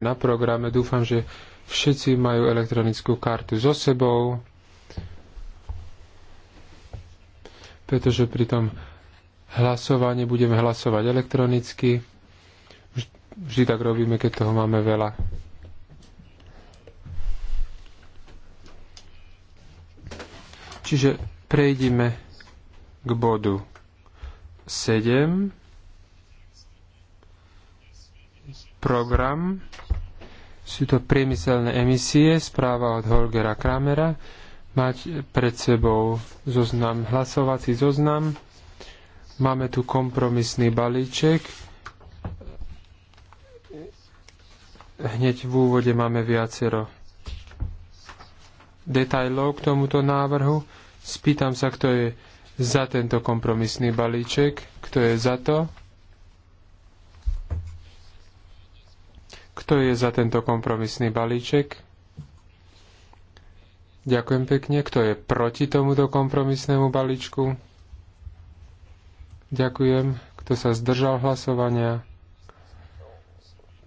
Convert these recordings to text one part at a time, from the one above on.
na programe. Dúfam, že všetci majú elektronickú kartu so sebou, pretože pri tom hlasovaní budeme hlasovať elektronicky. Vždy tak robíme, keď toho máme veľa. Čiže prejdime k bodu 7 program sú to priemyselné emisie, správa od Holgera Kramera. Mať pred sebou zoznam, hlasovací zoznam. Máme tu kompromisný balíček. Hneď v úvode máme viacero detajlov k tomuto návrhu. Spýtam sa, kto je za tento kompromisný balíček, kto je za to. Kto je za tento kompromisný balíček? Ďakujem pekne. Kto je proti tomuto kompromisnému balíčku? Ďakujem. Kto sa zdržal hlasovania?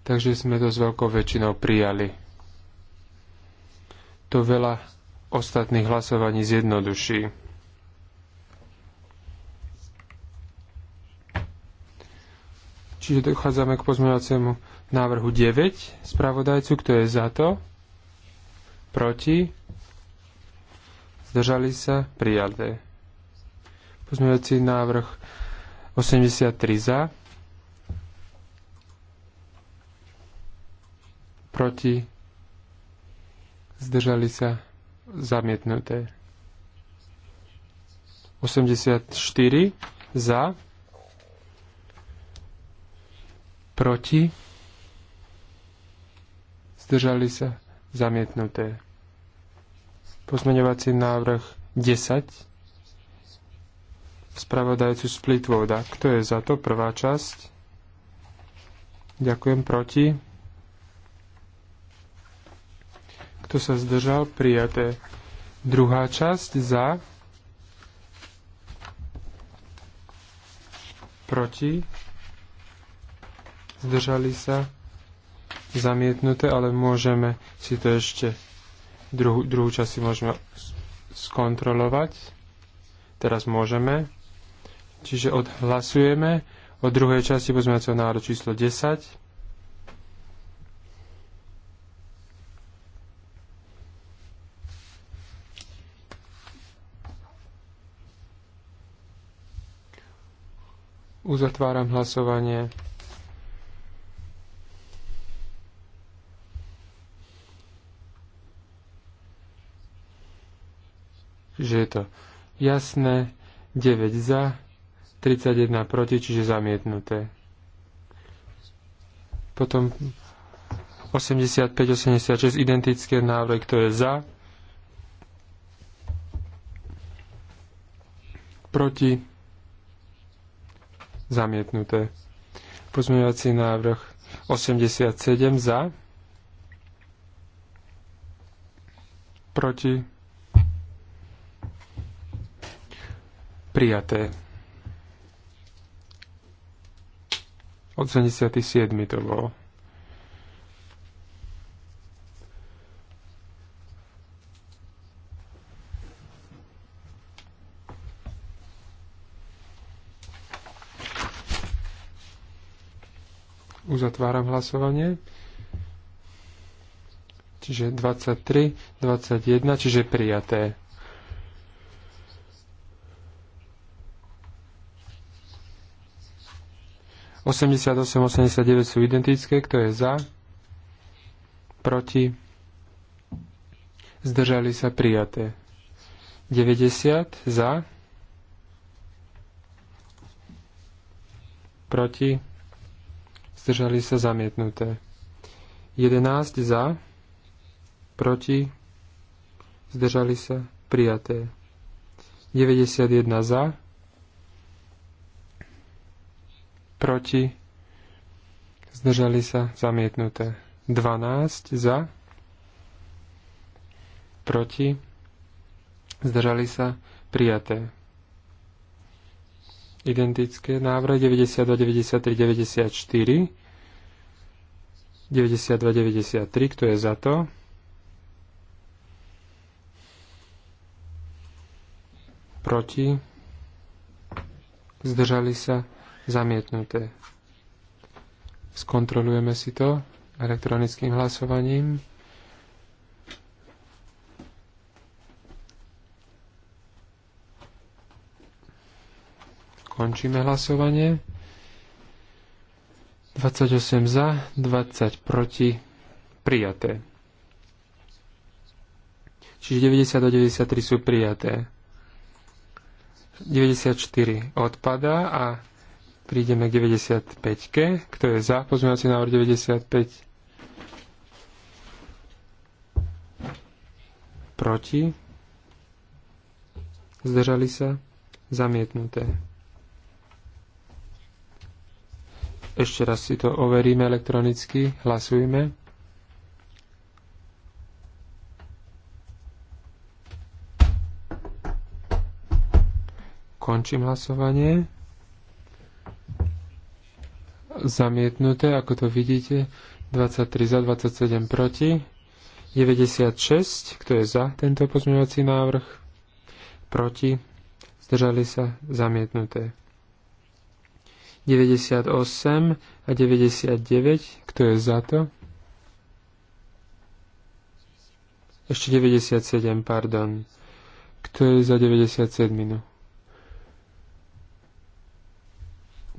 Takže sme to s veľkou väčšinou prijali. To veľa ostatných hlasovaní zjednoduší. Čiže dochádzame k pozmeňovaciemu návrhu 9 spravodajcu, kto je za to, proti, zdržali sa, prijaté. Pozmeňujúci návrh 83 za, proti, zdržali sa, zamietnuté. 84 za, proti, zdržali sa, zamietnuté. Pozmeňovací návrh 10 spravodajcu Splitvoda. Kto je za to? Prvá časť. Ďakujem proti. Kto sa zdržal? Prijaté. Druhá časť za. Proti. Zdržali sa zamietnuté, ale môžeme si to ešte druhú, druhú časť si môžeme skontrolovať. Teraz môžeme. Čiže odhlasujeme o druhej časti pozmeňovacieho návrhu číslo 10. Uzatváram hlasovanie. že je to jasné, 9 za, 31 proti, čiže zamietnuté. Potom 85, 86 identické návrhy, kto je za, proti, zamietnuté. Pozmeňovací návrh 87 za, proti, Prijaté. Od 77 to bolo. Uzatváram hlasovanie. Čiže 23, 21, čiže prijaté. 88, 89 sú identické. Kto je za? Proti? Zdržali sa prijaté. 90 za. Proti? Zdržali sa zamietnuté. 11 za. Proti? Zdržali sa prijaté. 91 za proti, zdržali sa, zamietnuté. 12 za, proti, zdržali sa, prijaté. Identické návrhy 92, 93, 94, 92, 93, kto je za to? Proti, zdržali sa, Zamietnuté. Skontrolujeme si to elektronickým hlasovaním. Končíme hlasovanie. 28 za, 20 proti, prijaté. Čiže 90 do 93 sú prijaté. 94 odpada a Prídeme k 95-ke. Kto je za pozmeňovací návrh 95? Proti? Zdržali sa? Zamietnuté. Ešte raz si to overíme elektronicky. Hlasujme. Končím hlasovanie zamietnuté, ako to vidíte, 23 za, 27 proti, 96, kto je za tento pozmeňovací návrh, proti, zdržali sa, zamietnuté. 98 a 99, kto je za to? Ešte 97, pardon. Kto je za 97?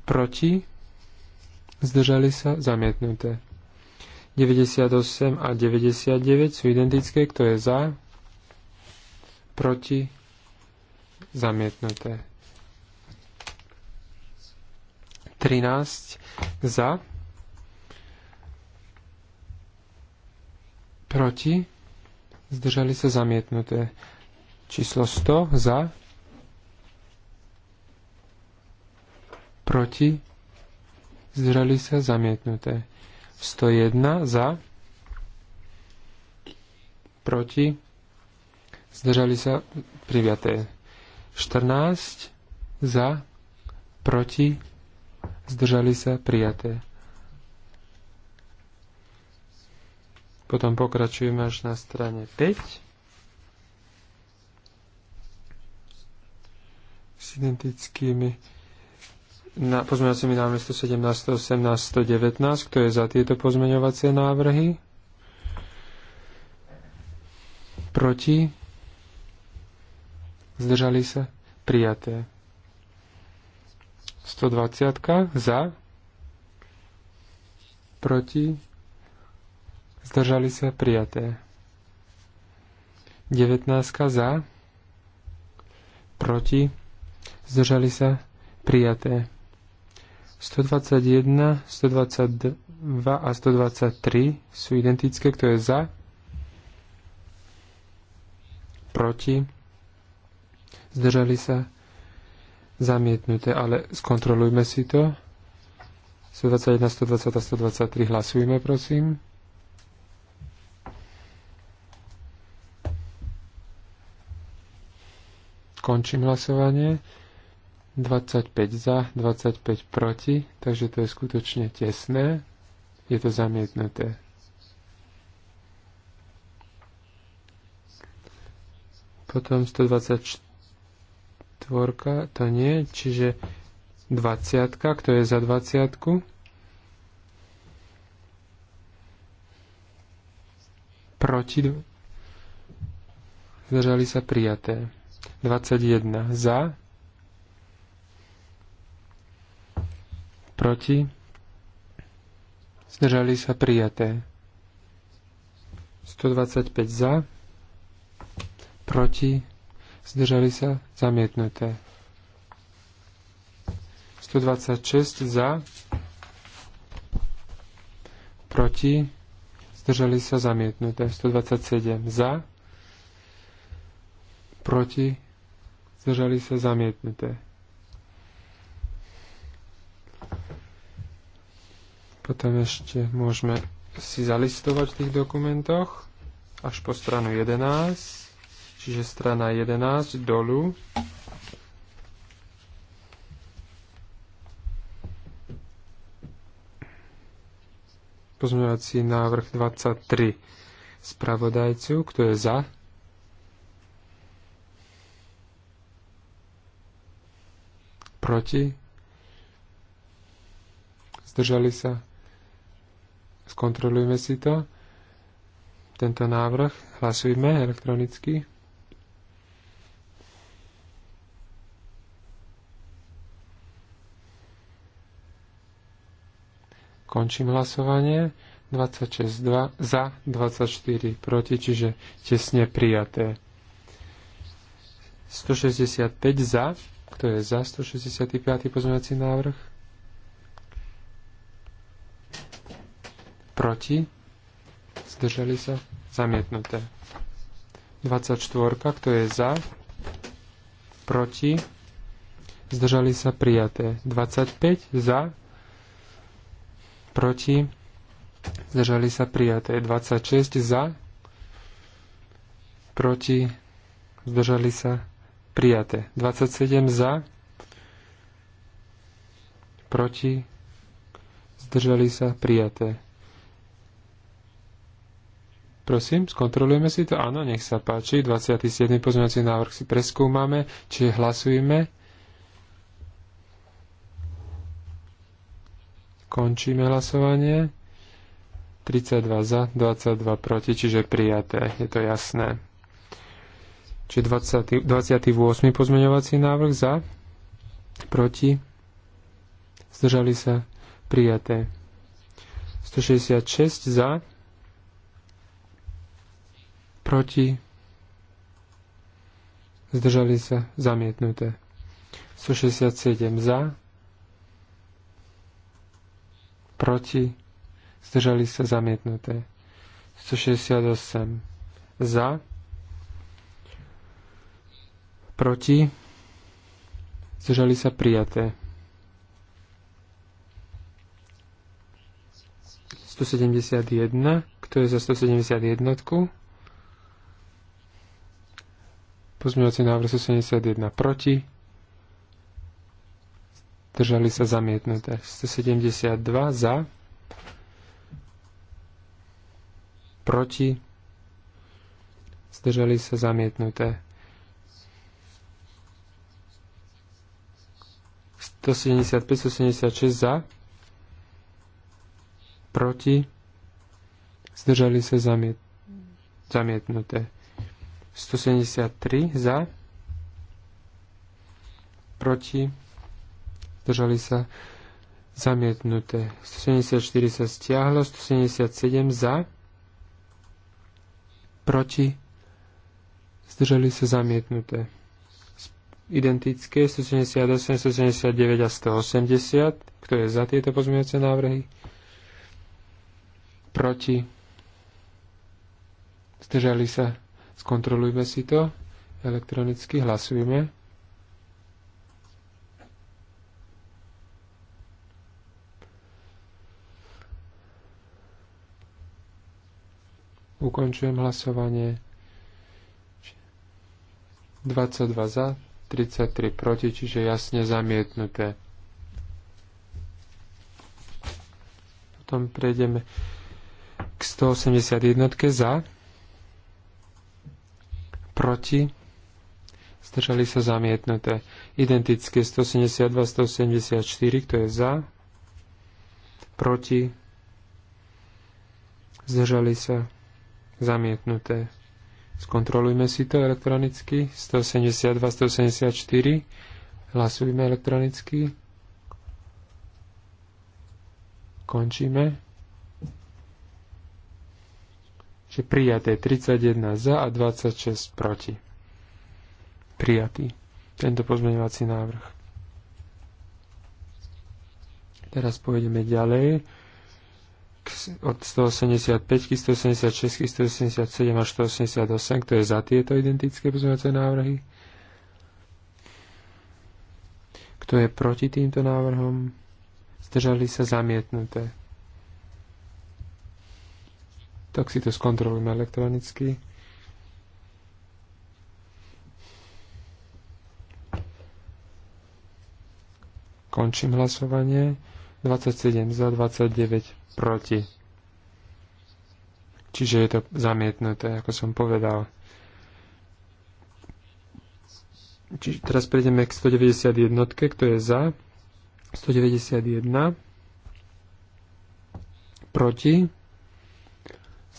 Proti? zdržali sa, zamietnuté. 98 a 99 sú identické, kto je za, proti, zamietnuté. 13 za, proti, zdržali sa zamietnuté. Číslo 100 za, proti, zdržali sa, zamietnuté. 101 za, proti, zdržali sa, priviaté. 14 za, proti, zdržali sa, prijaté. Potom pokračujeme až na strane 5. S identickými na pozmeňovacími návrhy 117, 118, 119. Kto je za tieto pozmeňovacie návrhy? Proti? Zdržali sa? Prijaté. 120 za? Proti? Zdržali sa? Prijaté. 19 za? Proti? Zdržali sa? Prijaté. 121, 122 a 123 sú identické, kto je za, proti, zdržali sa, zamietnuté, ale skontrolujme si to. 121, 120 a 123 hlasujme, prosím. Končím hlasovanie. 25 za, 25 proti, takže to je skutočne tesné. Je to zamietnuté. Potom 124, to nie, čiže 20, kto je za 20? -ku? Proti, zdržali sa prijaté. 21 za, proti, zdržali sa prijaté. 125 za, proti, zdržali sa zamietnuté. 126 za, proti, zdržali sa zamietnuté. 127 za, proti, zdržali sa zamietnuté. Potom ešte môžeme si zalistovať v tých dokumentoch až po stranu 11, čiže strana 11 dolu. Pozmeňovací návrh 23 spravodajcu, kto je za? Proti? Zdržali sa? skontrolujme si to. Tento návrh. Hlasujme elektronicky. Končím hlasovanie. 26 2, za, 24 proti, čiže tesne prijaté. 165 za, kto je za 165. pozmeňovací návrh? proti, zdržali sa, zamietnuté. 24, kto je za, proti, zdržali sa, prijaté. 25, za, proti, zdržali sa, prijaté. 26, za, proti, zdržali sa, prijaté. 27, za, proti, zdržali sa, prijaté. Prosím, skontrolujeme si to. Áno, nech sa páči. 27. pozmeňovací návrh si preskúmame, či hlasujeme. Končíme hlasovanie. 32 za, 22 proti, čiže prijaté. Je to jasné. Čiže 20, 28. pozmeňovací návrh za, proti, zdržali sa, prijaté. 166 za, proti, zdržali sa, zamietnuté. 167 za, proti, zdržali sa, zamietnuté. 168 za, proti, zdržali sa, prijaté. 171, kto je za 171? Pozmeňovací návrh 71 proti. Držali sa zamietnuté. 172 za. Proti. Zdržali sa zamietnuté. 175, 176 za. Proti. Zdržali sa zamiet, zamietnuté. 173 za, proti, zdržali sa zamietnuté. 174 sa stiahlo, 177 za, proti, zdržali sa zamietnuté. Identické 178, 179 a 180. Kto je za tieto pozmeňujúce návrhy? Proti. Zdržali sa Skontrolujme si to. Elektronicky hlasujme. Ukončujem hlasovanie. 22 za, 33 proti, čiže jasne zamietnuté. Potom prejdeme k 181 za proti, zdržali sa zamietnuté. Identické 172, 174, kto je za, proti, zdržali sa zamietnuté. Skontrolujme si to elektronicky. 172, 174. Hlasujme elektronicky. Končíme. Čiže prijaté 31 za a 26 proti. Prijatý tento pozmeňovací návrh. Teraz pôjdeme ďalej od 185, 186, 187 až 188, kto je za tieto identické pozmeňovacie návrhy. Kto je proti týmto návrhom? Zdržali sa zamietnuté tak si to skontrolujeme elektronicky. Končím hlasovanie. 27 za, 29 proti. Čiže je to zamietnuté, ako som povedal. Čiže teraz prejdeme k 191, kto je za. 191 proti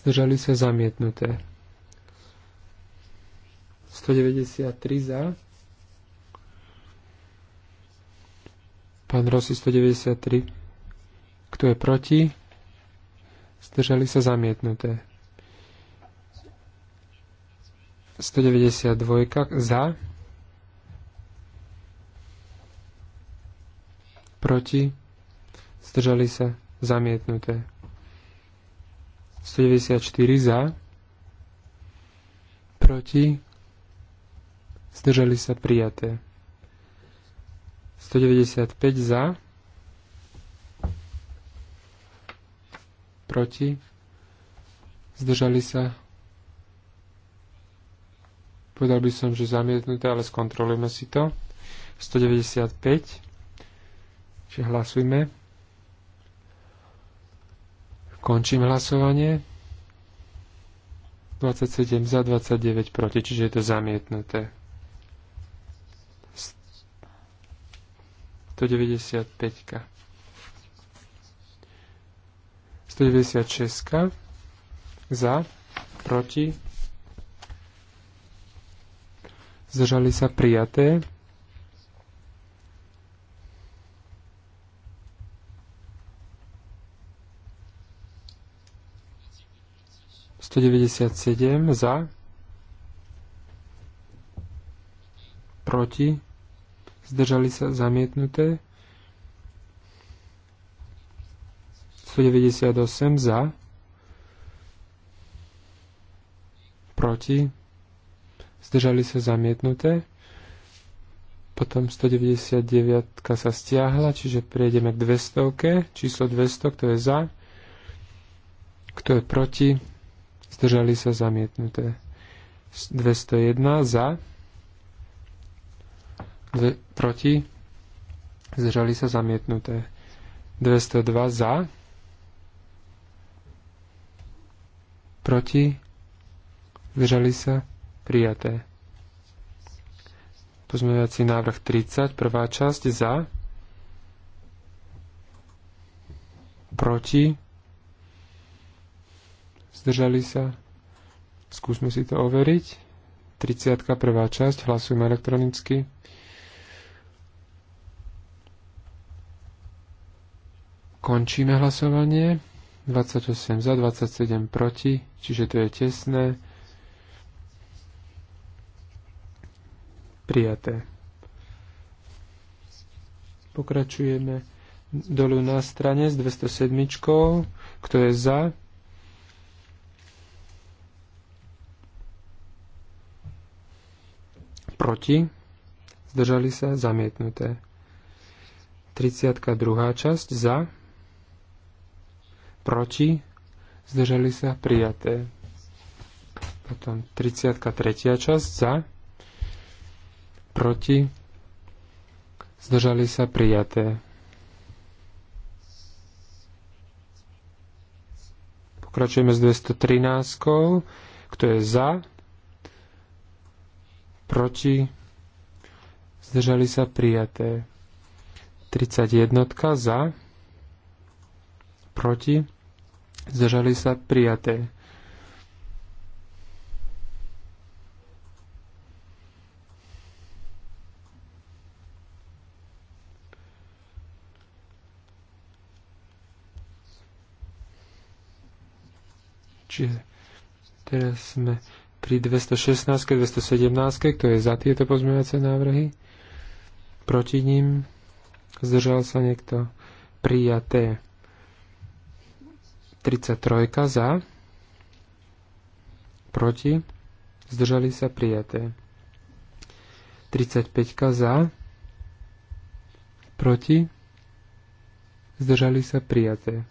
zdržali sa zamietnuté. 193 za. Pán Rossi 193. Kto je proti? Zdržali sa zamietnuté. 192 za. Proti? Zdržali sa zamietnuté. 194 za, proti, zdržali sa prijaté. 195 za, proti, zdržali sa. Povedal by som, že zamietnuté, ale skontrolujeme si to. 195, čiže hlasujme. Končím hlasovanie. 27 za, 29 proti, čiže je to zamietnuté. 195. 196 za, proti, zdržali sa prijaté. 197 za, proti, zdržali sa zamietnuté, 198 za, proti, zdržali sa zamietnuté, potom 199 sa stiahla, čiže prejdeme k 200, číslo 200, kto je za, kto je proti, zdržali sa zamietnuté. 201 za, dve, proti, zdržali sa zamietnuté. 202 za, proti, zdržali sa prijaté. Pozmeňovací návrh 30, prvá časť za, proti, zdržali sa. Skúsme si to overiť. 30. prvá časť, hlasujme elektronicky. Končíme hlasovanie. 28 za, 27 proti, čiže to je tesné. Prijaté. Pokračujeme dolu na strane s 207, kto je za, proti, zdržali sa, zamietnuté. 32. časť za, proti, zdržali sa, prijaté. Potom 33. časť za, proti, zdržali sa, prijaté. Pokračujeme s 213. Kto je za? proti, zdržali sa prijaté. 31 za, proti, zdržali sa prijaté. Čiže teraz sme pri 216, 217, kto je za tieto pozmeňovacie návrhy? Proti ním? Zdržal sa niekto? Prijaté. 33 za? Proti? Zdržali sa prijaté. 35 za? Proti? Zdržali sa prijaté.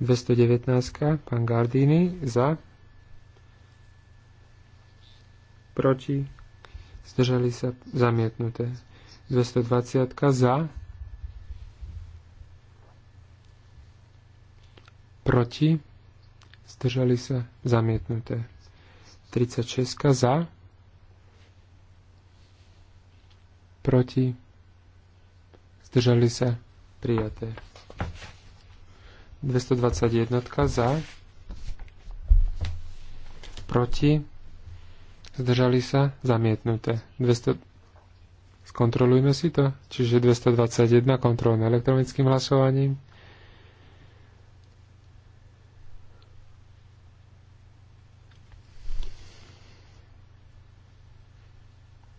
219 pán Gardini za? proti, zdržali sa zamietnuté. 220 za, proti, zdržali sa zamietnuté. 36 za, proti, zdržali sa prijaté. 221 za, proti, Zdržali sa? Zamietnuté. 200... Skontrolujme si to. Čiže 221 kontrolné elektronickým hlasovaním.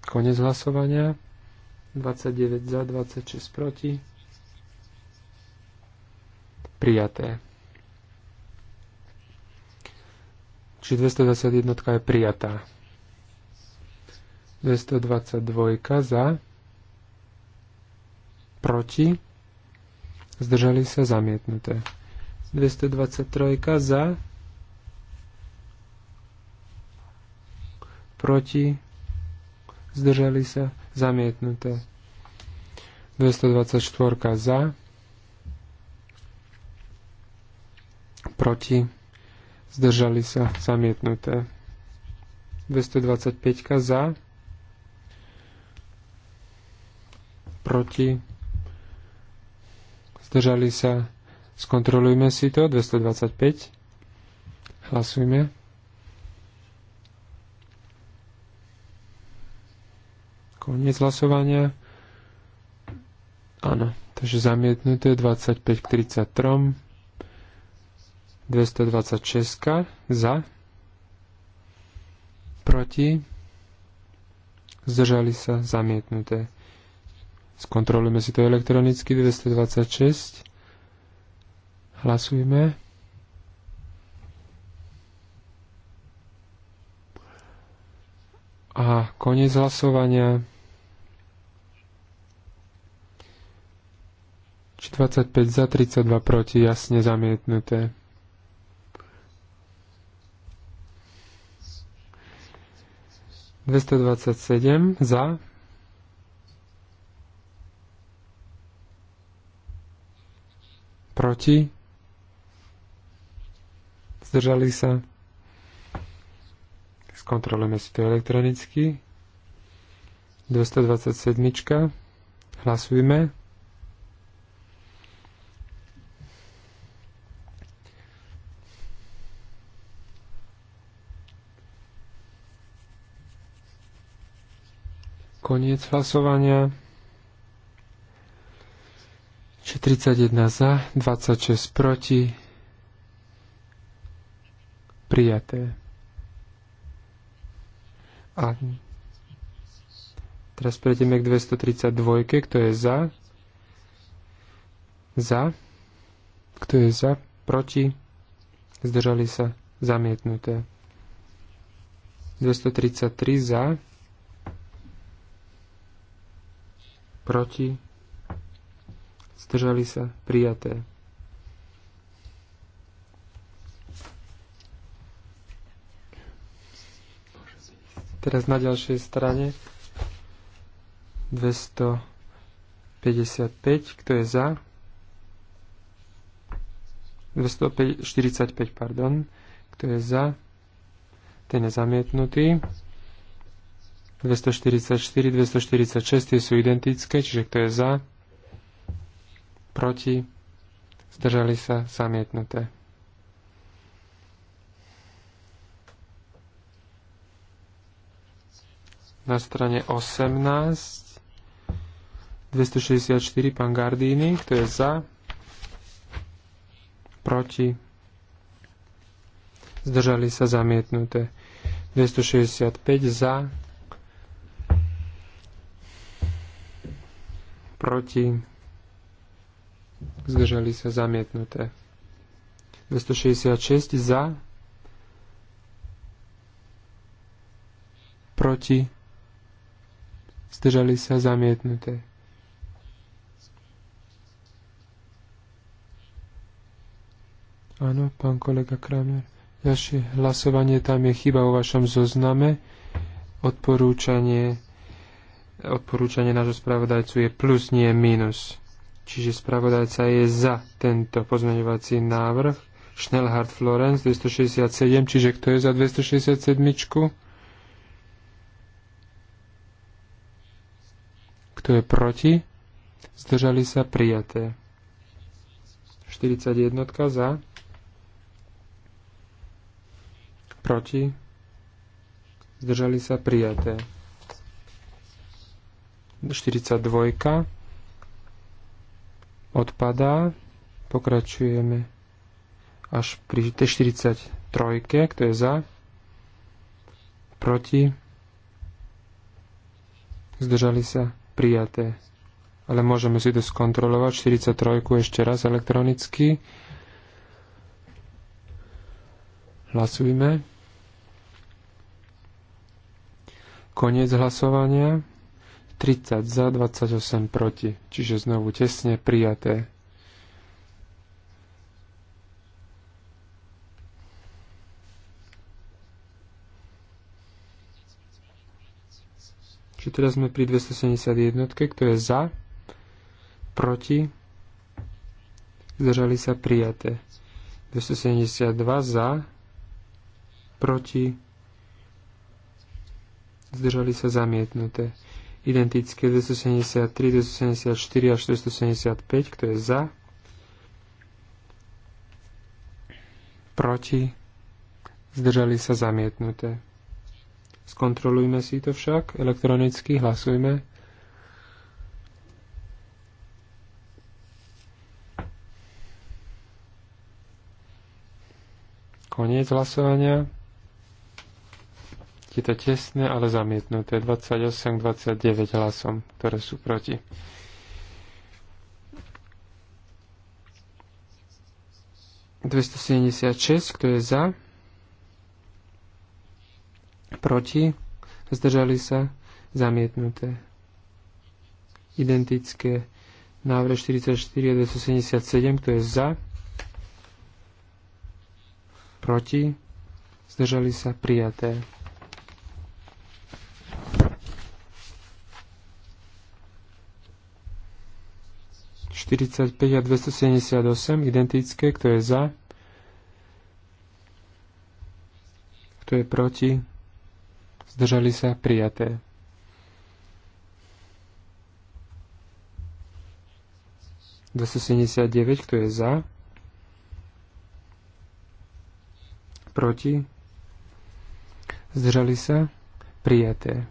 Konec hlasovania. 29 za, 26 proti. Prijaté. Či 221 je prijatá. 222 za, proti, zdržali sa zamietnuté. 223 za, proti, zdržali sa zamietnuté. 224 za, proti, zdržali sa zamietnuté. 225 za, proti, zdržali sa, skontrolujme si to, 225, hlasujme. Koniec hlasovania. Áno, takže zamietnuté 25 k 33, 226 za, proti, zdržali sa, zamietnuté. Skontrolujeme si to elektronicky 226. Hlasujme. A koniec hlasovania. Či 25 za, 32 proti, jasne zamietnuté. 227 za, proti, zdržali sa. Skontrolujeme si to elektronicky. 227. Hlasujme. Koniec hlasovania. 31 za, 26 proti. Prijaté. A teraz prejdeme k 232, kto je za. Za. Kto je za? Proti. Zdržali sa. Zamietnuté. 233 za. Proti zdržali sa, prijaté. Teraz na ďalšej strane 255, kto je za? 245, pardon, kto je za? Ten je zamietnutý. 244, 246, tie sú identické, čiže kto je za? proti, zdržali sa zamietnuté. Na strane 18 264 pán Gardíny, kto je za, proti, zdržali sa zamietnuté. 265 za, proti, zdržali sa zamietnuté. 266 za, proti, zdržali sa zamietnuté. Áno, pán kolega Kramer. Ďalšie hlasovanie, tam je chyba vo vašom zozname. Odporúčanie, odporúčanie nášho spravodajcu je plus, nie minus. Čiže spravodajca je za tento pozmeňovací návrh. Schnellhardt Florence 267, čiže kto je za 267? Kto je proti? Zdržali sa prijaté. 41 za. Proti. Zdržali sa prijaté. 42 odpadá. Pokračujeme až pri T43, kto je za, proti, zdržali sa, prijaté. Ale môžeme si to skontrolovať, 43 ešte raz elektronicky. Hlasujme. Koniec hlasovania. 30 za, 28 proti. Čiže znovu tesne prijaté. Čiže teraz sme pri 271, kto je za, proti, zdržali sa prijaté. 272 za, proti, zdržali sa zamietnuté identické 273, 274 a 475, kto je za, proti, zdržali sa zamietnuté. Skontrolujme si to však, elektronicky hlasujme. Koniec hlasovania. Je to tesné, ale zamietnuté. 28-29 hlasom, ktoré sú proti. ...276, kto je za, proti, zdržali sa, zamietnuté. Identické návrh 44 277, kto je za, proti, zdržali sa, prijaté. 45 a 278 identické, kto je za, kto je proti, zdržali sa prijaté. Dvestosedemdesiatdeväť, kto je za, proti, zdržali sa prijaté.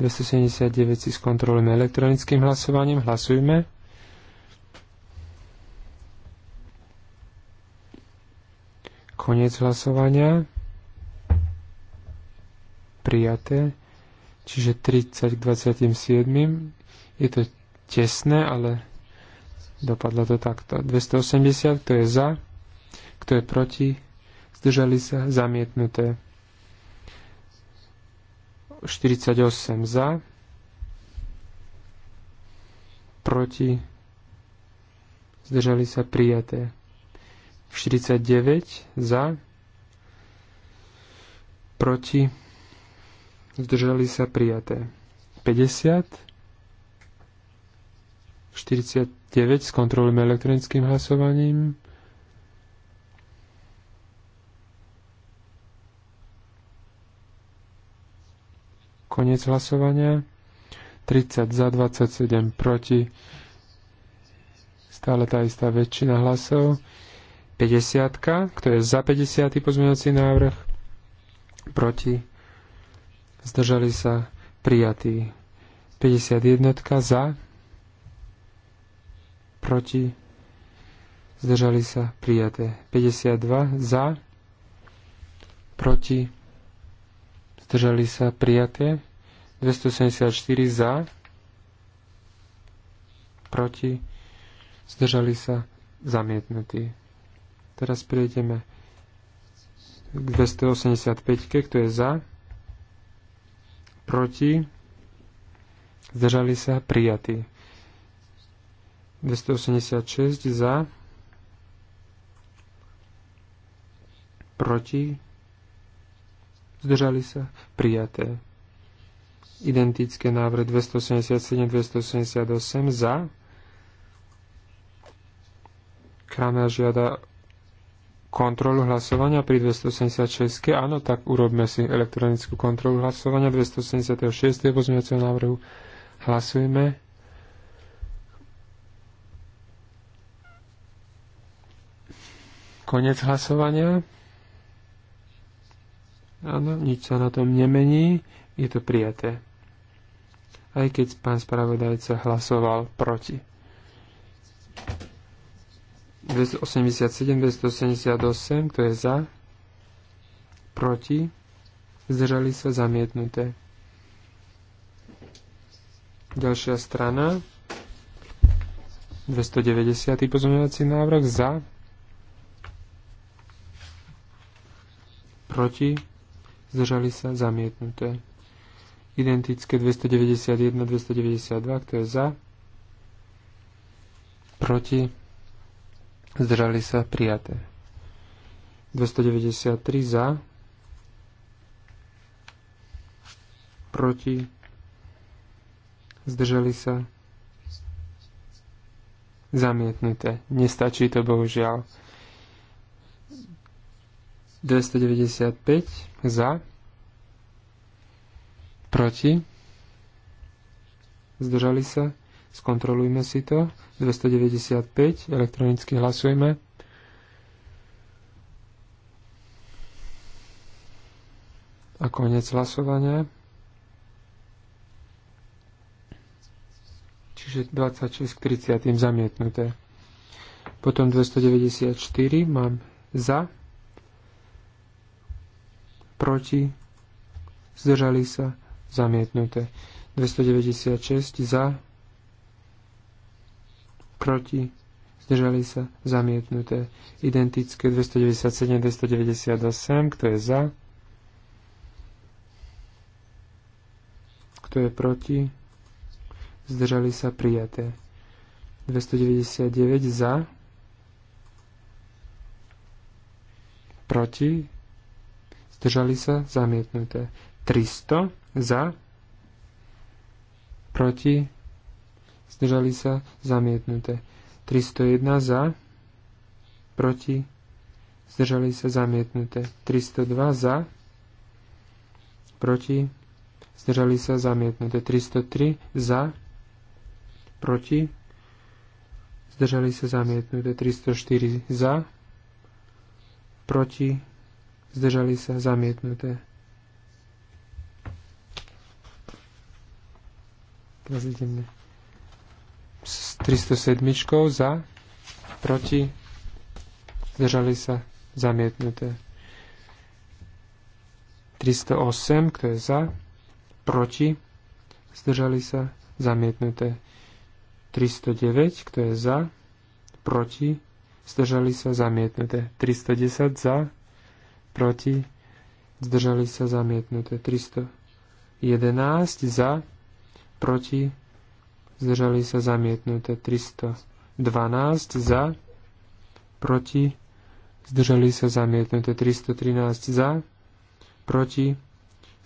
279 si skontrolujeme elektronickým hlasovaním. Hlasujme. Koniec hlasovania. Prijaté. Čiže 30 k 27. Je to tesné, ale dopadlo to takto. 280, kto je za, kto je proti, zdržali sa, zamietnuté. 48 za, proti, zdržali sa prijaté. 49 za, proti, zdržali sa prijaté. 50, 49, skontrolujeme elektronickým hlasovaním. Konec hlasovania. 30 za, 27 proti. Stále tá istá väčšina hlasov. 50. Kto je za 50. pozmeňovací návrh? Proti. Zdržali sa prijatí. 51. za. Proti. Zdržali sa prijaté. 52 za. Proti zdržali sa prijaté, 274 za, proti, zdržali sa zamietnutí. Teraz prejdeme k 285, kto je za, proti, zdržali sa prijatí. 286 za, proti, zdržali sa, prijaté. Identické návrhy 277, 278 za. Kramer žiada kontrolu hlasovania pri 276. Áno, tak urobme si elektronickú kontrolu hlasovania 276. pozmeňovacieho návrhu. Hlasujeme. Konec hlasovania. Áno, nič sa na tom nemení, je to prijaté. Aj keď pán spravodajca hlasoval proti. 287, 288, kto je za? Proti? Zdržali sa zamietnuté. Ďalšia strana. 290. pozmeňovací návrh za. Proti zdržali sa, zamietnuté. Identické 291, 292, kto je za, proti, zdržali sa, prijaté. 293 za, proti, zdržali sa, zamietnuté. Nestačí to bohužiaľ. 295 za, proti, zdržali sa, skontrolujme si to, 295, elektronicky hlasujme. A koniec hlasovania. Čiže 26 k 30 zamietnuté. Potom 294 mám za, proti, zdržali sa, zamietnuté. 296 za, proti, zdržali sa, zamietnuté. Identické 297, 298, kto je za, kto je proti, zdržali sa, prijaté. 299 za, proti, zdržali sa, zamietnuté. 300 za, proti, zdržali sa, zamietnuté. 301 za, proti, zdržali sa, zamietnuté. 302 za, proti, zdržali sa, zamietnuté. 303 za, proti, zdržali sa, zamietnuté. 304 za, proti, zdržali sa zamietnuté. Teraz ideme s 307 za, proti, zdržali sa zamietnuté. 308, kto je za, proti, zdržali sa zamietnuté. 309, kto je za, proti, zdržali sa zamietnuté. 310 za, proti, zdržali sa zamietnuté. 311 za, proti, zdržali sa zamietnuté. 312 za, proti, zdržali sa zamietnuté. 313 za, proti,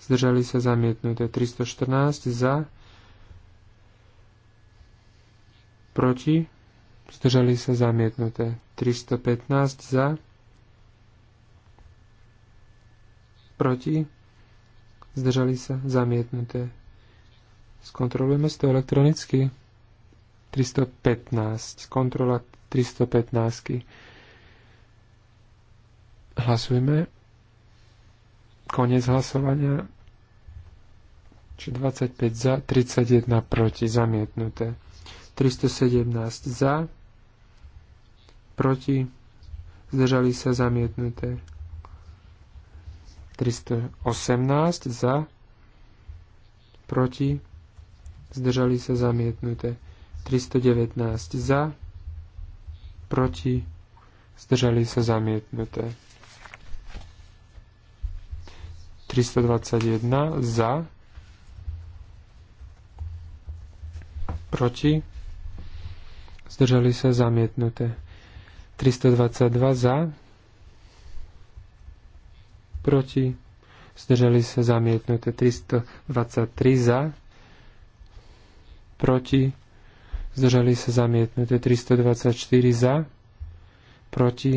zdržali sa zamietnuté. 314 za, proti, zdržali sa zamietnuté. 315 za, Proti? Zdržali sa? Zamietnuté. Skontrolujeme to elektronicky. 315. Kontrola 315. Hlasujeme. Konec hlasovania. Či 25 za, 31 proti, zamietnuté. 317 za, proti, zdržali sa zamietnuté. 318 za, proti, zdržali sa zamietnuté. 319 za, proti, zdržali sa zamietnuté. 321 za, proti, zdržali sa zamietnuté. 322 za, proti, zdržali sa zamietnuté 323 za, proti, zdržali sa zamietnuté 324 za, proti,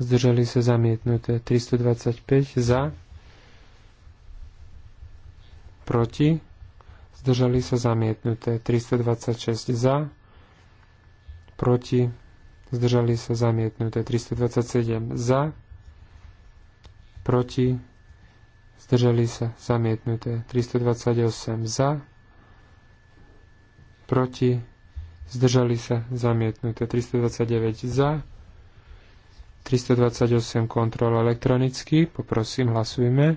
zdržali sa zamietnuté 325 za, proti, zdržali sa zamietnuté 326 za, proti, zdržali sa zamietnuté 327 za, proti, zdržali sa, zamietnuté. 328 za, proti, zdržali sa, zamietnuté. 329 za, 328 kontrol elektronicky, poprosím, hlasujme.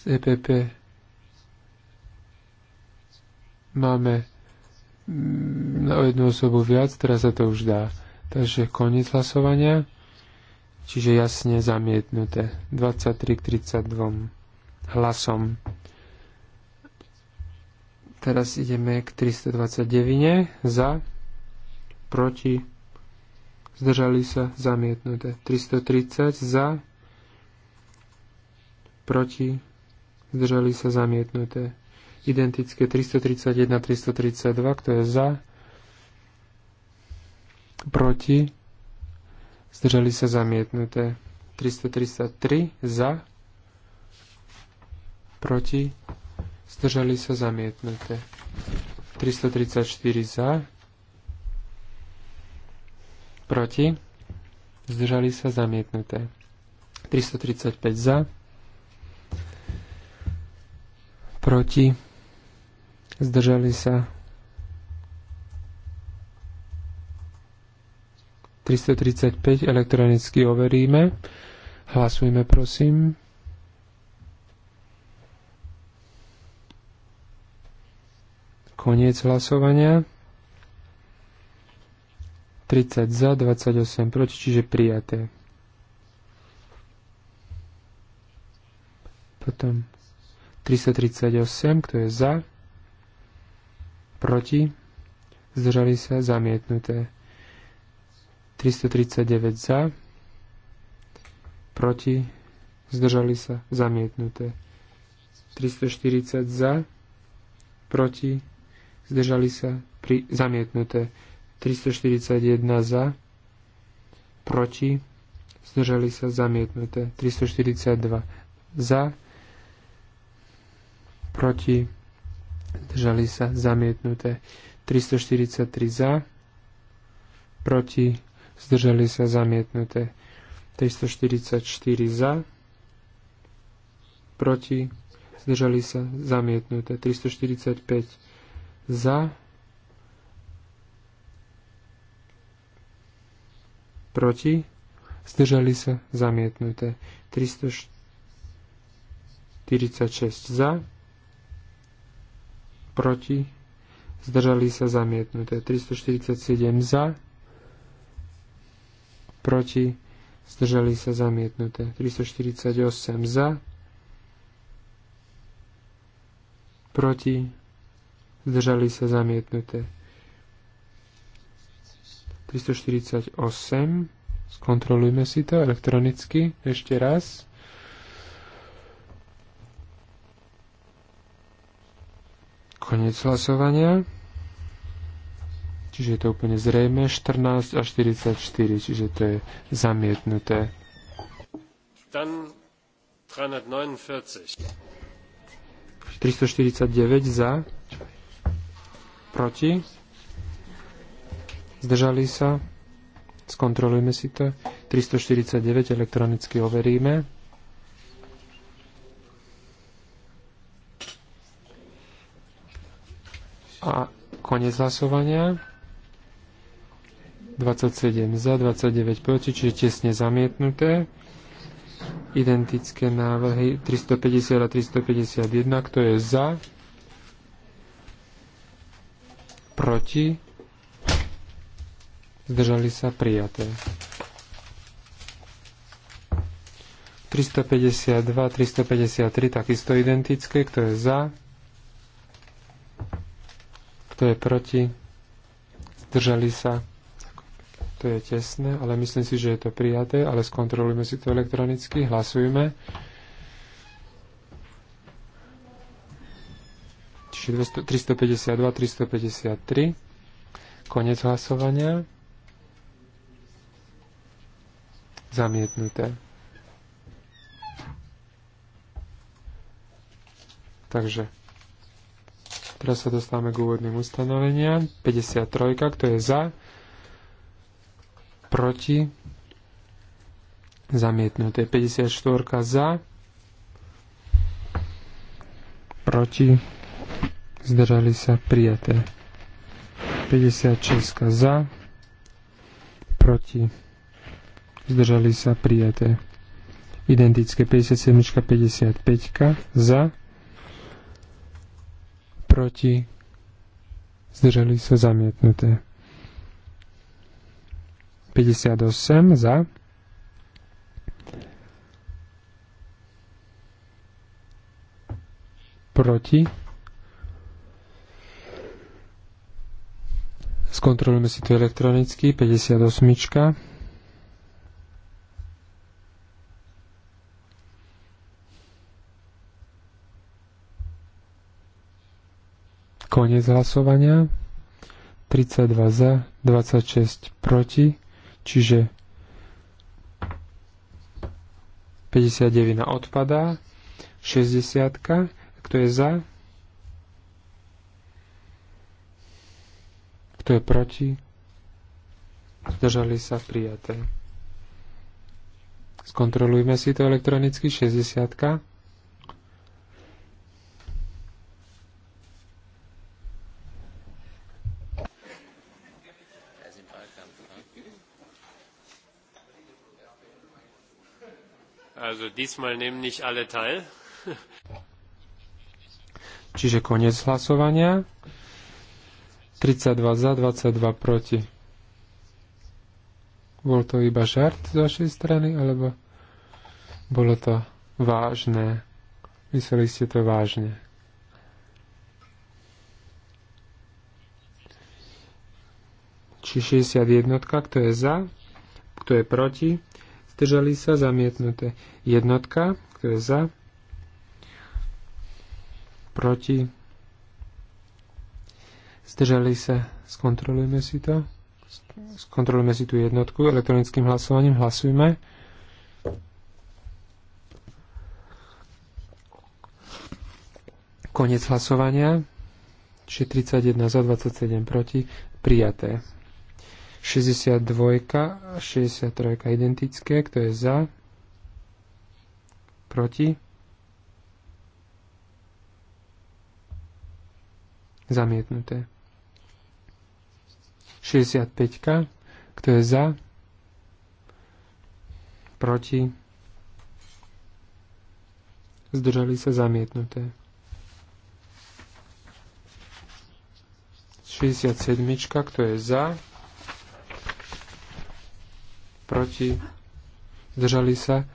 Z EPP máme Mm, na jednu osobu viac, teraz sa to už dá. Takže koniec hlasovania, čiže jasne zamietnuté. 23 k 32 hlasom. Teraz ideme k 329 za, proti, zdržali sa, zamietnuté. 330 za, proti, zdržali sa, zamietnuté identické 331, 332, kto je za, proti, zdržali sa zamietnuté. 333 za, proti, zdržali sa zamietnuté. 334 za, proti, zdržali sa zamietnuté. 335 za, proti, zdržali sa 335 elektronicky overíme. Hlasujme, prosím. Koniec hlasovania. 30 za, 28 proti, čiže prijaté. Potom 338, kto je za, proti, zdržali sa zamietnuté. 339 za, proti, zdržali sa zamietnuté. 340 za, proti, zdržali sa pri, zamietnuté. 341 za, proti, zdržali sa zamietnuté. 342 za, proti, Zdržali sa zamietnuté. 343 za. Proti. Zdržali sa zamietnuté. 344 za. Proti. Zdržali sa zamietnuté. 345 za. Proti. Zdržali sa zamietnuté. 346 za proti, zdržali sa zamietnuté. 347 za, proti, zdržali sa zamietnuté. 348 za, proti, zdržali sa zamietnuté. 348, skontrolujme si to elektronicky ešte raz. Koniec hlasovania. Čiže je to úplne zrejme. 14 a 44, čiže to je zamietnuté. Dan 349. za. Proti. Zdržali sa. skontrolujme si to. 349 elektronicky overíme. Konec hlasovania. 27 za, 29 proti, čiže tesne zamietnuté. Identické návrhy 350 a 351, kto je za, proti, zdržali sa prijaté. 352, 353, takisto identické, kto je za, kto je proti? Zdržali sa? To je tesné, ale myslím si, že je to prijaté, ale skontrolujme si to elektronicky, hlasujme. Čiže 352, 353. Konec hlasovania. Zamietnuté. Takže Teraz sa dostávame k úvodným ustanoveniam. 53, kto je za, proti, zamietnuté. 54 za, proti, zdržali sa, prijaté. 56 za, proti, zdržali sa, prijaté. Identické 57, 55 za, proti, zdrželi sa zamietnuté. 58 za, proti. Skontrolujeme si to elektronicky, 58. Koniec hlasovania. 32 za, 26 proti, čiže 59 odpadá, 60, kto je za, kto je proti, zdržali sa prijaté. Skontrolujme si to elektronicky, 60. Diesmal nehmen nicht alle teil. Čiže koniec hlasovania. 32 za, 22 proti. Bol to iba žart z vašej strany, alebo bolo to vážne? Mysleli ste to vážne? Či 61, kto je za, kto je proti, zdržali sa, zamietnuté. Jednotka, kto je za, proti, zdržali sa, skontrolujeme si to, skontrolujeme si tú jednotku elektronickým hlasovaním, hlasujme. Konec hlasovania. 41 za 27 proti. Prijaté. 62 a 63 identické, kto je za, proti, zamietnuté. 65, kto je za, proti, zdržali sa zamietnuté. 67, kto je za, proti, zdržali sa,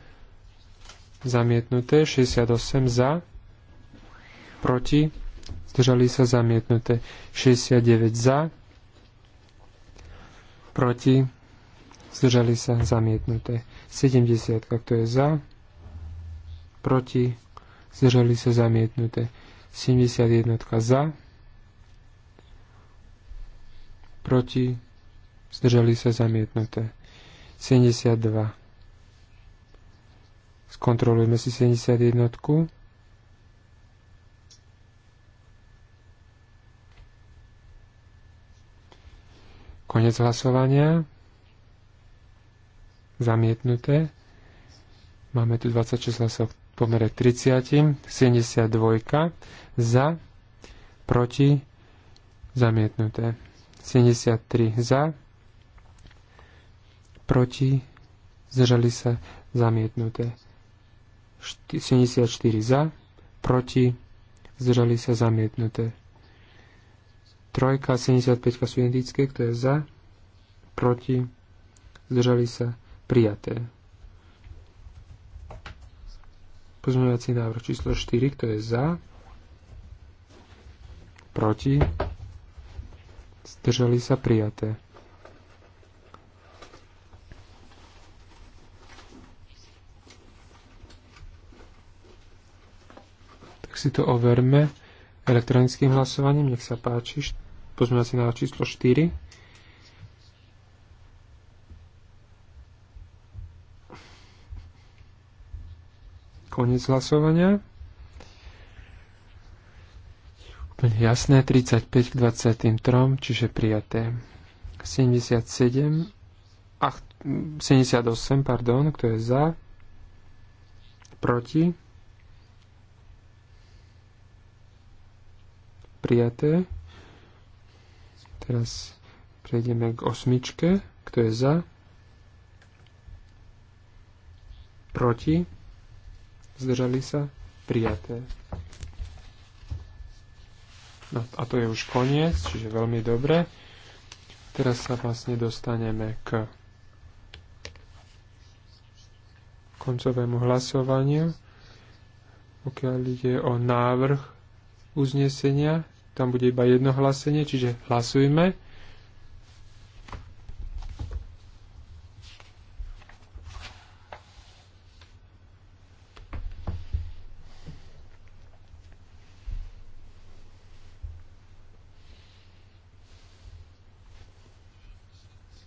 zamietnuté, 68 za, proti, zdržali sa, zamietnuté, 69 za, proti, zdržali sa, zamietnuté, 70, to je za, proti, zdržali sa, zamietnuté, 71 za, proti, zdržali sa, zamietnuté. 72. Skontrolujme si 71. Konec hlasovania. Zamietnuté. Máme tu 26 hlasov v pomere 30. 72 za, proti, zamietnuté. 73 za, proti, zdržali sa zamietnuté. 74 za, proti, zdržali sa zamietnuté. Trojka 75 sú identické, kto je za, proti, zdržali sa prijaté. Pozmeňovací návrh číslo 4, kto je za, proti, zdržali sa prijaté. si to overme elektronickým hlasovaním. Nech sa páči. Pozmeňovací na číslo 4. Konec hlasovania. Úplne jasné, 35 k 23, čiže prijaté. 77 a 78, pardon, kto je za, proti, prijaté. Teraz prejdeme k osmičke. Kto je za? Proti? Zdržali sa? Prijaté. No, a to je už koniec, čiže veľmi dobre. Teraz sa vlastne dostaneme k koncovému hlasovaniu, pokiaľ ide o návrh uznesenia tam bude iba jedno hlasenie, čiže hlasujme.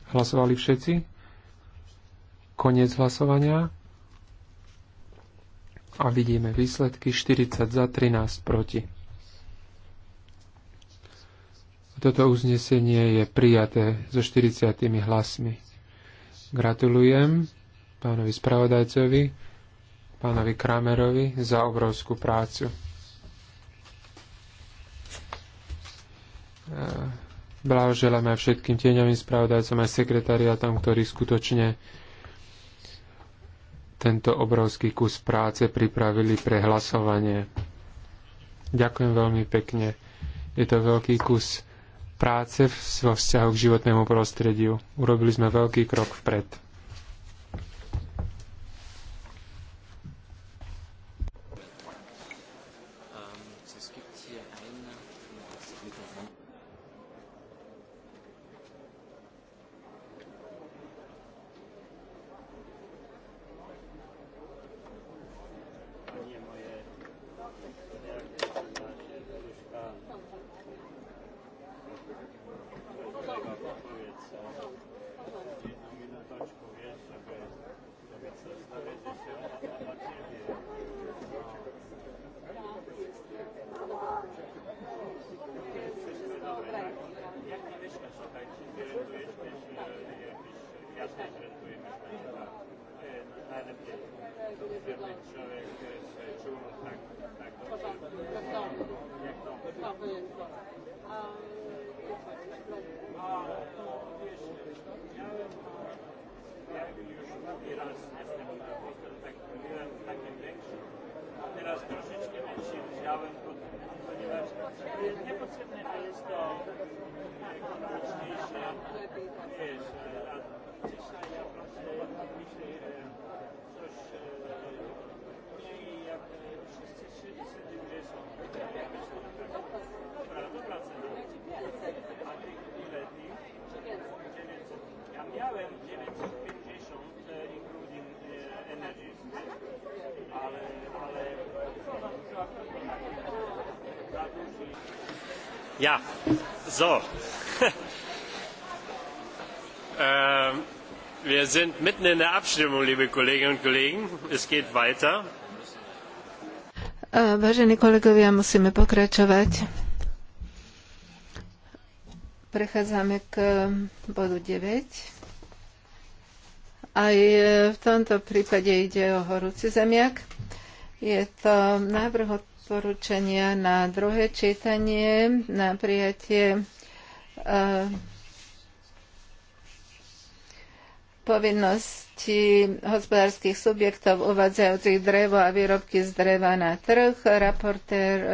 Hlasovali všetci? Koniec hlasovania. A vidíme výsledky 40 za 13 proti. Toto uznesenie je prijaté so 40 hlasmi. Gratulujem pánovi spravodajcovi, pánovi Kramerovi za obrovskú prácu. Blahoželám aj všetkým tieňovým spravodajcom aj sekretariatom, ktorí skutočne tento obrovský kus práce pripravili pre hlasovanie. Ďakujem veľmi pekne. Je to veľký kus práce vo vzťahu k životnému prostrediu. Urobili sme veľký krok vpred. in der Abstimmung, liebe Kolleginnen und Kollegen. Es geht weiter. Äh, vážení kolegovia, musíme pokračovať. Prechádzame k eh, bodu 9. Aj eh, v tomto prípade ide o horúci zemiak. Je to návrh odporúčania na druhé čítanie, na prijatie eh, povinnosť účasti hospodárskych subjektov uvádzajúcich drevo a výrobky z dreva na trh. Raportér, e,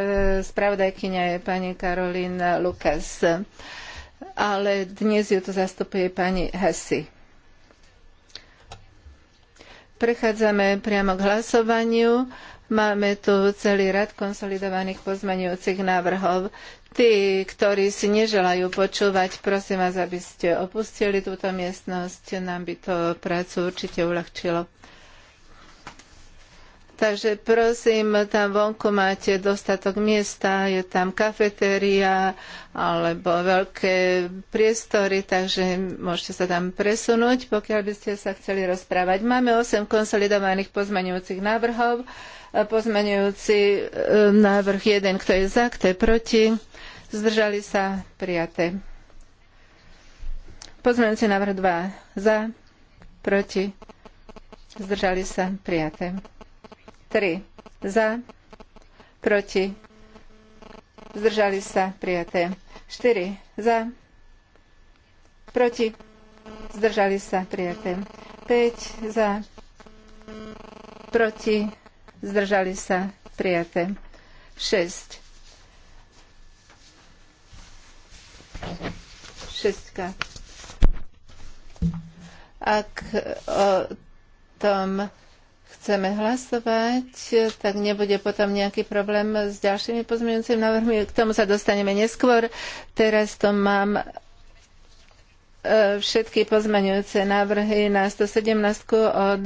spravodajkynia je pani Karolín Lukas. Ale dnes ju tu zastupuje pani Hesi. Prechádzame priamo k hlasovaniu. Máme tu celý rad konsolidovaných pozmeňujúcich návrhov. Tí, ktorí si neželajú počúvať, prosím vás, aby ste opustili túto miestnosť. Nám by to prácu určite uľahčilo. Takže prosím, tam vonku máte dostatok miesta, je tam kafetéria alebo veľké priestory, takže môžete sa tam presunúť, pokiaľ by ste sa chceli rozprávať. Máme 8 konsolidovaných pozmeňujúcich návrhov. Pozmeňujúci e, návrh 1, kto je za, kto je proti zdržali sa, prijaté. Pozmeňujúci návrh 2 za, proti, zdržali sa, prijaté. 3 za, proti, zdržali sa, prijaté. 4 za, proti, zdržali sa, prijaté. 5 za, proti, zdržali sa, prijaté. 6 Šestka. Ak e, o tom chceme hlasovať, tak nebude potom nejaký problém s ďalšími pozmeňujúcimi návrhmi. K tomu sa dostaneme neskôr. Teraz to mám e, všetky pozmeňujúce návrhy na 117 od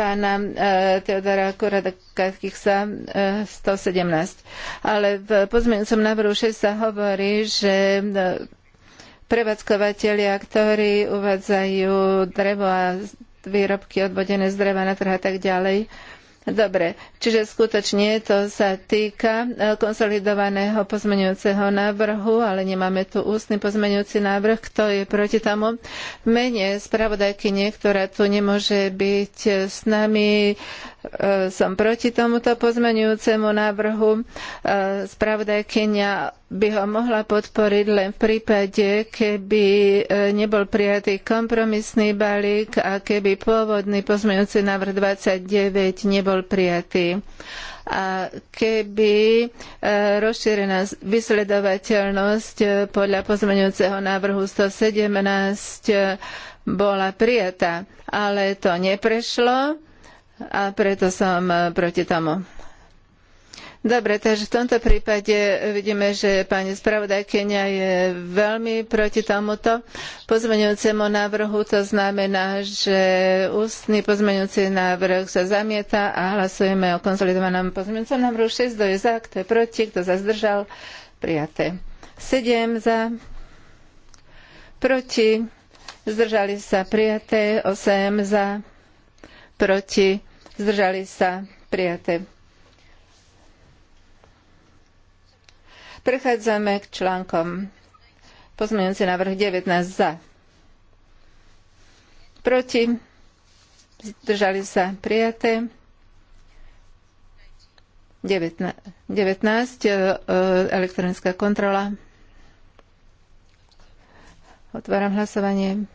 pána e, Teodora Koradakichsa 117. E, Ale v pozmeňujúcom návrhu 6 sa hovorí, že e, prevádzkovateľia, ktorí uvádzajú drevo a výrobky odvodené z dreva na trh a tak ďalej, Dobre, čiže skutočne to sa týka e, konsolidovaného pozmeňujúceho návrhu, ale nemáme tu ústny pozmeňujúci návrh, kto je proti tomu. mene spravodajky niektorá tu nemôže byť s nami. E, som proti tomuto pozmenujúcemu návrhu. E, spravodajkynia by ho mohla podporiť len v prípade, keby e, nebol prijatý kompromisný balík a keby pôvodný pozmenujúci návrh 29 nebol prijatý a keby rozšírená vysledovateľnosť podľa pozmenujúceho návrhu 117 bola prijatá, ale to neprešlo a preto som e, proti tomu. Dobre, takže v tomto prípade vidíme, že pani spravodajkynia je veľmi proti tomuto pozmeňujúcemu návrhu. To znamená, že ústny pozmeňujúci návrh sa zamieta a hlasujeme o konsolidovanom pozmeňujúcom návrhu 6. Kto je za, kto je proti, kto sa zdržal, prijaté. 7 za, proti, zdržali sa prijaté, 8 za, proti, zdržali sa prijaté. Prechádzame k článkom. Pozmeňujúci návrh 19 za. Proti. Zdržali sa prijaté. 19, e, e, elektronická kontrola. Otváram hlasovanie.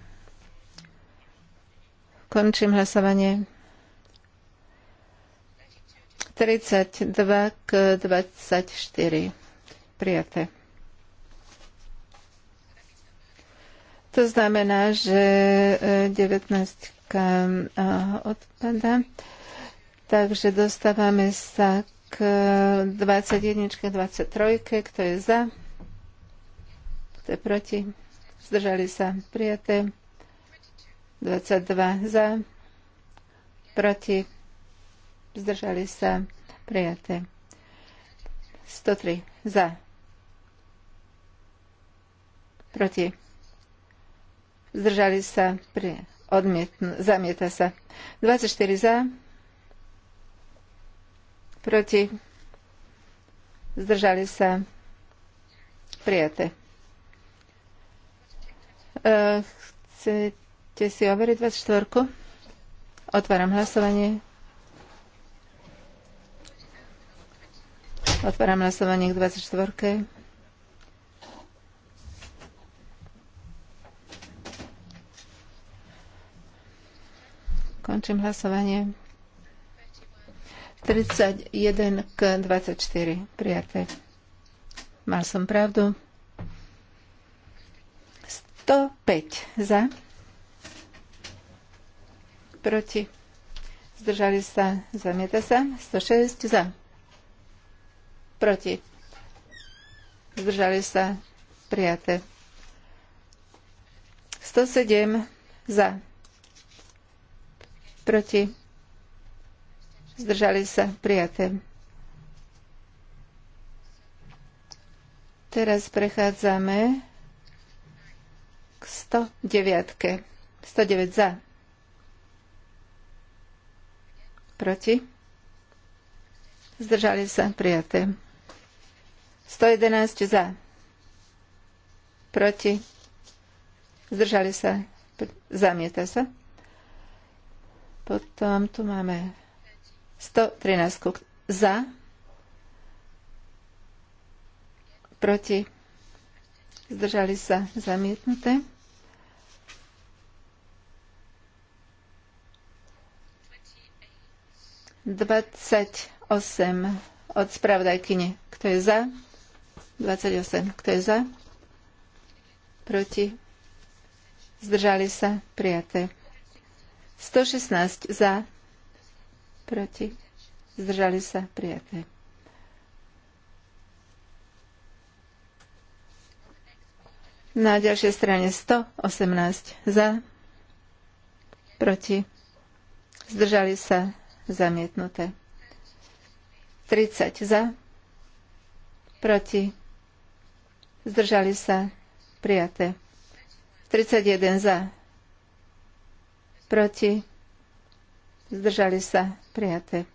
Končím hlasovanie. 32 k 24. Prijaté. To znamená, že 19 e, odpada. Takže dostávame sa k 21, 23, kto je za, kto je proti, zdržali sa prijaté, 22 za, proti, zdržali sa prijaté. 103 za, proti, zdržali sa pri odmietn- zamieta sa. 24 za, proti, zdržali sa prijaté. E, chcete si overiť 24? Otváram hlasovanie. Otváram hlasovanie k 24. -ke. Končím hlasovanie. 31 k 24. Prijaté. Mal som pravdu. 105 za. Proti. Zdržali sa. Zamieta sa. 106 za Proti. Zdržali sa prijaté. 107 za. Proti. Zdržali sa prijaté. Teraz prechádzame k 109. 109 za. Proti. Zdržali sa prijaté. 111 za. Proti. Zdržali sa. Zamieta sa. Potom tu máme 113 za. Proti. Zdržali sa. Zamietnuté. Dvadsať osem od spravodajkyne. Kto je za? 28. Kto je za? Proti? Zdržali sa? Prijaté. 116. Za? Proti? Zdržali sa? Prijaté. Na ďalšej strane 118. Za? Proti? Zdržali sa? Zamietnuté. 30. Za? Proti? Zdržali sa. Prijaté. 31 za. Proti. Zdržali sa. Prijaté.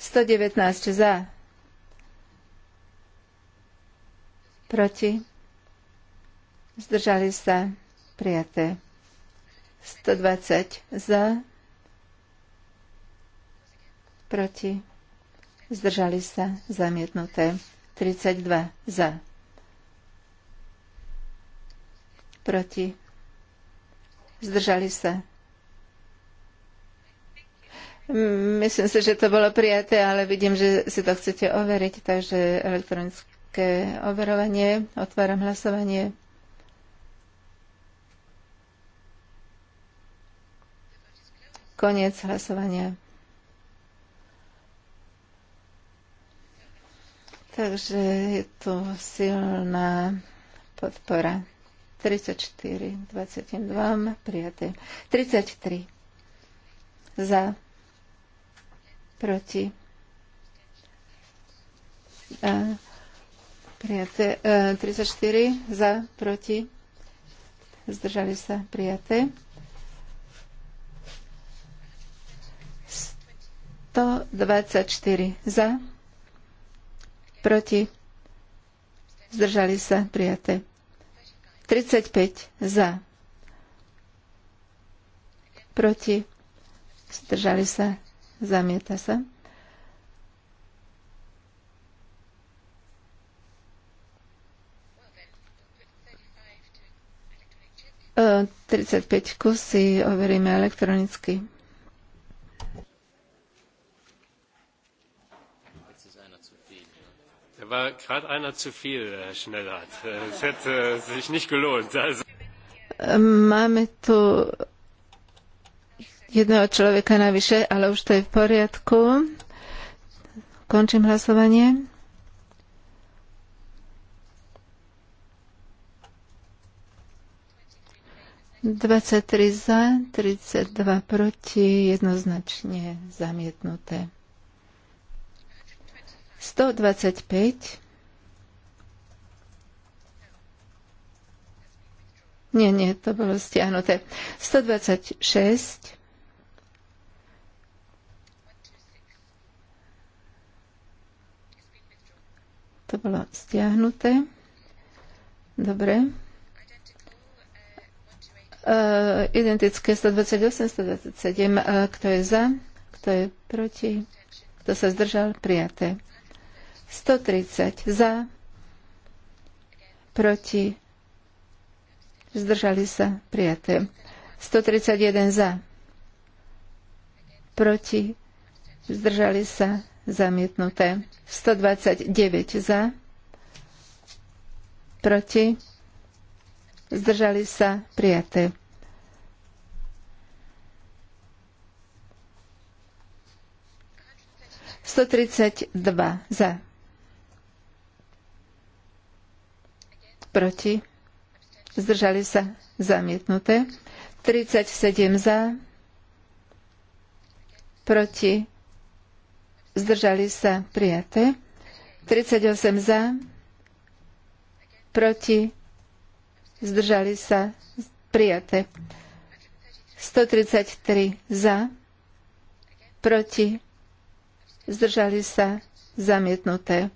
119 za. Proti. Zdržali sa. Prijaté. 120 za. Proti. Zdržali sa. Zamietnuté. 32 za proti, zdržali sa. Myslím si, že to bolo prijaté, ale vidím, že si to chcete overiť, takže elektronické overovanie, otváram hlasovanie. Koniec hlasovania. Takže je tu silná podpora. 34, 22 prijaté. 33 za, proti, a, prijaté. 34 e, za, proti, zdržali sa prijaté. 124 za, proti, zdržali sa prijaté. 35 za. Proti. Zdržali sa. Zamieta sa. Uh, 35 kusy overíme elektronicky. Da er war gerade einer zu viel, Herr Es hätte äh, sich nicht gelohnt. Also. Ähm, máme tu jedného človeka navyše, ale už to je v poriadku. Končím hlasovanie. Dvadsaťtri za, tridsaťdva proti, jednoznačne zamietnuté. 125. Nie, nie, to bolo stiahnuté. 126. 126. To bolo stiahnuté. Dobre. Uh, identické 128, 127. Uh, kto je za? Kto je proti? Kto sa zdržal? Prijaté. 130 za, proti, zdržali sa, prijaté. 131 za, proti, zdržali sa, zamietnuté. 129 za, proti, zdržali sa, prijaté. Sto tridsať dva za. proti, zdržali sa zamietnuté, 37 za, proti, zdržali sa prijaté, 38 za, proti, zdržali sa prijaté, 133 za, proti, zdržali sa zamietnuté.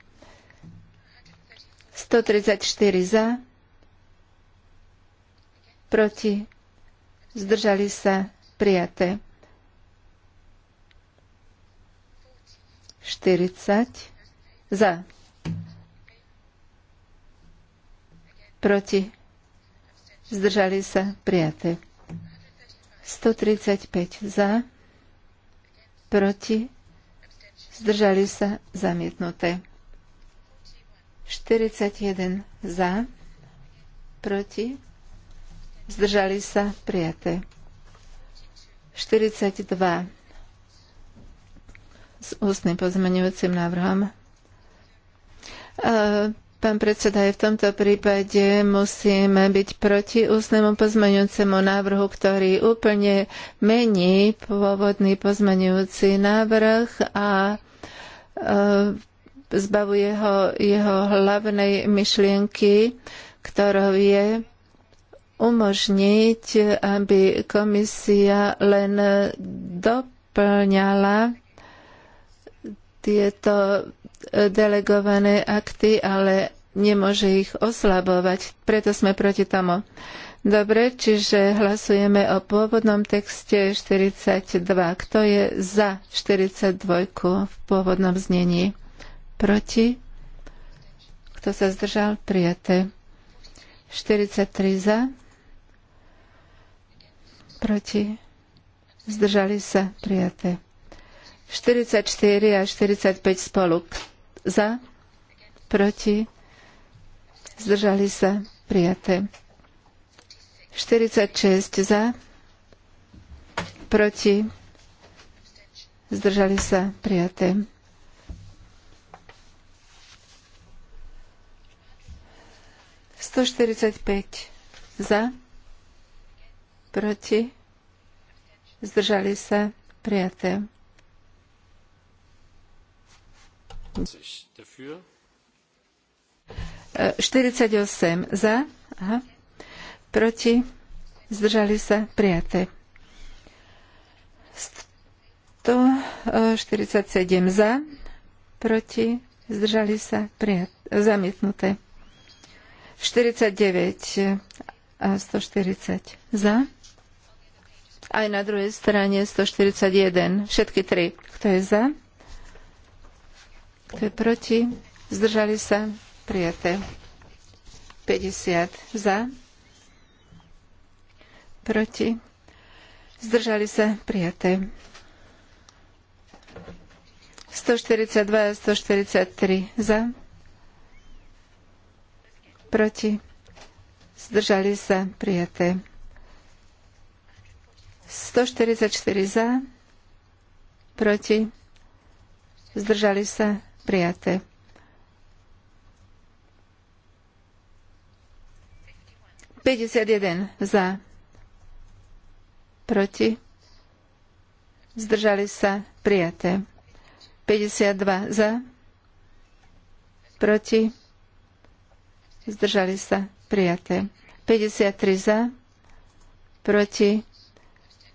134 za, proti, zdržali sa prijaté. 40 za, proti, zdržali sa prijaté. 135 za, proti, zdržali sa zamietnuté. 41 za, proti, zdržali sa, prijaté. 42 s ústnym pozmeňujúcim návrhom. E, pán predseda, aj v tomto prípade musíme byť proti ústnemu pozmeňujúcemu návrhu, ktorý úplne mení pôvodný pozmeňujúci návrh a e, zbavuje ho jeho hlavnej myšlienky, ktorou je umožniť, aby komisia len doplňala tieto delegované akty, ale nemôže ich oslabovať. Preto sme proti tomu. Dobre, čiže hlasujeme o pôvodnom texte 42. Kto je za 42 v pôvodnom znení? proti, kto sa zdržal, prijaté. 43 za, proti, zdržali sa, prijaté. 44 a 45 spolu za, proti, zdržali sa, prijaté. 46 za, proti, zdržali sa, prijaté. 145 za, proti, zdržali sa, prijaté. E, Dafür. 48 za, aha, proti, zdržali sa, prijaté. 147 za, proti, zdržali sa, prijaté, zamietnuté. 49 a 140 za. Aj na druhej strane 141. Všetky tri. Kto je za? Kto je proti? Zdržali sa? Prijaté. 50 za. Proti? Zdržali sa? Prijaté. 142 a 143 za proti, zdržali sa prijaté. 144 za, proti, zdržali sa prijaté. 51 za, proti, zdržali sa prijaté. 52 za, proti, zdržali sa prijaté. 53 za, proti,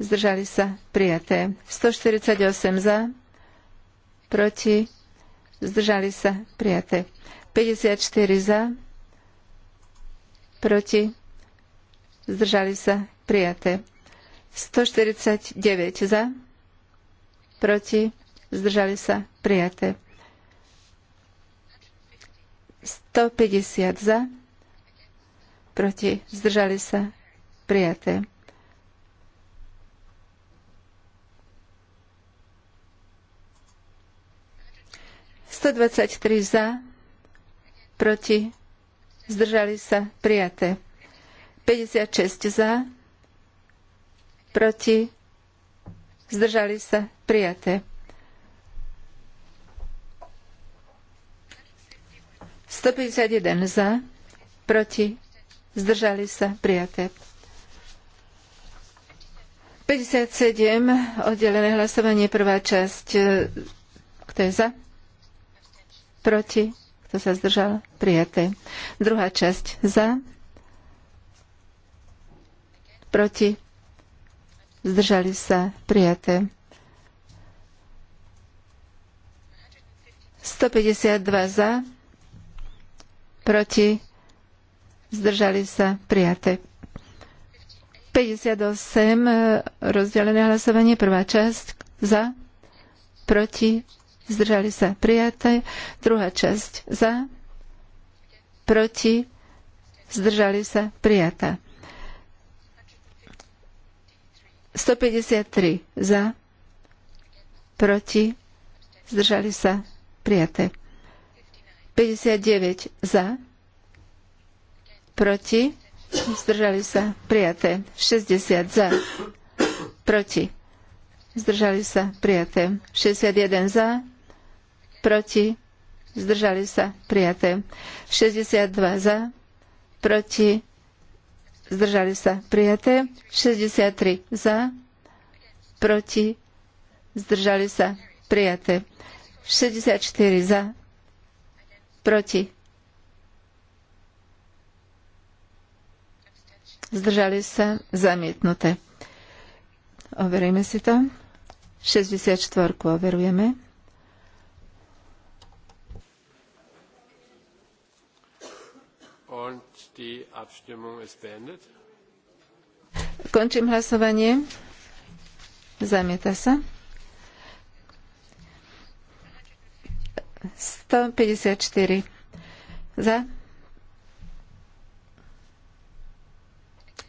zdržali sa prijaté. 148 za, proti, zdržali sa prijaté. 54 za, proti, zdržali sa prijaté. 149 za, proti, zdržali sa prijaté. 150 za, proti, zdržali sa, prijaté. Sto dvadsať tri za, proti, zdržali sa, prijaté. 56 za, proti, zdržali sa, prijaté. 151 za, proti, zdržali sa, prijaté. 57, oddelené hlasovanie, prvá časť. E, kto je za? Proti? Kto sa zdržal? Prijaté. Druhá časť. Za? Proti? Zdržali sa? Prijaté. 152 za, proti, zdržali sa, prijaté. 58 e, rozdelené hlasovanie, prvá časť za, proti, zdržali sa, prijaté. Druhá časť za, proti, zdržali sa, prijatá. 153 za, proti, zdržali sa, prijaté. 59 za, proti, zdržali sa, prijaté. 60 za, proti, zdržali sa, prijaté. 61 za, proti, zdržali sa, prijaté. 62 za, proti, zdržali sa, prijaté. 63 za, proti, zdržali sa, prijaté. 64 za, Proti. Zdržali sa zamietnuté. Overíme si to. 64 overujeme. Und die Abstimmung ist beendet. Končím hlasovanie. Zamieta sa. 154 za,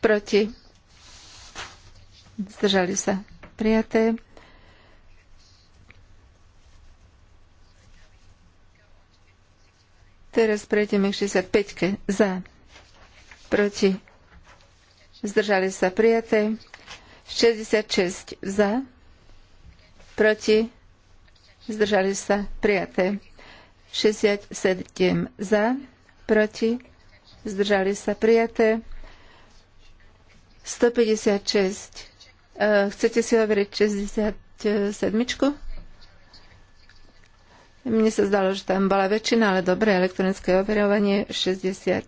proti, zdržali sa prijaté. Teraz prejdeme k 65. Za. Proti. Zdržali sa prijaté. 66. Za. Proti zdržali sa prijaté. 67 za, proti, zdržali sa prijaté. 156. E, chcete si overiť 67? Mne sa zdalo, že tam bola väčšina, ale dobré, elektronické overovanie 67.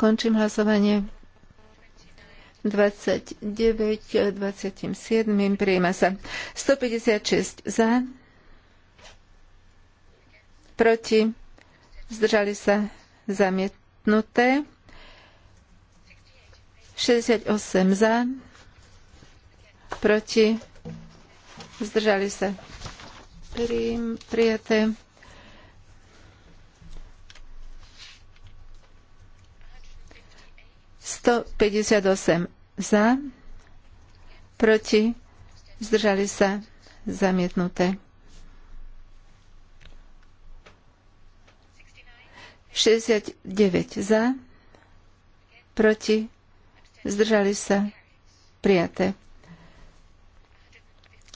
Končím hlasovanie. 29 27 prijíma sa. 156 za, proti, zdržali sa zamietnuté. 68 za, proti, zdržali sa prijaté. 158 za, proti, zdržali sa, zamietnuté. 69 za, proti, zdržali sa, prijaté.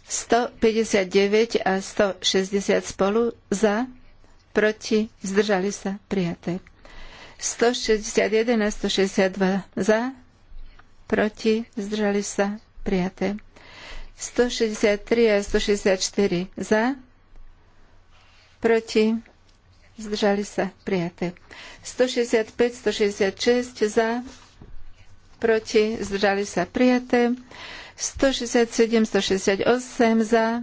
159 a 160 spolu za, proti, zdržali sa, prijaté. 161 a 162 za, proti, zdržali sa, prijaté. 163 a 164 za, proti, zdržali sa, prijaté. 165, 166 za, proti, zdržali sa, prijaté. 167, 168 za,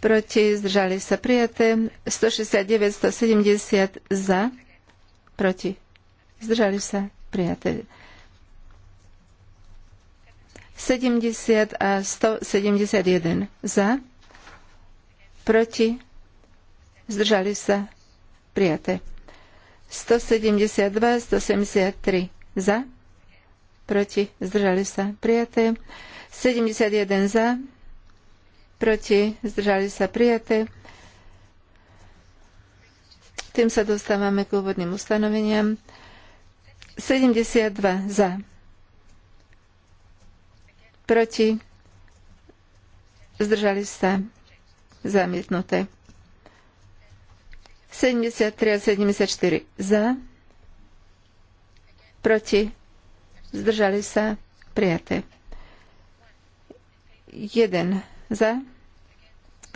proti, zdržali sa, prijaté. 169, 170 za, proti, zdržali sa, prijaté. 70 a 171 za, proti, zdržali sa, prijaté. 172, 173 za, proti, zdržali sa, prijaté. 71 za, proti, zdržali sa, prijaté. Tým sa dostávame k úvodným ustanoveniam. 72 za. Proti. Zdržali sa. Zamietnuté. 73 a 74 za. Proti. Zdržali sa. Prijaté. 1 za.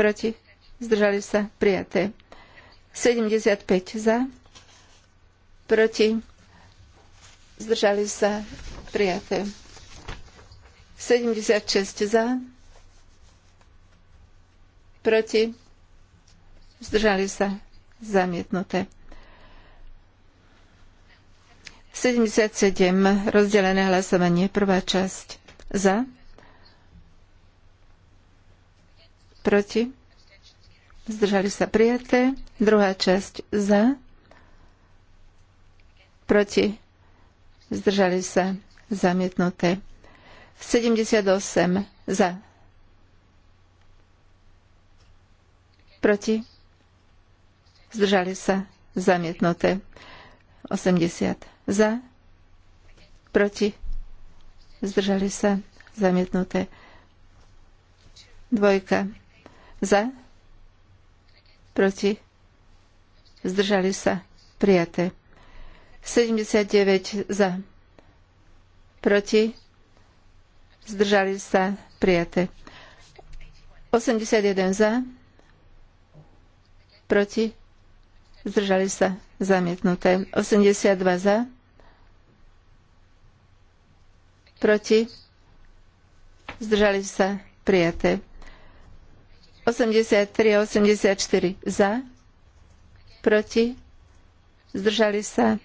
Proti. Zdržali sa. Prijaté. 75 za, proti, zdržali sa prijaté. 76 za, proti, zdržali sa zamietnuté. 77 rozdelené hlasovanie, prvá časť za, proti, zdržali sa prijaté, druhá časť za, proti, zdržali sa zamietnuté. 78 za, proti, zdržali sa zamietnuté. 80 za, proti, zdržali sa zamietnuté. Dvojka za, proti, zdržali sa, prijaté. 79 za, proti, zdržali sa, prijaté. 81 za, proti, zdržali sa, zamietnuté. 82 za, proti, zdržali sa, prijaté. 83 a 84 za, proti, zdržali sa,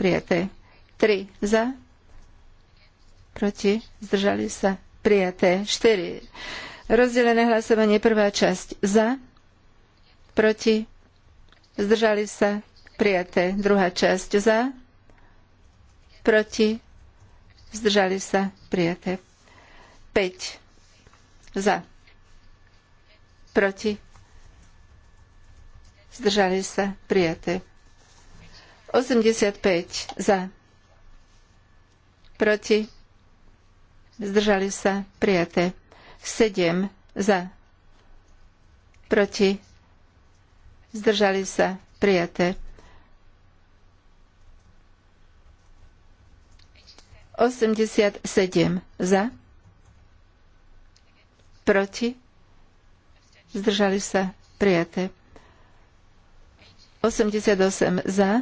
prijaté. 3 za, proti, zdržali sa, prijaté. 4. Rozdelené hlasovanie, prvá časť za, proti, zdržali sa, prijaté. Druhá časť za, proti, zdržali sa, prijaté. 5 za Proti? Zdržali sa? Prijaté. 85 za. Proti? Zdržali sa? Prijaté. 7 za. Proti? Zdržali sa? Prijaté. 87 za. Proti? zdržali sa prijaté. 88 za,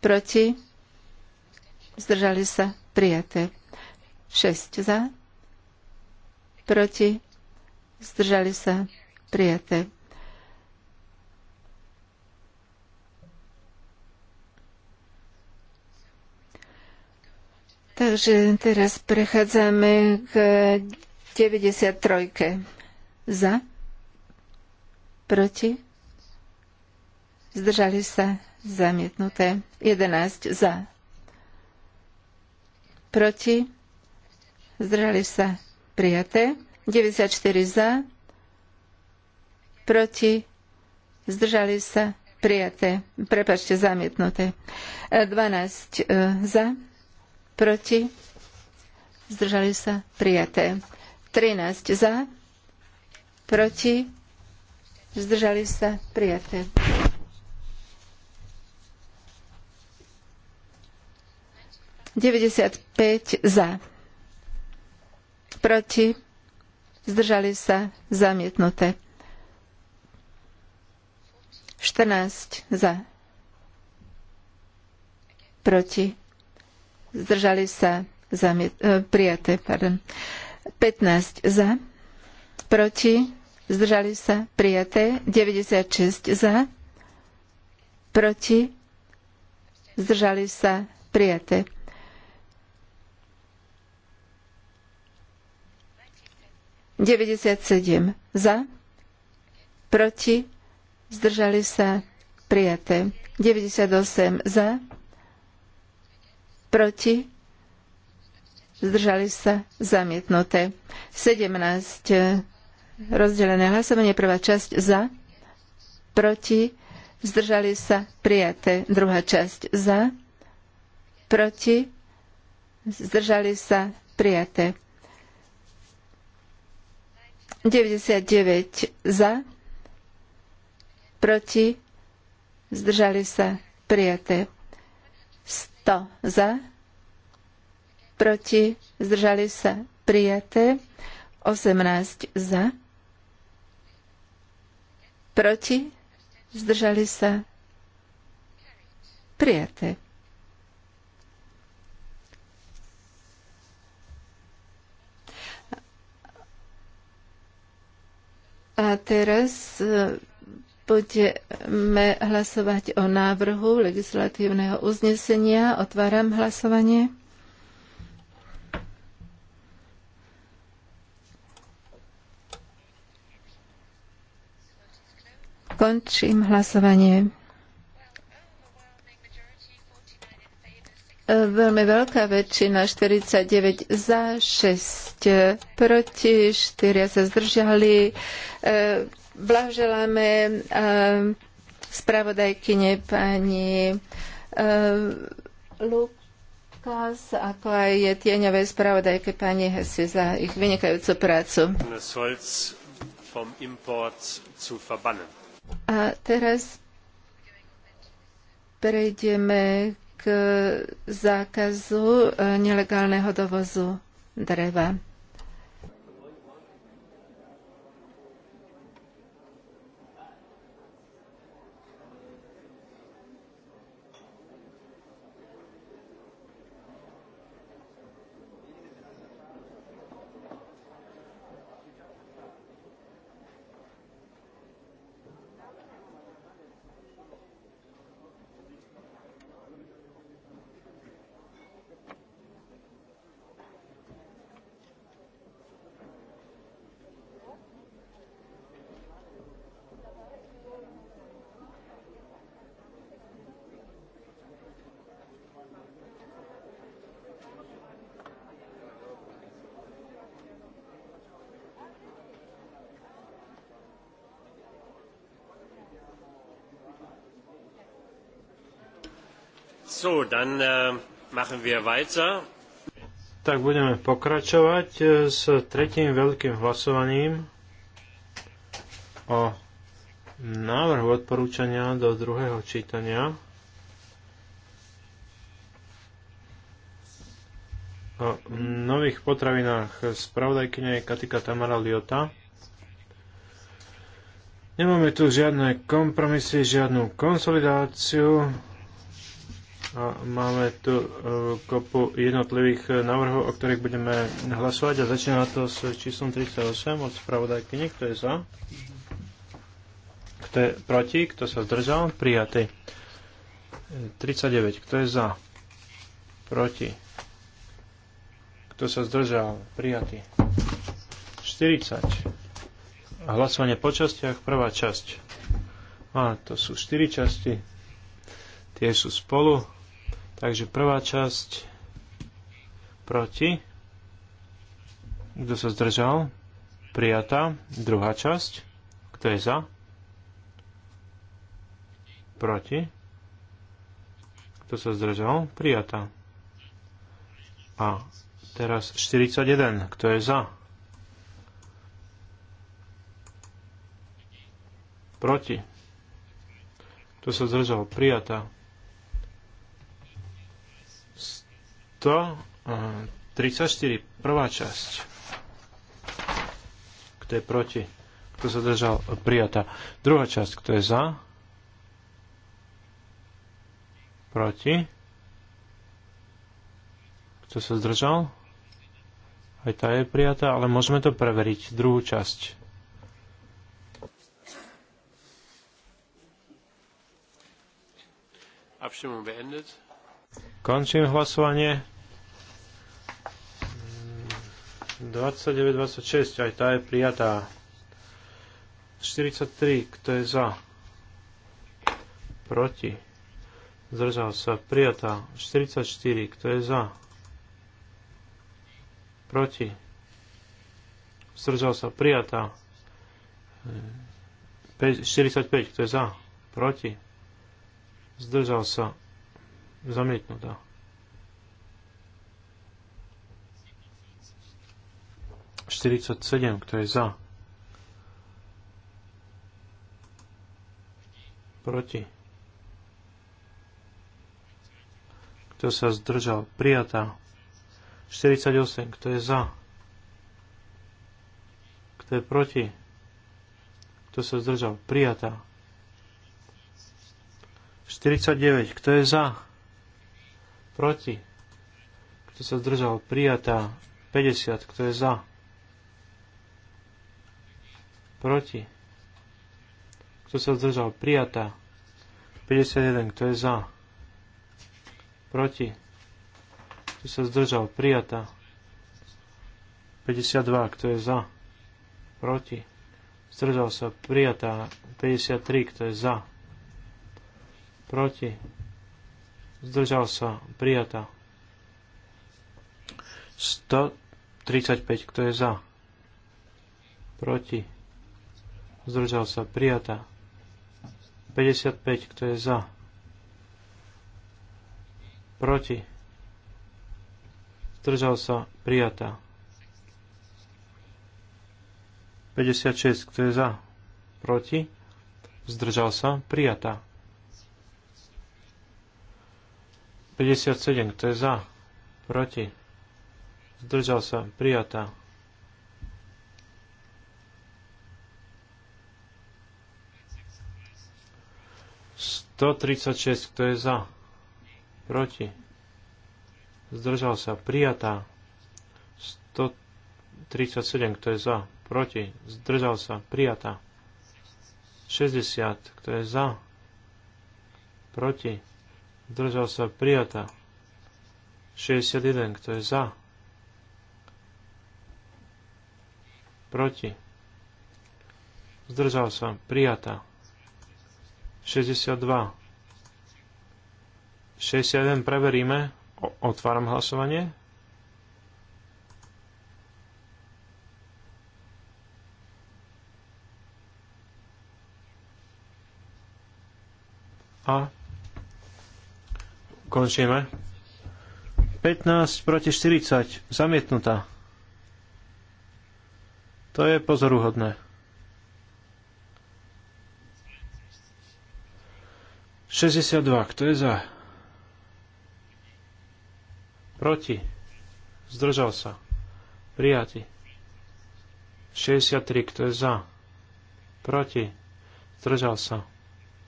proti, zdržali sa prijaté. 6 za, proti, zdržali sa prijaté. Takže teraz prechádzame k 93. Za? Proti? Zdržali sa zamietnuté. 11 za. Proti? Zdržali sa prijaté. 94 za. Proti? Zdržali sa prijaté. Prepačte, zamietnuté. 12 e, e, za. Proti? Zdržali sa prijaté. 13 za proti, zdržali sa prijaté. Deväťdesiat päť za, proti, zdržali sa zamietnuté. 14 za. Proti. Zdržali sa zamiet, eh, prijaté. Pardon. 15 za. Proti zdržali sa prijaté, 96 za, proti, zdržali sa prijaté. sedem za, proti, zdržali sa prijaté. 98 za, proti, zdržali sa zamietnuté. 17 Rozdelené hlasovanie, prvá časť za, proti, zdržali sa, prijaté. Druhá časť za, proti, zdržali sa, prijaté. 99 za, proti, zdržali sa, prijaté. 100 za, proti, zdržali sa, prijaté. 18 za, Proti? Zdržali sa? Prijaté. A teraz e, budeme hlasovať o návrhu legislatívneho uznesenia. Otváram hlasovanie. Končím hlasovanie. Veľmi veľká väčšina, 49 za, 6 proti, 4 sa zdržali. E, Blahoželáme e, spravodajkyne pani e, Lukas, ako aj je tieňovej spravodajke pani Hesi za ich vynikajúcu prácu. vom Import zu verbannen. A teraz prejdeme k zákazu nelegálneho dovozu dreva. Äh, tak budeme pokračovať e, s tretím veľkým hlasovaním o návrhu odporúčania do druhého čítania. o nových potravinách spravodajkyne je Katika Tamara Liota. Nemáme tu žiadne kompromisy, žiadnu konsolidáciu. A máme tu e, kopu jednotlivých e, návrhov, o ktorých budeme hlasovať a začína to s číslom 38 od spravodajky. Kto je za? Kto je proti? Kto sa zdržal? Prijatý. 39. Kto je za? Proti. Kto sa zdržal? Prijatý. 40. Hlasovanie po častiach, prvá časť. A to sú 4 časti. Tie sú spolu Takže prvá časť proti. Kto sa zdržal? Prijatá. Druhá časť. Kto je za? Proti. Kto sa zdržal? Prijatá. A teraz 41. Kto je za? Proti. Kto sa zdržal? Prijatá. 134, e, prvá časť. Kto je proti? Kto sa držal? Prijatá. Druhá časť, kto je za? Proti? Kto sa zdržal? Aj tá je prijatá, ale môžeme to preveriť. Druhú časť. Abstimmung beendet. Končím hlasovanie. 29-26, aj tá je prijatá. 43, kto je za? Proti. Zdržal sa, prijatá. 44, kto je za? Proti. Zdržal sa, prijatá. 45, kto je za? Proti. Zdržal sa, Zamietnutá. Štyridsať sedem, kto je za? Proti. Kto sa zdržal? Prijatá. osem. Kto je za? Kto je proti? Kto sa zdržal? Prijatá. 49. Kto je za? proti, kto sa zdržal, prijatá 50, kto je za, proti, kto sa zdržal, prijatá 51, kto je za, proti, kto sa zdržal, prijatá 52, kto je za, proti, zdržal sa, prijatá 53, kto je za, proti, zdržal sa, prijatá. 135, kto je za, proti, zdržal sa, prijatá. 55, kto je za, proti, zdržal sa, prijatá. 56, kto je za, proti, zdržal sa, prijatá. 57, kto je za? Proti? Zdržal sa, prijatá. Sto tridsaťšesť, kto je za? Proti? Zdržal sa, prijatá. 137, kto je za? Proti? Zdržal sa, prijatá. 60, kto je za? Proti? Držal sa prijata. 61, kto je za, proti, zdržal sa prijata. 62, 61 preveríme, otváram hlasovanie. A Končíme. 15 proti 40. Zamietnutá. To je pozoruhodné. 62. Kto je za? Proti. Zdržal sa. Prijatý. 63. Kto je za? Proti. Zdržal sa.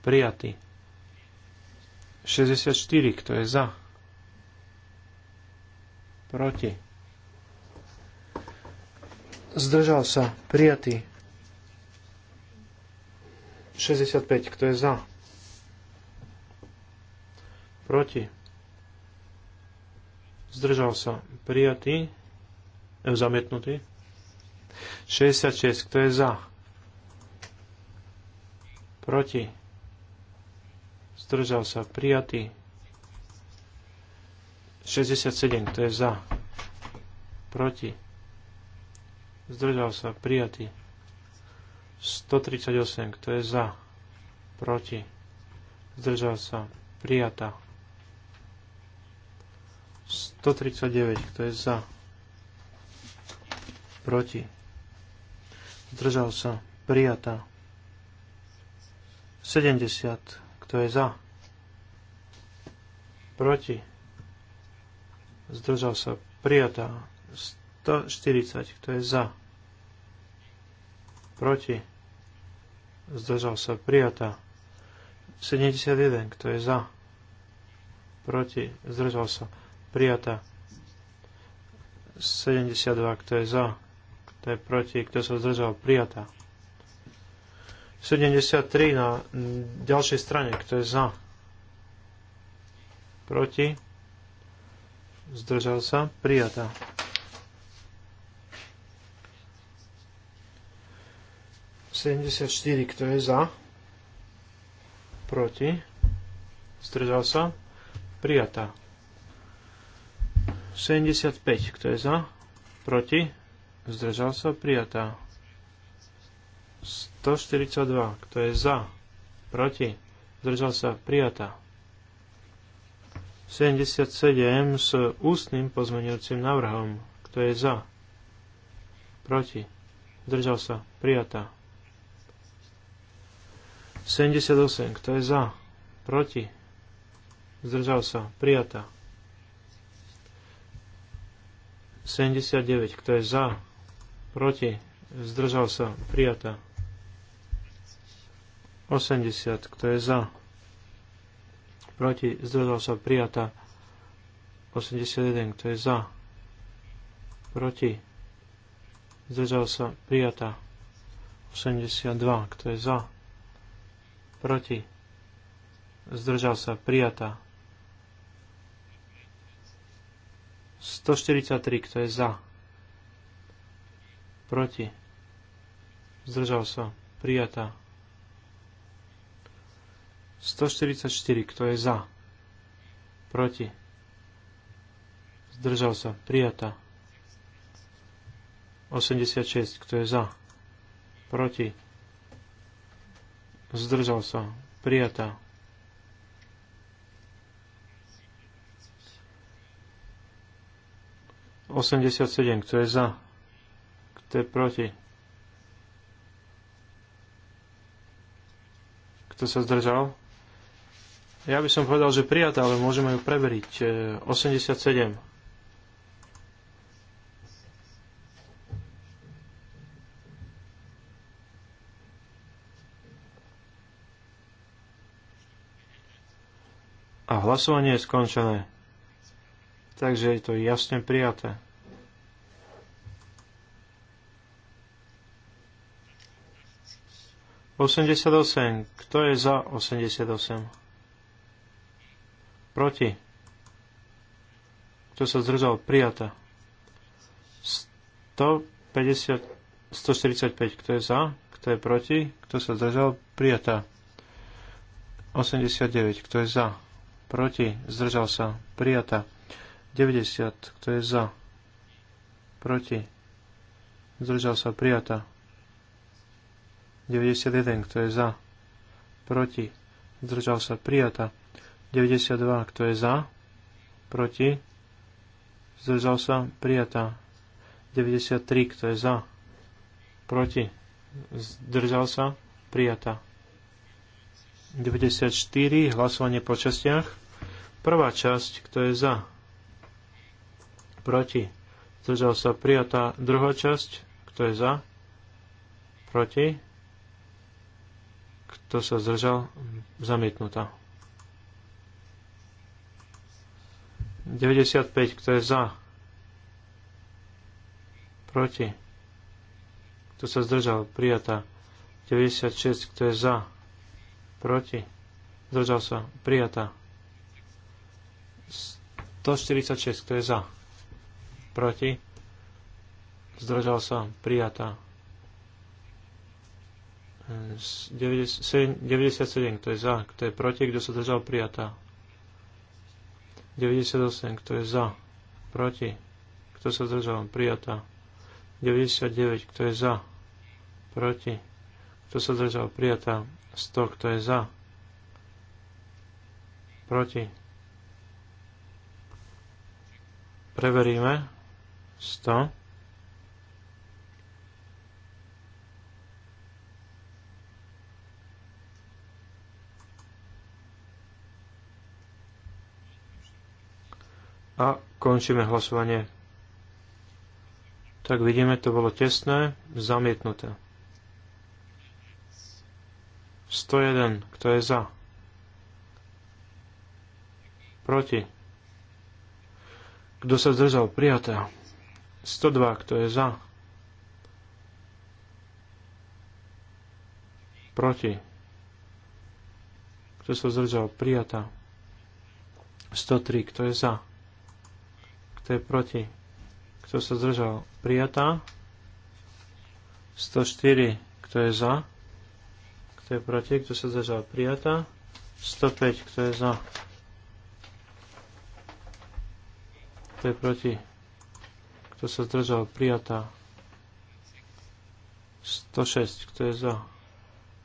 Prijatý. 64, kto je za? Proti. Zdržal sa. Prijatý. 65, kto je za? Proti. Zdržal sa. Prijatý. E, zamietnutý. 66, kto je za? Proti zdržal sa prijatý. 67, to je za. Proti. Zdržal sa prijatý. 138, kto je za. Proti. Zdržal sa prijatá. 139, kto je za. Proti. Zdržal sa prijatá. 70 kto je za? Proti? Zdržal sa. Prijatá. 140. Kto je za? Proti? Zdržal sa. Prijatá. 71. Kto je za? Proti? Zdržal sa. Prijatá. 72. Kto je za? Kto je proti? Kto sa zdržal? Prijatá. 73 na ďalšej strane. Kto je za? Proti? Zdržal sa? Prijatá. Sedemdesiat štyri, kto je za? Proti? Zdržal sa? Prijatá. 75, kto je za? Proti? Zdržal sa? Prijatá. 142, kto je za, proti, zdržal sa, prijatá. 77 s ústnym pozmenujúcim návrhom, kto je za, proti, zdržal sa, prijatá. 78, kto je za, proti, zdržal sa, prijatá. 79, kto je za, proti, zdržal sa, prijatá. 80. Kto je za? Proti? Zdržal sa prijatá. 81. Kto je za? Proti? Zdržal sa prijatá. 82. Kto je za? Proti? Zdržal sa prijatá. 143. Kto je za? Proti? Zdržal sa prijatá. 144. Kto je za? Proti. Zdržal sa. Prijata. 86. Kto je za? Proti. Zdržal sa. Prijata. 87. Kto je za? Kto je proti? Kto sa zdržal? Ja by som povedal, že prijatá, ale môžeme ju preveriť. 87. E, A hlasovanie je skončené. Takže je to jasne prijaté. Osemdesiat osem. Kto je za osemdesiat osem? proti, kto sa zdržal, prijata. 150, 145, kto je za, kto je proti, kto sa zdržal, prijata. 89, kto je za, proti, zdržal sa, prijata. 90, kto je za, proti, zdržal sa, prijata. 91, kto je za, proti, zdržal sa, prijata. 92, kto je za, proti, zdržal sa, prijatá. 93, kto je za, proti, zdržal sa, prijatá. 94, hlasovanie po častiach. Prvá časť, kto je za, proti, zdržal sa, prijatá. Druhá časť, kto je za, proti, kto sa zdržal, zamietnutá. 95, kto je za? Proti. Kto sa zdržal? Prijatá. 96, kto je za? Proti. Zdržal sa. Prijatá. 146, kto je za? Proti. Zdržal sa. Prijatá. 97, kto je za, kto je proti, kto sa zdržal, prijatá. 98, kto je za, proti, kto sa zdržal, prijatá. 99, kto je za, proti, kto sa zdržal, prijatá. 100, kto je za, proti. Preveríme. 100. A končíme hlasovanie. Tak vidíme, to bolo tesné, zamietnuté. 101. Kto je za? Proti. Kto sa zdržal? Prijaté. 102. Kto je za? Proti. Kto sa zdržal? Prijatá. 103. Kto je za? Kto je proti? Kto sa zdržal? Prijatá. 104. Kto je za? Kto je proti? Kto sa zdržal? Prijatá. 105. Kto je za? Kto je proti? Kto sa zdržal? Prijatá. 106. Kto je za?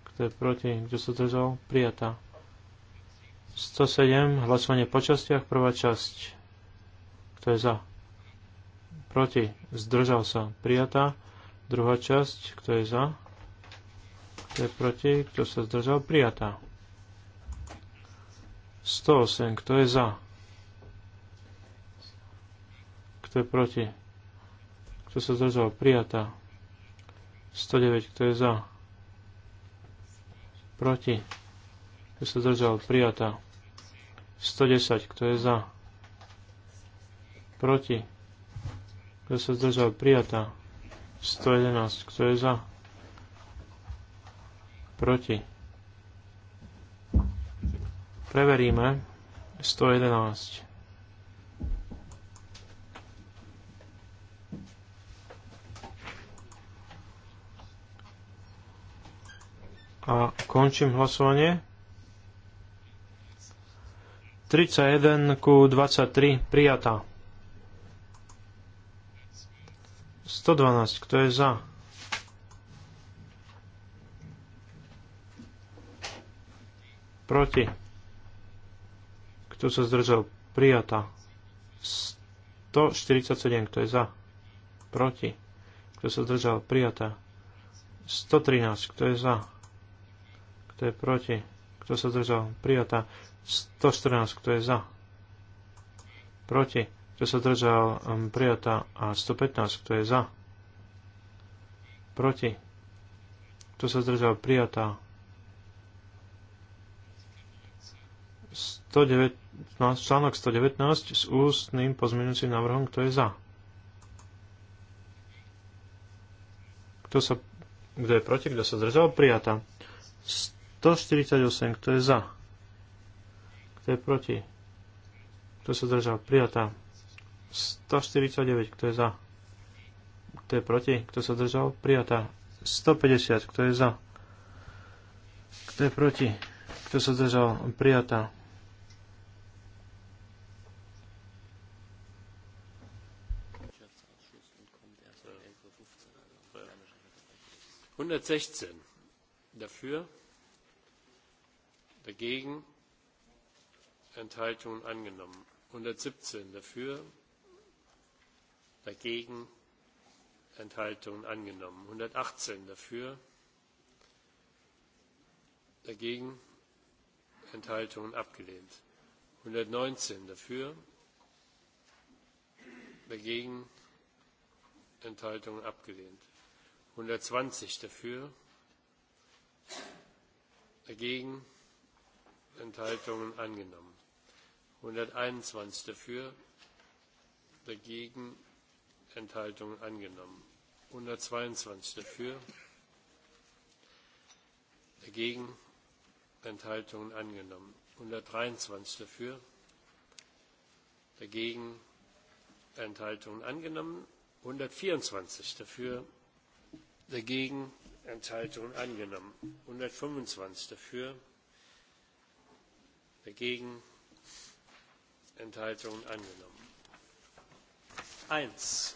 Kto je proti? Kto sa zdržal? Prijatá. 107. Hlasovanie po častiach. Prvá časť. Kto je za? Proti. Zdržal sa. Prijatá. Druhá časť. Kto je za? Kto je proti? Kto sa zdržal? Prijatá. 108. Kto je za? Kto je proti? Kto sa zdržal? Prijatá. 109. Kto je za? Proti. Kto sa zdržal? Prijatá. 110. Kto je za? Proti. Kto sa zdržal? Prijatá. 111. Kto je za? Proti. Preveríme. 111. A končím hlasovanie. 31 ku 23 prijatá. 112. Kto je za? Proti. Kto sa zdržal? Prijatá. 147. Kto je za? Proti. Kto sa zdržal? Prijatá. 113. Kto je za? Kto je proti? Kto sa zdržal? Prijatá. 114. Kto je za? Proti. Kto sa držal? Hm, prijatá. A 115. Kto je za? Proti. Kto sa zdržal? Prijatá. 119, článok 119 s ústnym pozmeňujúcim návrhom, kto je za. Kto, sa, kto je proti, kto sa zdržal, prijata? 148, kto je za. Kto je proti. Kto sa zdržal, prijatá. 149, kto je za? Kto je proti? Kto sa držal? Prijatá. 150, kto je za? Kto je proti? Kto sa držal? Prijatá. dafür dagegen enthaltungen angenommen 117 dafür dagegen Enthaltungen angenommen. 118 dafür, dagegen Enthaltungen abgelehnt. 119 dafür, dagegen Enthaltungen abgelehnt. 120 dafür, dagegen Enthaltungen angenommen. 121 dafür, dagegen Enthaltungen angenommen. 122 dafür, dagegen Enthaltungen angenommen. 123 dafür, dagegen Enthaltungen angenommen. 124 dafür, dagegen Enthaltungen angenommen. 125 dafür, dagegen Enthaltungen angenommen. Eins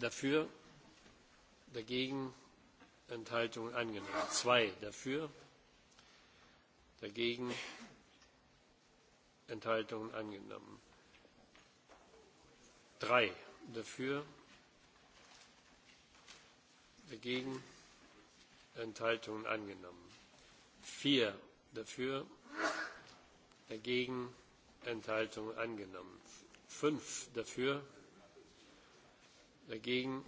dafür dagegen enthaltungen angenommen zwei dafür dagegen enthaltungen angenommen drei dafür dagegen enthaltungen angenommen vier dafür dagegen enthaltungen angenommen fünf dafür dagegen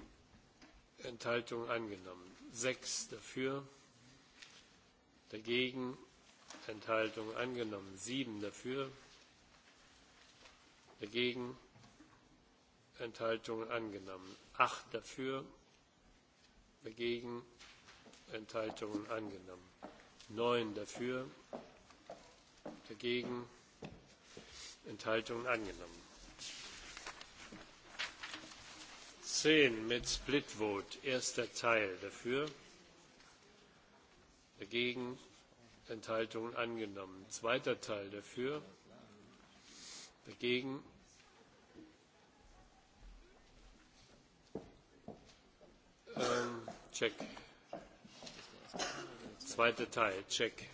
Enthaltung angenommen. Sechs dafür, dagegen Enthaltung angenommen. Sieben dafür, dagegen Enthaltung angenommen. Acht dafür, dagegen Enthaltungen angenommen. Neun dafür, dagegen Enthaltungen angenommen. zehn mit split vote erster teil dafür dagegen enthaltungen angenommen zweiter teil dafür dagegen ähm, check zweiter teil check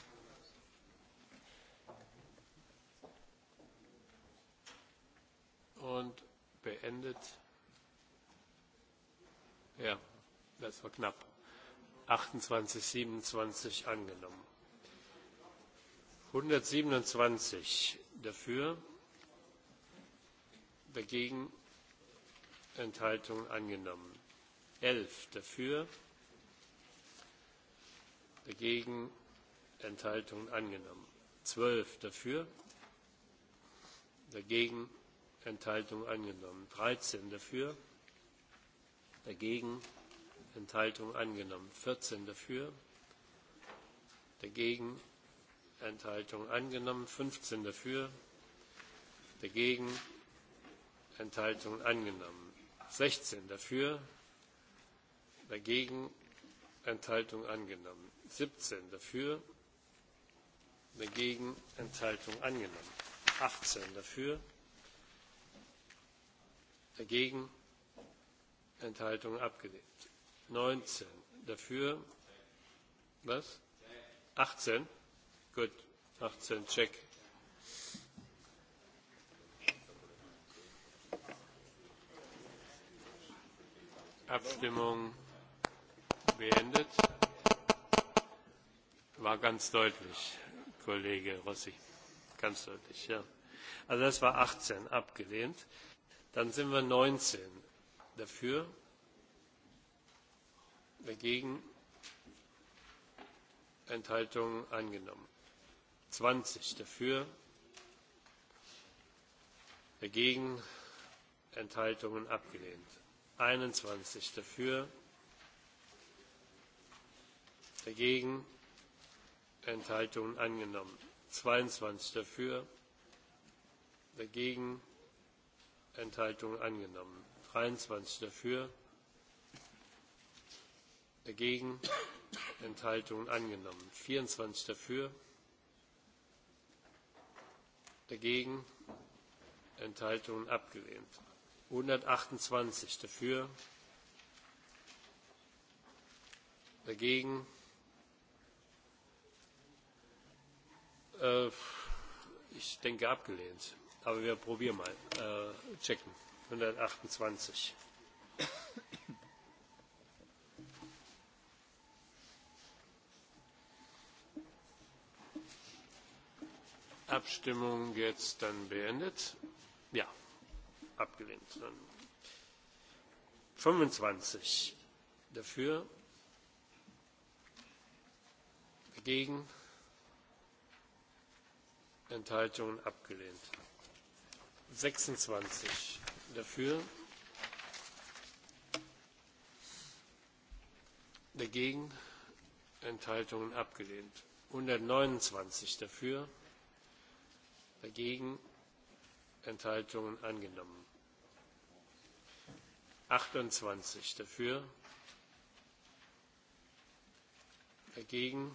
und beendet ja, das war knapp. 28, 27 angenommen. 127 dafür, dagegen Enthaltungen angenommen. 11 dafür, dagegen Enthaltungen angenommen. 12 dafür, dagegen Enthaltungen angenommen. 13 dafür, dagegen, Enthaltung angenommen. 14 dafür, dagegen, Enthaltung angenommen. 15 dafür, dagegen, Enthaltung angenommen. 16 dafür, dagegen, Enthaltung angenommen. 17 dafür, dagegen, Enthaltung angenommen. 18 dafür, dagegen, Enthaltungen abgelehnt. 19 dafür. Was? 18? Gut. 18 check. Abstimmung beendet. War ganz deutlich, Kollege Rossi. Ganz deutlich, ja. Also das war 18 abgelehnt. Dann sind wir 19 dafür dagegen enthaltungen angenommen zwanzig dafür dagegen enthaltungen abgelehnt einundzwanzig dafür dagegen enthaltungen angenommen zweiundzwanzig dafür dagegen enthaltungen angenommen dreiundzwanzig dafür dagegen enthaltungen angenommen vierundzwanzig dafür dagegen enthaltungen abgelehnt einhundertachtundzwanzig dafür dagegen äh, ich denke abgelehnt aber wir probieren mal äh, checken einhundertachtundzwanzig abstimmung jetzt dann beendet. ja abgelehnt. fünfundzwanzig dafür dagegen enthaltungen abgelehnt. sechsundzwanzig dafür dagegen Enthaltungen abgelehnt. 129 dafür, dagegen Enthaltungen angenommen. 28 dafür, dagegen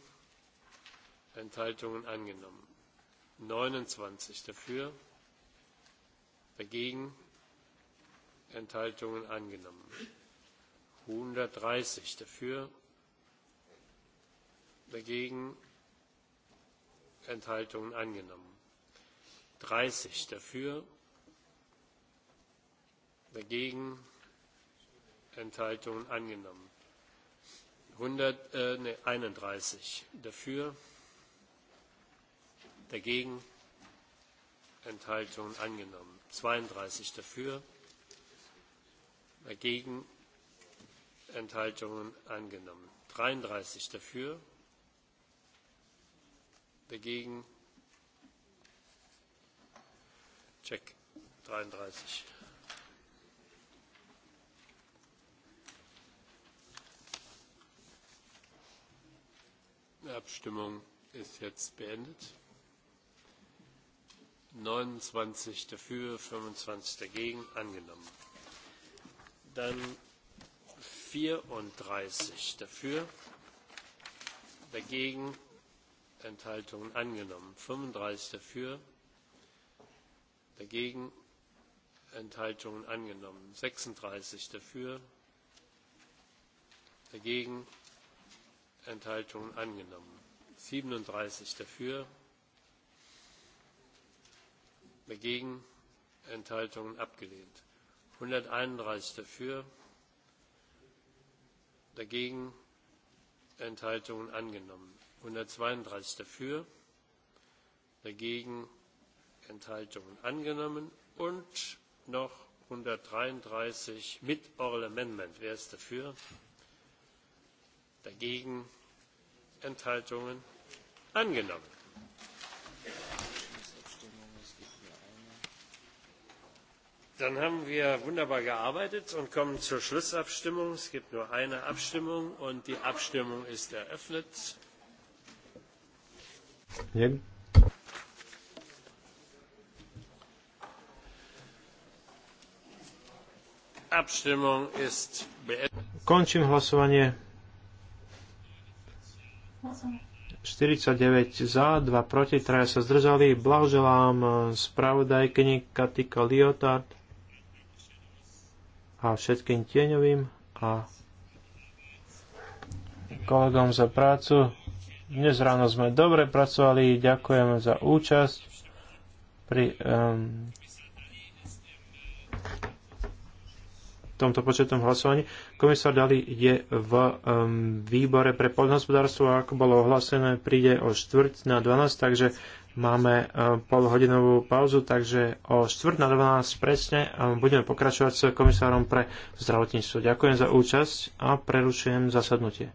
Enthaltungen angenommen. 29 dafür, dagegen Enthaltungen angenommen. 130 dafür, dagegen Enthaltungen angenommen. 30 dafür, dagegen Enthaltungen angenommen. 100, äh, nee, 31 dafür, dagegen Enthaltungen angenommen. 32 dafür, dagegen Enthaltungen angenommen. 33 dafür, dagegen Check 33. Die Abstimmung ist jetzt beendet. 29 dafür, 25 dagegen angenommen. Dann 34 dafür, dagegen Enthaltungen angenommen. 35 dafür, dagegen Enthaltungen angenommen. 36 dafür, dagegen Enthaltungen angenommen. 37 dafür, dagegen Enthaltungen abgelehnt einhunderteinunddreißig dafür dagegen enthaltungen angenommen einhundertzweiunddreißig dafür dagegen enthaltungen angenommen und noch einhundertdreiunddreißig mit oral amendment wer ist dafür dagegen enthaltungen angenommen. Dann haben wir wunderbar gearbeitet und kommen zur Schlussabstimmung. Es gibt nur eine Abstimmung und die Abstimmung ist eröffnet. Ja. Abstimmung ist beendet. Končím hlasovanie. 49 za, 2 proti, 3 sa zdržali. Blahoželám spravodajkyni Katika Liotard a všetkým tieňovým a kolegom za prácu. Dnes ráno sme dobre pracovali, ďakujem za účasť pri um, tomto početnom hlasovaní. Komisár Dali je v um, výbore pre poľnohospodárstvo a ako bolo ohlasené, príde o štvrť na 12, takže máme e, polhodinovú pauzu, takže o 4 na 12 presne e, budeme pokračovať s komisárom pre zdravotníctvo. Ďakujem za účasť a prerušujem zasadnutie.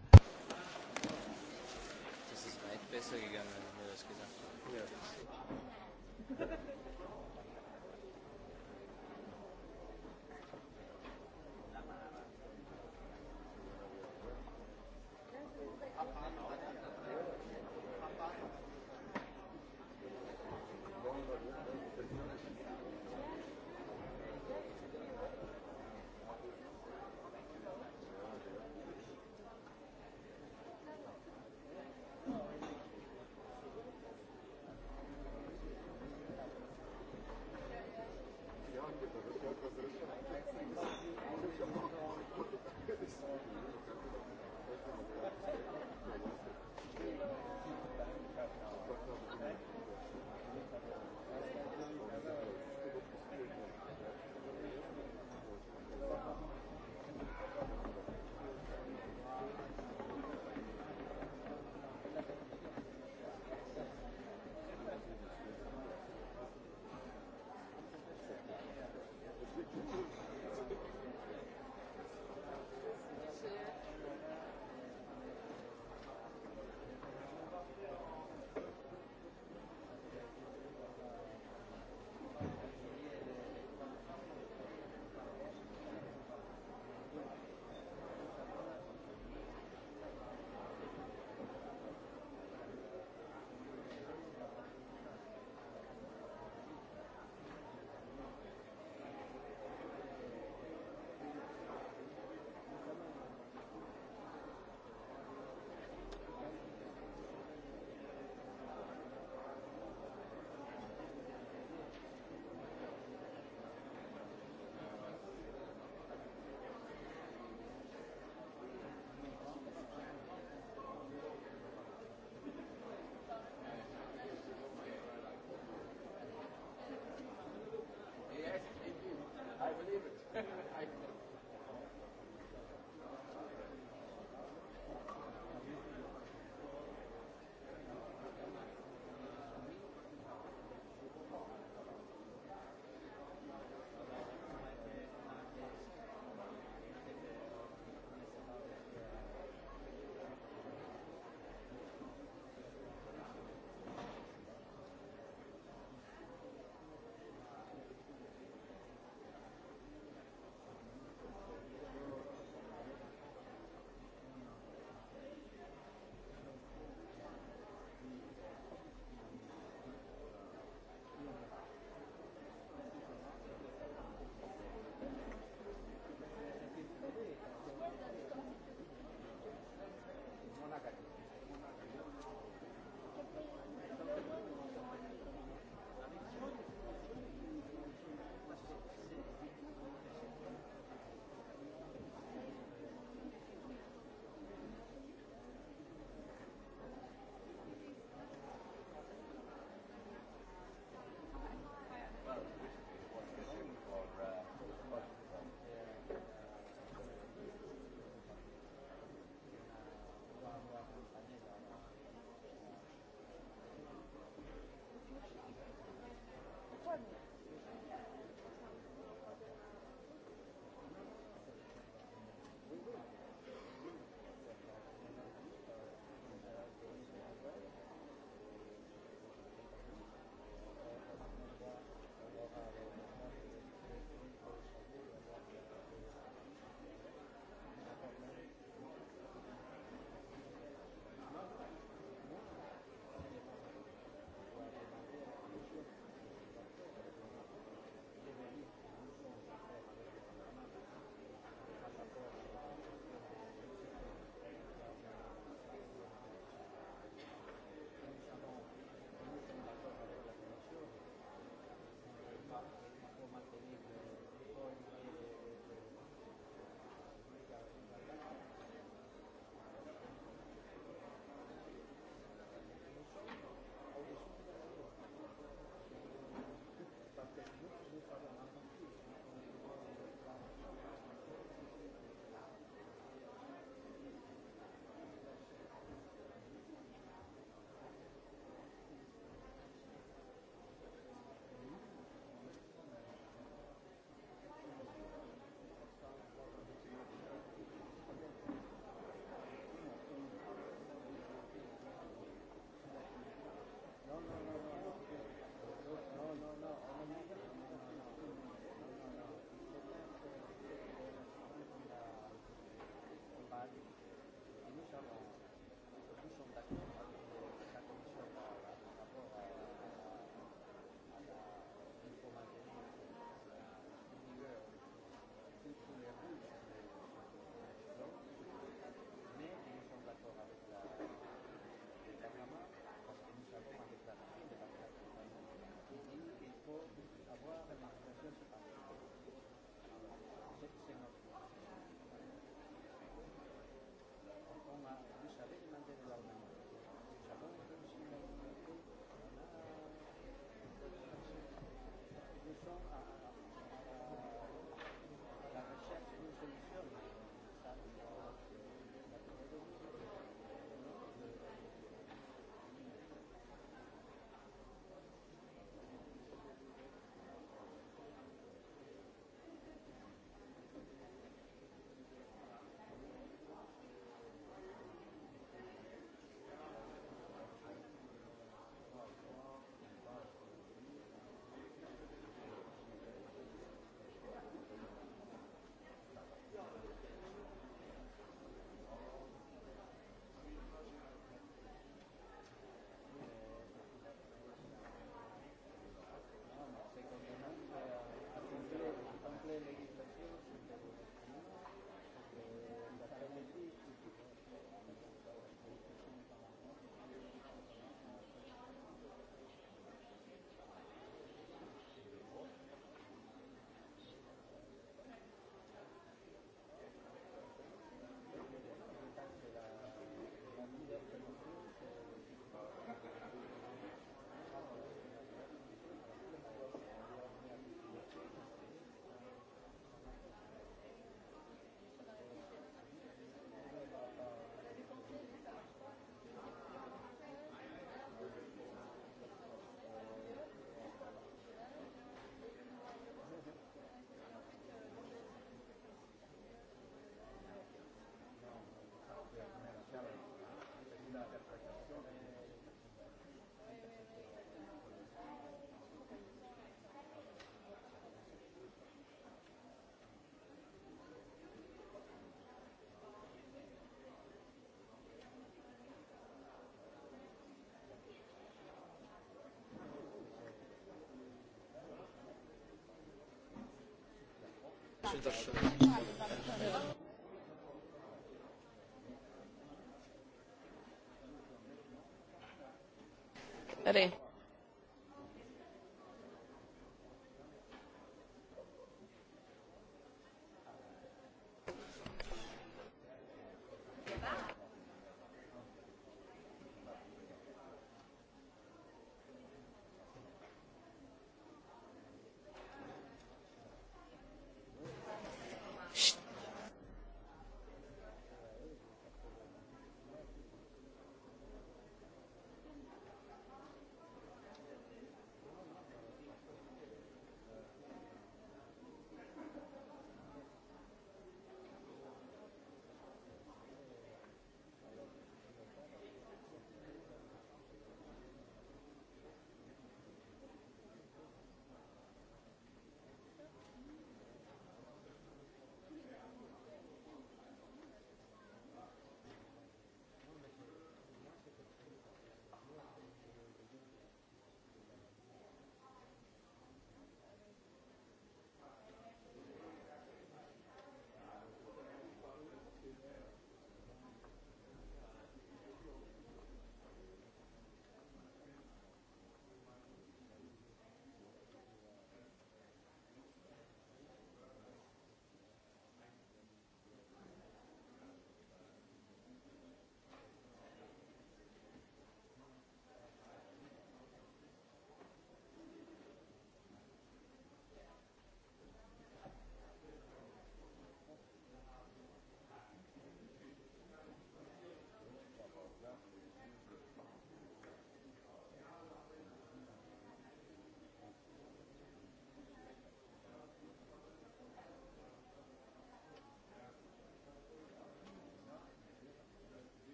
Ready.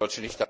deutsche.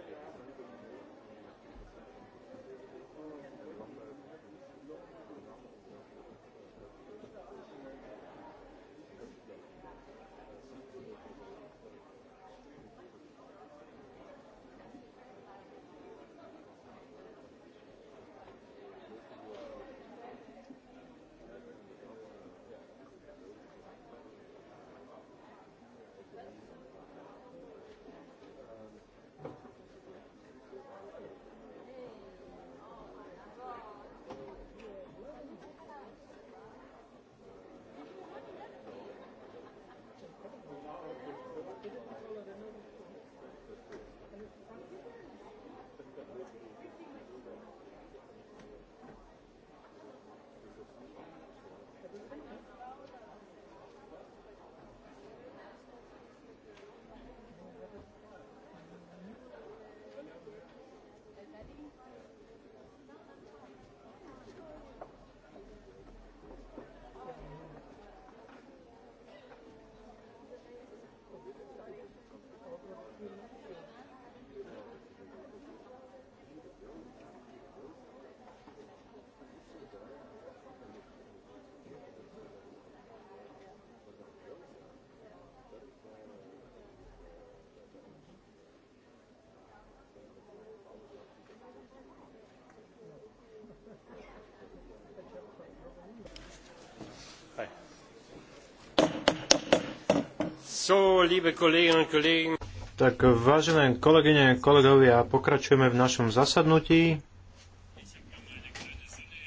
So, liebe Kolleginnen und Kollegen. Tak vážené kolegyne, kolegovia, pokračujeme v našom zasadnutí.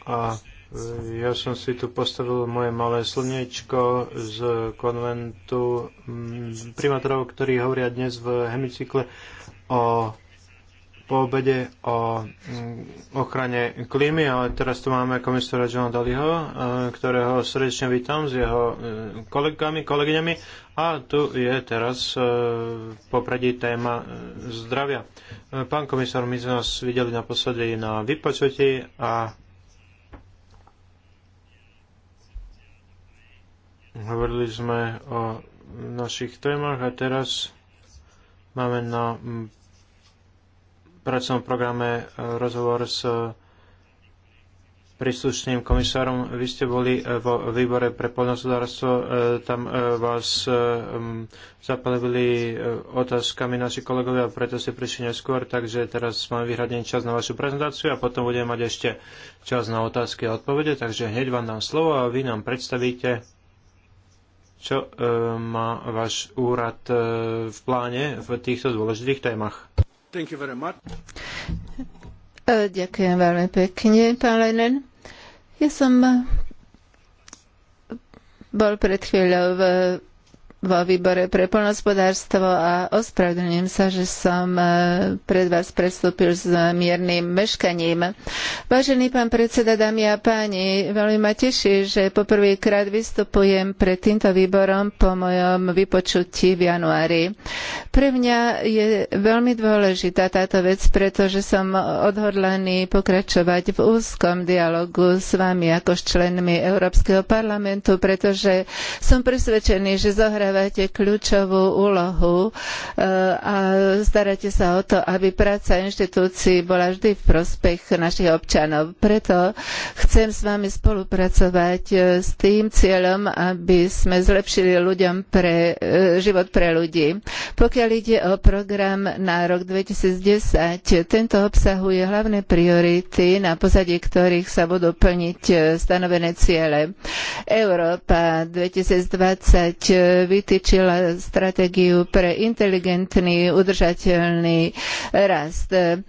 A e, ja som si tu postavil moje malé slniečko z konventu primátorov, ktorí hovoria dnes v hemicykle o po obede o mm, ochrane klímy, ale teraz tu máme komisára Johna Daliho, e, ktorého srdečne vítam s jeho e, kolegami, kolegyňami a tu je teraz e, popredí téma zdravia. Pán komisár, my sme vás videli naposledy na vypočutí a hovorili sme o našich témach a teraz máme na pracovnom programe e, rozhovor s e, príslušným komisárom. Vy ste boli e, vo výbore pre poľnohospodárstvo, tam vás zapalili otázkami naši kolegovia, preto ste prišli neskôr, takže teraz máme vyhradený čas na vašu prezentáciu a potom budeme mať ešte čas na otázky a odpovede, takže hneď vám dám slovo a vy nám predstavíte, čo má váš úrad v pláne v týchto dôležitých témach. E, ďakujem veľmi pekne, pán Lenen. Ja som bol pred chvíľou v vo výbore pre poľnohospodárstvo a ospravedlňujem sa, že som e, pred vás prestúpil s miernym meškaním. Vážený pán predseda, dámy a páni, veľmi ma teší, že poprvýkrát vystupujem pred týmto výborom po mojom vypočutí v januári. Pre mňa je veľmi dôležitá táto vec, pretože som odhodlaný pokračovať v úzkom dialogu s vami ako s členmi Európskeho parlamentu, pretože som presvedčený, že zohráva zohrávate kľúčovú úlohu e, a staráte sa o to, aby práca inštitúcií bola vždy v prospech našich občanov. Preto chcem s vami spolupracovať e, s tým cieľom, aby sme zlepšili ľuďom pre, e, život pre ľudí. Pokiaľ ide o program na rok 2010, tento obsahuje hlavné priority, na pozadí ktorých sa budú plniť stanovené ciele. Európa 2020 vytýčila stratégiu pre inteligentný, udržateľný rast. E,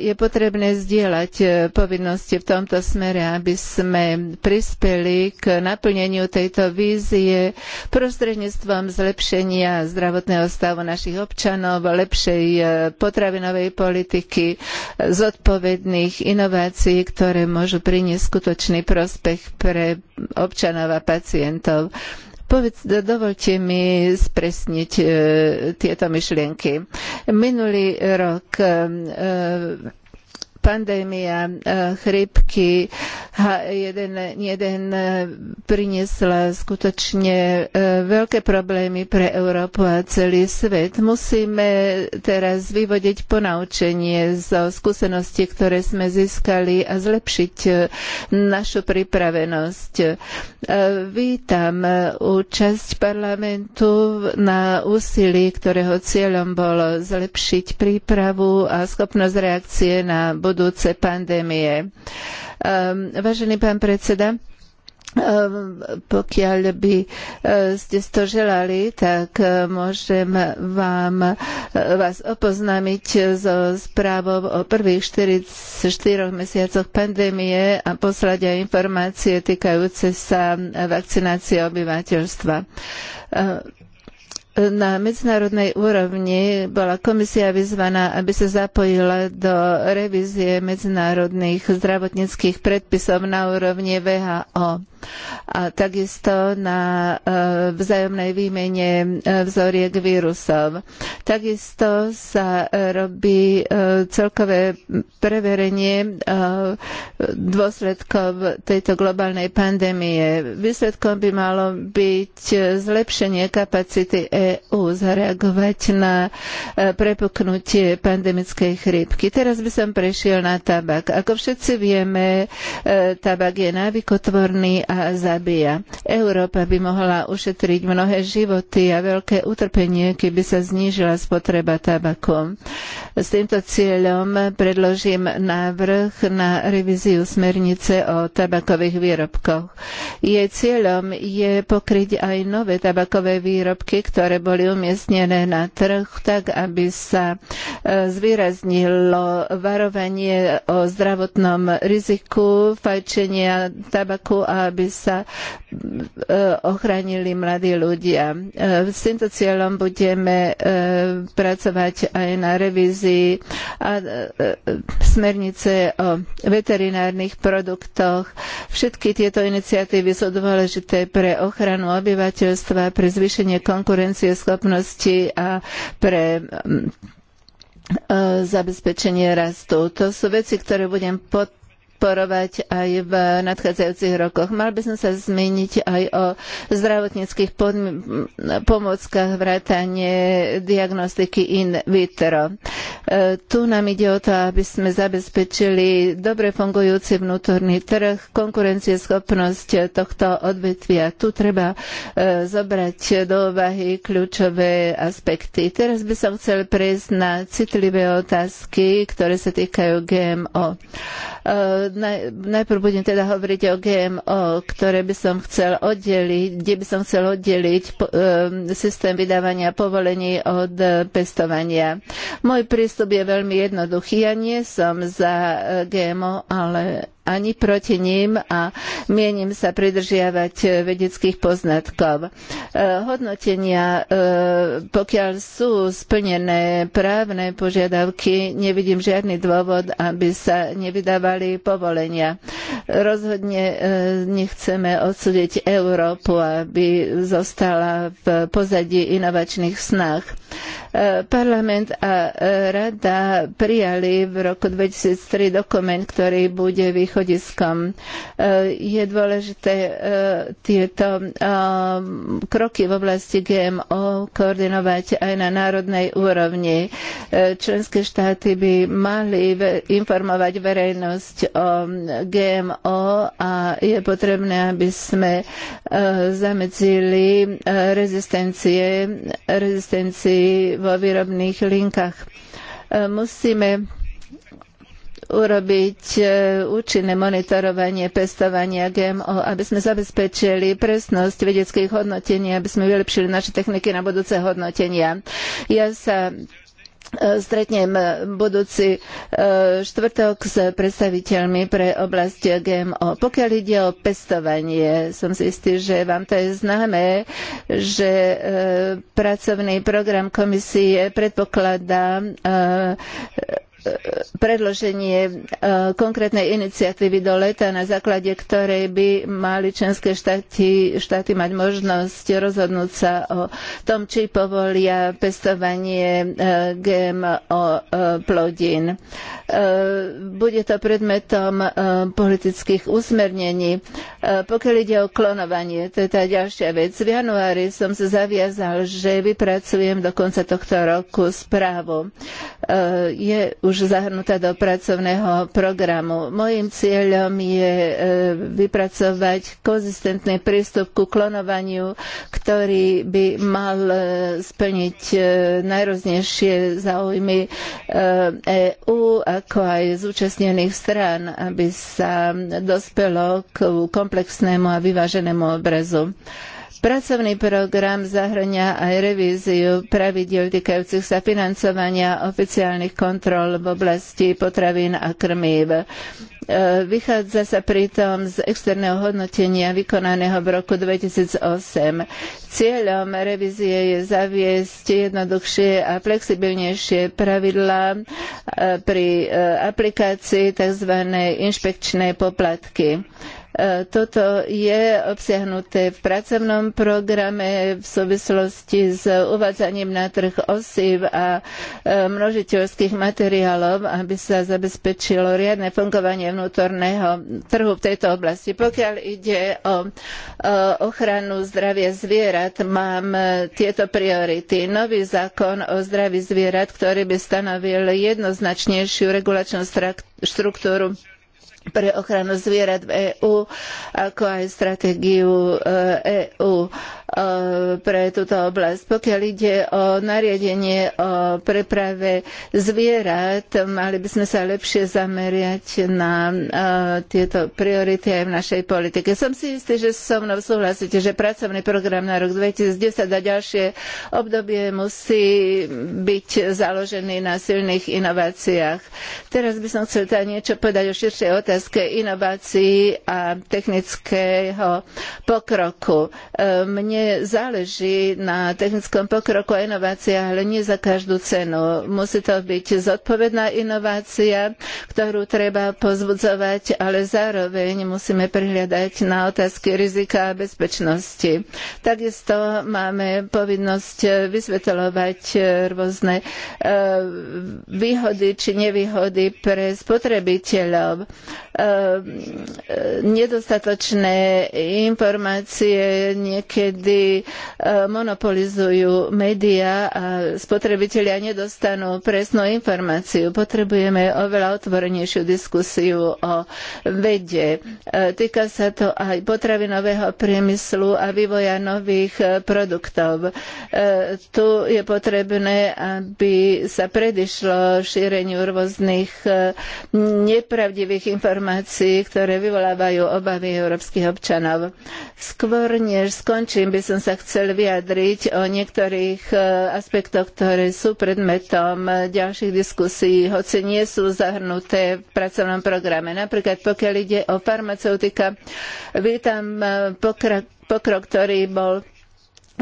je potrebné zdieľať e, povinnosti v tomto smere, aby sme prispeli k naplneniu tejto vízie prostredníctvom zlepšenia zdravotného stavu našich občanov, lepšej e, potravinovej politiky, zodpovedných inovácií, ktoré môžu priniesť skutočný prospech pre občanov a pacientov. Povedz, dovolte mi spresniť e, tieto myšlienky. Minulý rok e, pandémia e, chrípky H1N1 e, priniesla skutočne e, veľké problémy pre Európu a celý svet. Musíme teraz vyvodiť ponaučenie zo skúseností, ktoré sme získali a zlepšiť našu pripravenosť. Vítam účasť parlamentu na úsilí, ktorého cieľom bolo zlepšiť prípravu a schopnosť reakcie na budúce pandémie. Ehm, vážený pán predseda, ehm, pokiaľ by e, ste to želali, tak e, môžem vám, e, vás opoznámiť so správou o prvých 44 mesiacoch pandémie a poslať aj informácie týkajúce sa vakcinácie obyvateľstva. Ehm, na medzinárodnej úrovni bola komisia vyzvaná, aby sa zapojila do revízie medzinárodných zdravotníckých predpisov na úrovni VHO a takisto na e, vzájomnej výmene e, vzoriek vírusov. Takisto sa e, robí celkové preverenie dôsledkov tejto globálnej pandémie. Výsledkom by malo byť zlepšenie kapacity EÚ zareagovať na prepuknutie pandemickej chrípky. Teraz by som prešiel na tabak. Ako všetci vieme, tabak je návykotvorný a zabíja. Európa by mohla ušetriť mnohé životy a veľké utrpenie, keby sa znížila spotreba tabaku. S týmto cieľom predložím návrh na revíziu smernice o tabakových výrobkoch. Jej cieľom je pokryť aj nové tabakové výrobky, ktoré boli umiestnené na trh, tak aby sa e, zvýraznilo varovanie o zdravotnom riziku fajčenia tabaku a aby aby sa e, ochránili mladí ľudia. E, s týmto cieľom budeme e, pracovať aj na revízii a smernice o veterinárnych produktoch. Všetky tieto iniciatívy sú dôležité pre ochranu obyvateľstva, pre zvýšenie konkurencie schopnosti a pre zabezpečenie rastu. To sú veci, ktoré budem pod podporovať aj v nadchádzajúcich rokoch. Mal by som sa zmieniť aj o zdravotníckých pomôckach vrátane diagnostiky in vitro. E, tu nám ide o to, aby sme zabezpečili dobre fungujúci vnútorný trh, konkurencieschopnosť tohto odvetvia. Tu treba e, zobrať do úvahy kľúčové aspekty. Teraz by som chcel prejsť na citlivé otázky, ktoré sa týkajú GMO. E, najprv budem teda hovoriť o GMO, ktoré by som chcel oddeliť, kde by som chcel oddeliť ehm, systém vydávania povolení od pestovania. Môj prístup je veľmi jednoduchý. Ja nie som za eh, GMO, ale ani proti ním a mienim sa pridržiavať eh, vedeckých poznatkov. Eh, hodnotenia, eh, pokiaľ sú splnené právne požiadavky, nevidím žiadny dôvod, aby sa nevydávali povolenia. Rozhodne e, nechceme odsúdiť Európu, aby zostala v pozadí inovačných snách. E, parlament a e, rada prijali v roku 2003 dokument, ktorý bude východiskom. Je dôležité tieto kroky v oblasti GMO koordinovať aj na národnej úrovni. Členské štáty by mali informovať verejnosť o GMO GMO a je potrebné, aby sme e, zamedzili e, rezistencie, rezistencii vo výrobných linkách. E, musíme urobiť účinné monitorovanie pestovania GMO, aby sme zabezpečili presnosť vedeckých hodnotení, aby sme vylepšili naše techniky na budúce hodnotenia. Ja sa stretnem budúci e, štvrtok s predstaviteľmi pre oblasť GMO. Pokiaľ ide o pestovanie, som si istý, že vám to je známe, že e, pracovný program komisie predpokladá e, predloženie e, konkrétnej iniciatívy do leta, na základe ktorej by mali členské štáty, štáty mať možnosť rozhodnúť sa o tom, či povolia pestovanie e, GMO e, plodín. E, bude to predmetom e, politických usmernení. E, pokiaľ ide o klonovanie, to je tá ďalšia vec. V januári som sa zaviazal, že vypracujem do konca tohto roku správu. Je už zahrnutá do pracovného programu. Mojím cieľom je vypracovať konzistentný prístup ku klonovaniu, ktorý by mal splniť najrôznejšie záujmy EÚ a ako aj zúčastnených strán, aby sa dospelo k komplexnému a vyváženému obrazu. Pracovný program zahrňa aj revíziu pravidiel týkajúcich sa financovania oficiálnych kontrol v oblasti potravín a krmív. E, vychádza sa pritom z externého hodnotenia vykonaného v roku 2008. Cieľom revízie je zaviesť jednoduchšie a flexibilnejšie pravidlá e, pri e, aplikácii tzv. inšpekčnej poplatky. E, toto je obsiahnuté v pracovnom programe v súvislosti s uvádzaním na trh osív a e, množiteľských materiálov, aby sa zabezpečilo riadne fungovanie vnútorného trhu v tejto oblasti. Pokiaľ ide o e, ochranu zdravia zvierat, mám tieto priority. Nový zákon o zdraví zvierat, ktorý by stanovil jednoznačnejšiu regulačnú struktúru pre ochranu zvierat v EÚ, ako aj stratégiu EÚ. E E, pre túto oblasť. Pokiaľ ide o nariadenie o preprave zvierat, mali by sme sa lepšie zameriať na e, tieto priority aj v našej politike. Som si istý, že so mnou súhlasíte, že pracovný program na rok 2010 a ďalšie obdobie musí byť založený na silných inováciách. Teraz by som chcel teda niečo povedať o širšej otázke inovácií a technického pokroku. E, mne záleží na technickom pokroku a inováciách, ale nie za každú cenu. Musí to byť zodpovedná inovácia, ktorú treba pozbudzovať, ale zároveň musíme prihľadať na otázky rizika a bezpečnosti. Takisto máme povinnosť vysvetľovať rôzne e, výhody či nevýhody pre spotrebiteľov. E, e, nedostatočné informácie niekedy kedy e, monopolizujú médiá a spotrebitelia nedostanú presnú informáciu. Potrebujeme oveľa otvorenejšiu diskusiu o vede. E, týka sa to aj potravinového priemyslu a vývoja nových e, produktov. Tu je potrebné, aby sa predišlo šíreniu rôznych nepravdivých informácií, ktoré vyvolávajú obavy európskych občanov. Skôr než skončím, by by som sa chcel vyjadriť o niektorých e, aspektoch, ktoré sú predmetom e, ďalších diskusí, hoci nie sú zahrnuté v pracovnom programe. Napríklad pokiaľ ide o farmaceutika, vítam e, pokrok ktorý bol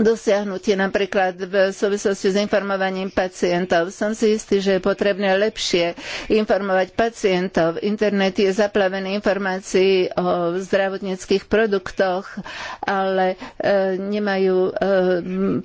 dosiahnutie napríklad v súvislosti s informovaním pacientov. Som si istý, že je potrebné lepšie informovať pacientov. Internet je zaplavený informácií o zdravotníckých produktoch, ale e, nemajú e,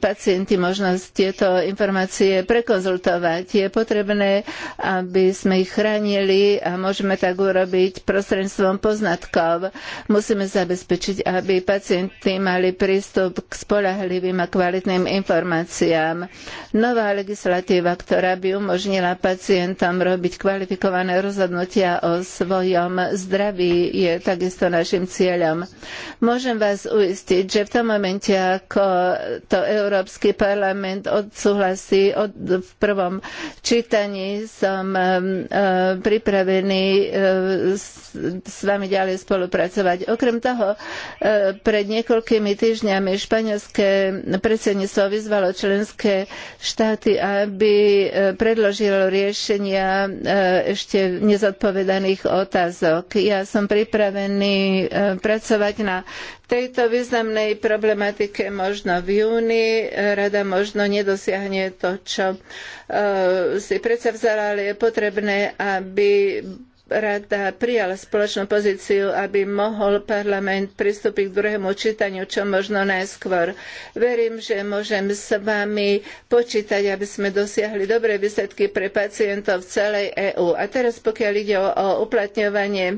pacienti možnosť tieto informácie prekonzultovať. Je potrebné, aby sme ich chránili a môžeme tak urobiť prostredstvom poznatkov. Musíme zabezpečiť, aby pacienti mali prístup k spolahlivým pravdivým a kvalitným informáciám. Nová legislatíva, ktorá by umožnila pacientom robiť kvalifikované rozhodnutia o svojom zdraví, je takisto našim cieľom. Môžem vás uistiť, že v tom momente, ako to Európsky parlament odsúhlasí od, v prvom čítaní, som e, pripravený e, s, s vami ďalej spolupracovať. Okrem toho, uh, pred niekoľkými týždňami španielské predsedníctvo vyzvalo členské štáty, aby e, predložilo riešenia e, ešte nezodpovedaných otázok. Ja som pripravený e, pracovať na tejto významnej problematike možno v júni. Rada možno nedosiahne to, čo si predsa vzala, ale je potrebné, aby rada prijala spoločnú pozíciu, aby mohol parlament pristúpiť k druhému čítaniu čo možno najskôr. Verím, že môžem s vami počítať, aby sme dosiahli dobré výsledky pre pacientov v celej EÚ. A teraz pokiaľ ide o, o uplatňovanie e,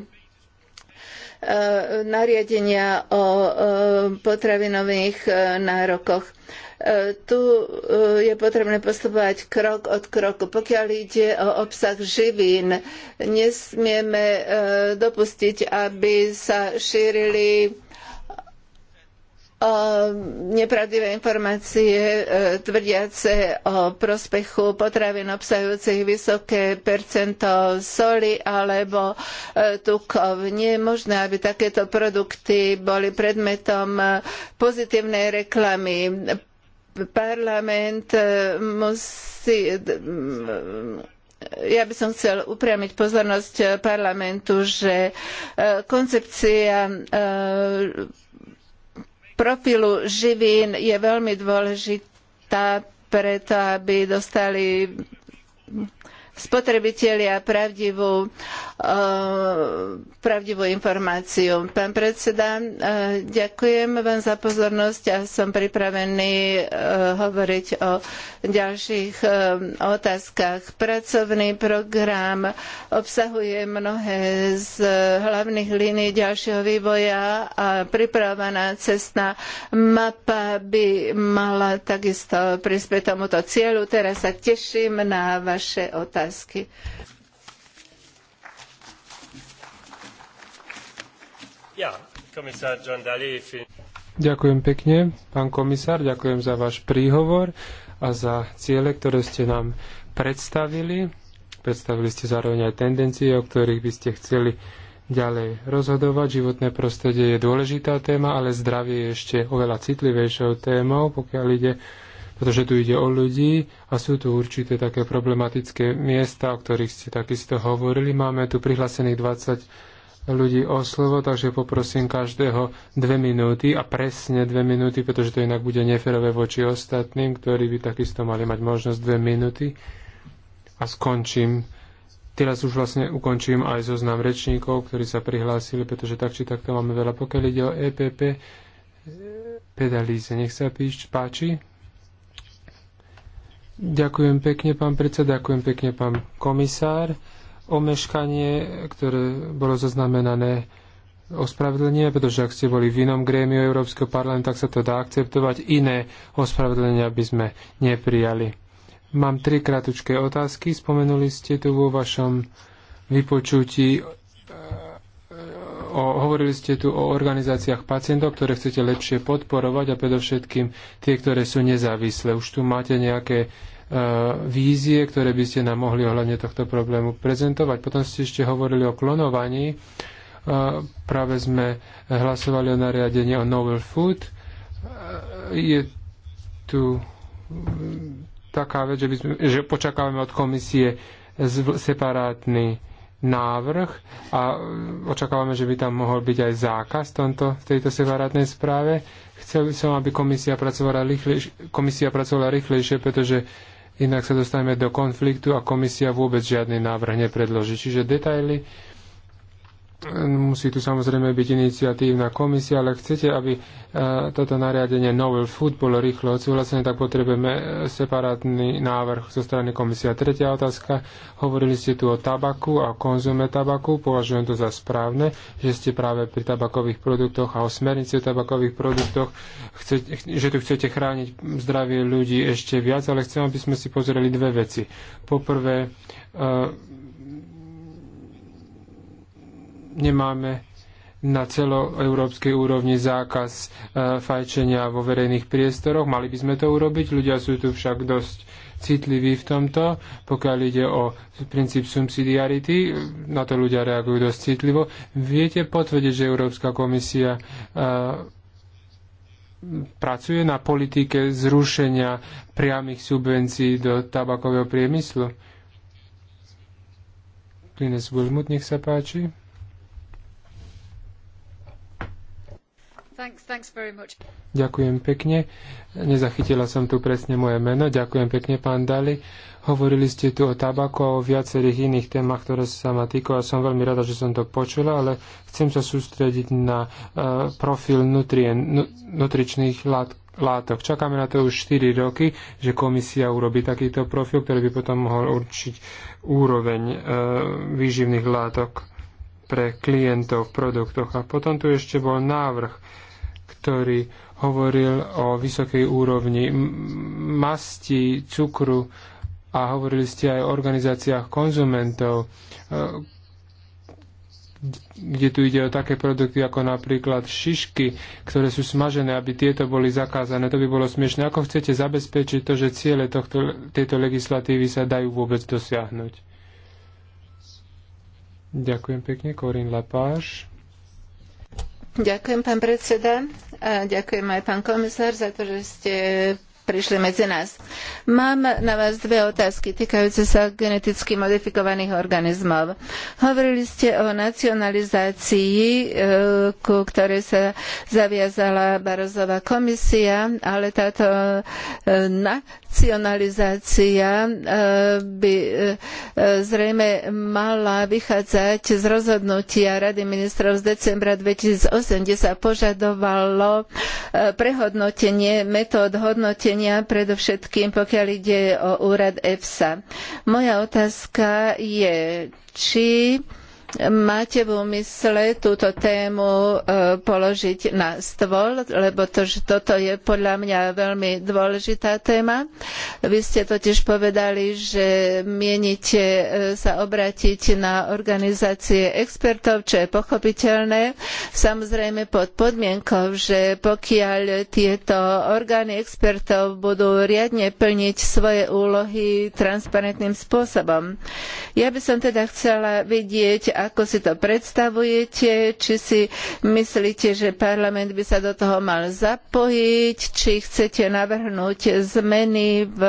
nariadenia o potravinových e, nárokoch. E, tu e, je potrebné postupovať krok od kroku. Pokiaľ ide o obsah živín, nesmieme e, dopustiť, aby sa šírili nepravdivé informácie tvrdiace o prospechu potravín obsahujúcich vysoké percento soli alebo tukov. Nie je možné, aby takéto produkty boli predmetom pozitívnej reklamy parlament e, musí ja by som chcel upriamiť pozornosť parlamentu, že e, koncepcia e, profilu živín je veľmi dôležitá preto, aby dostali spotrebitelia pravdivú, e, pravdivú informáciu. Pán predseda, e, ďakujem vám za pozornosť a som pripravený e, hovoriť o ďalších otázkach. Pracovný program obsahuje mnohé z hlavných línií ďalšieho vývoja a pripravovaná cestná mapa by mala takisto prispieť tomuto cieľu. Teraz sa teším na vaše otázky otázky. Ďakujem pekne, pán komisár, ďakujem za váš príhovor a za ciele, ktoré ste nám predstavili. Predstavili ste zároveň aj tendencie, o ktorých by ste chceli ďalej rozhodovať. Životné prostredie je dôležitá téma, ale zdravie je ešte oveľa citlivejšou témou, pokiaľ ide pretože tu ide o ľudí a sú tu určité také problematické miesta, o ktorých ste takisto hovorili. Máme tu prihlásených 20 ľudí o slovo, takže poprosím každého dve minúty a presne dve minúty, pretože to inak bude neferové voči ostatným, ktorí by takisto mali mať možnosť dve minúty a skončím Teraz už vlastne ukončím aj zoznam rečníkov, ktorí sa prihlásili, pretože tak či takto máme veľa. Pokiaľ ide o EPP, pedalíze, nech sa píš, páči. Ďakujem pekne, pán predseda, ďakujem pekne, pán komisár. Omeškanie, ktoré bolo zaznamenané, ospravedlenie, pretože ak ste boli v inom grémiu Európskeho parlamentu, tak sa to dá akceptovať. Iné ospravedlenia by sme neprijali. Mám tri kratučké otázky. Spomenuli ste tu vo vašom vypočutí o, hovorili ste tu o organizáciách pacientov, ktoré chcete lepšie podporovať a predovšetkým tie, ktoré sú nezávislé. Už tu máte nejaké e, vízie, ktoré by ste nám mohli ohľadne tohto problému prezentovať. Potom ste ešte hovorili o klonovaní. E, práve sme hlasovali o nariadení o Novel Food. E, je tu taká vec, že, by sme, že počakávame od komisie separátny návrh a očakávame, že by tam mohol byť aj zákaz tomto, v tejto separátnej správe. Chcel by som, aby komisia pracovala, rýchlejš- komisia pracovala rýchlejšie, pretože inak sa dostaneme do konfliktu a komisia vôbec žiadny návrh nepredloží. Čiže detaily Musí tu samozrejme byť iniciatívna komisia, ale chcete, aby e, toto nariadenie Novel Food bolo rýchlo odsúhlasené, tak potrebujeme e, separátny návrh zo strany komisia. Tretia otázka. Hovorili ste tu o tabaku a o konzume tabaku. Považujem to za správne, že ste práve pri tabakových produktoch a o smernici o tabakových produktoch, že tu chcete chrániť zdravie ľudí ešte viac, ale chcem, aby sme si pozreli dve veci. Poprvé, e, nemáme na celoeurópskej úrovni zákaz e, fajčenia vo verejných priestoroch. Mali by sme to urobiť, ľudia sú tu však dosť citliví v tomto, pokiaľ ide o princíp subsidiarity, na to ľudia reagujú dosť citlivo. Viete potvrdiť, že Európska komisia e, pracuje na politike zrušenia priamých subvencií do tabakového priemyslu? Klinec Bulmut, nech sa páči. Ďakujem pekne. Nezachytila som tu presne moje meno. Ďakujem pekne, pán Dali. Hovorili ste tu o tabaku a o viacerých iných témach, ktoré sa ma týkajú som veľmi rada, že som to počula, ale chcem sa sústrediť na uh, profil nutrien, nu, nutričných látok látok. Čakáme na to už 4 roky, že komisia urobí takýto profil, ktorý by potom mohol určiť úroveň e, výživných látok pre klientov v produktoch. A potom tu ešte bol návrh ktorý hovoril o vysokej úrovni masti, cukru a hovorili ste aj o organizáciách konzumentov, e, kde tu ide o také produkty ako napríklad šišky, ktoré sú smažené, aby tieto boli zakázané. To by bolo smiešne. Ako chcete zabezpečiť to, že ciele tohto, tejto legislatívy sa dajú vôbec dosiahnuť? Ďakujem pekne, Corinne Lapáš. Ďakujem, pán predseda. A ďakujem aj pán komisár za to, že ste prišli medzi nás. Mám na vás dve otázky týkajúce sa geneticky modifikovaných organizmov. Hovorili ste o nacionalizácii, e, ku ktorej sa zaviazala Barozová komisia, ale táto e, racionalizácia e, by e, e, zrejme mala vychádzať z rozhodnutia Rady ministrov z decembra 2008, kde sa požadovalo prehodnotenie metód hodnotenia, predovšetkým pokiaľ ide o úrad EFSA. Moja otázka je, či máte v úmysle túto tému e, položiť na stôl, lebo to, toto je podľa mňa veľmi dôležitá téma. Vy ste totiž povedali, že mienite e, sa obrátiť na organizácie expertov, čo je pochopiteľné. Samozrejme pod podmienkou, že pokiaľ tieto orgány expertov budú riadne plniť svoje úlohy transparentným spôsobom. Ja by som teda chcela vidieť, ako si to predstavujete, či si myslíte, že parlament by sa do toho mal zapojiť, či chcete navrhnúť zmeny v,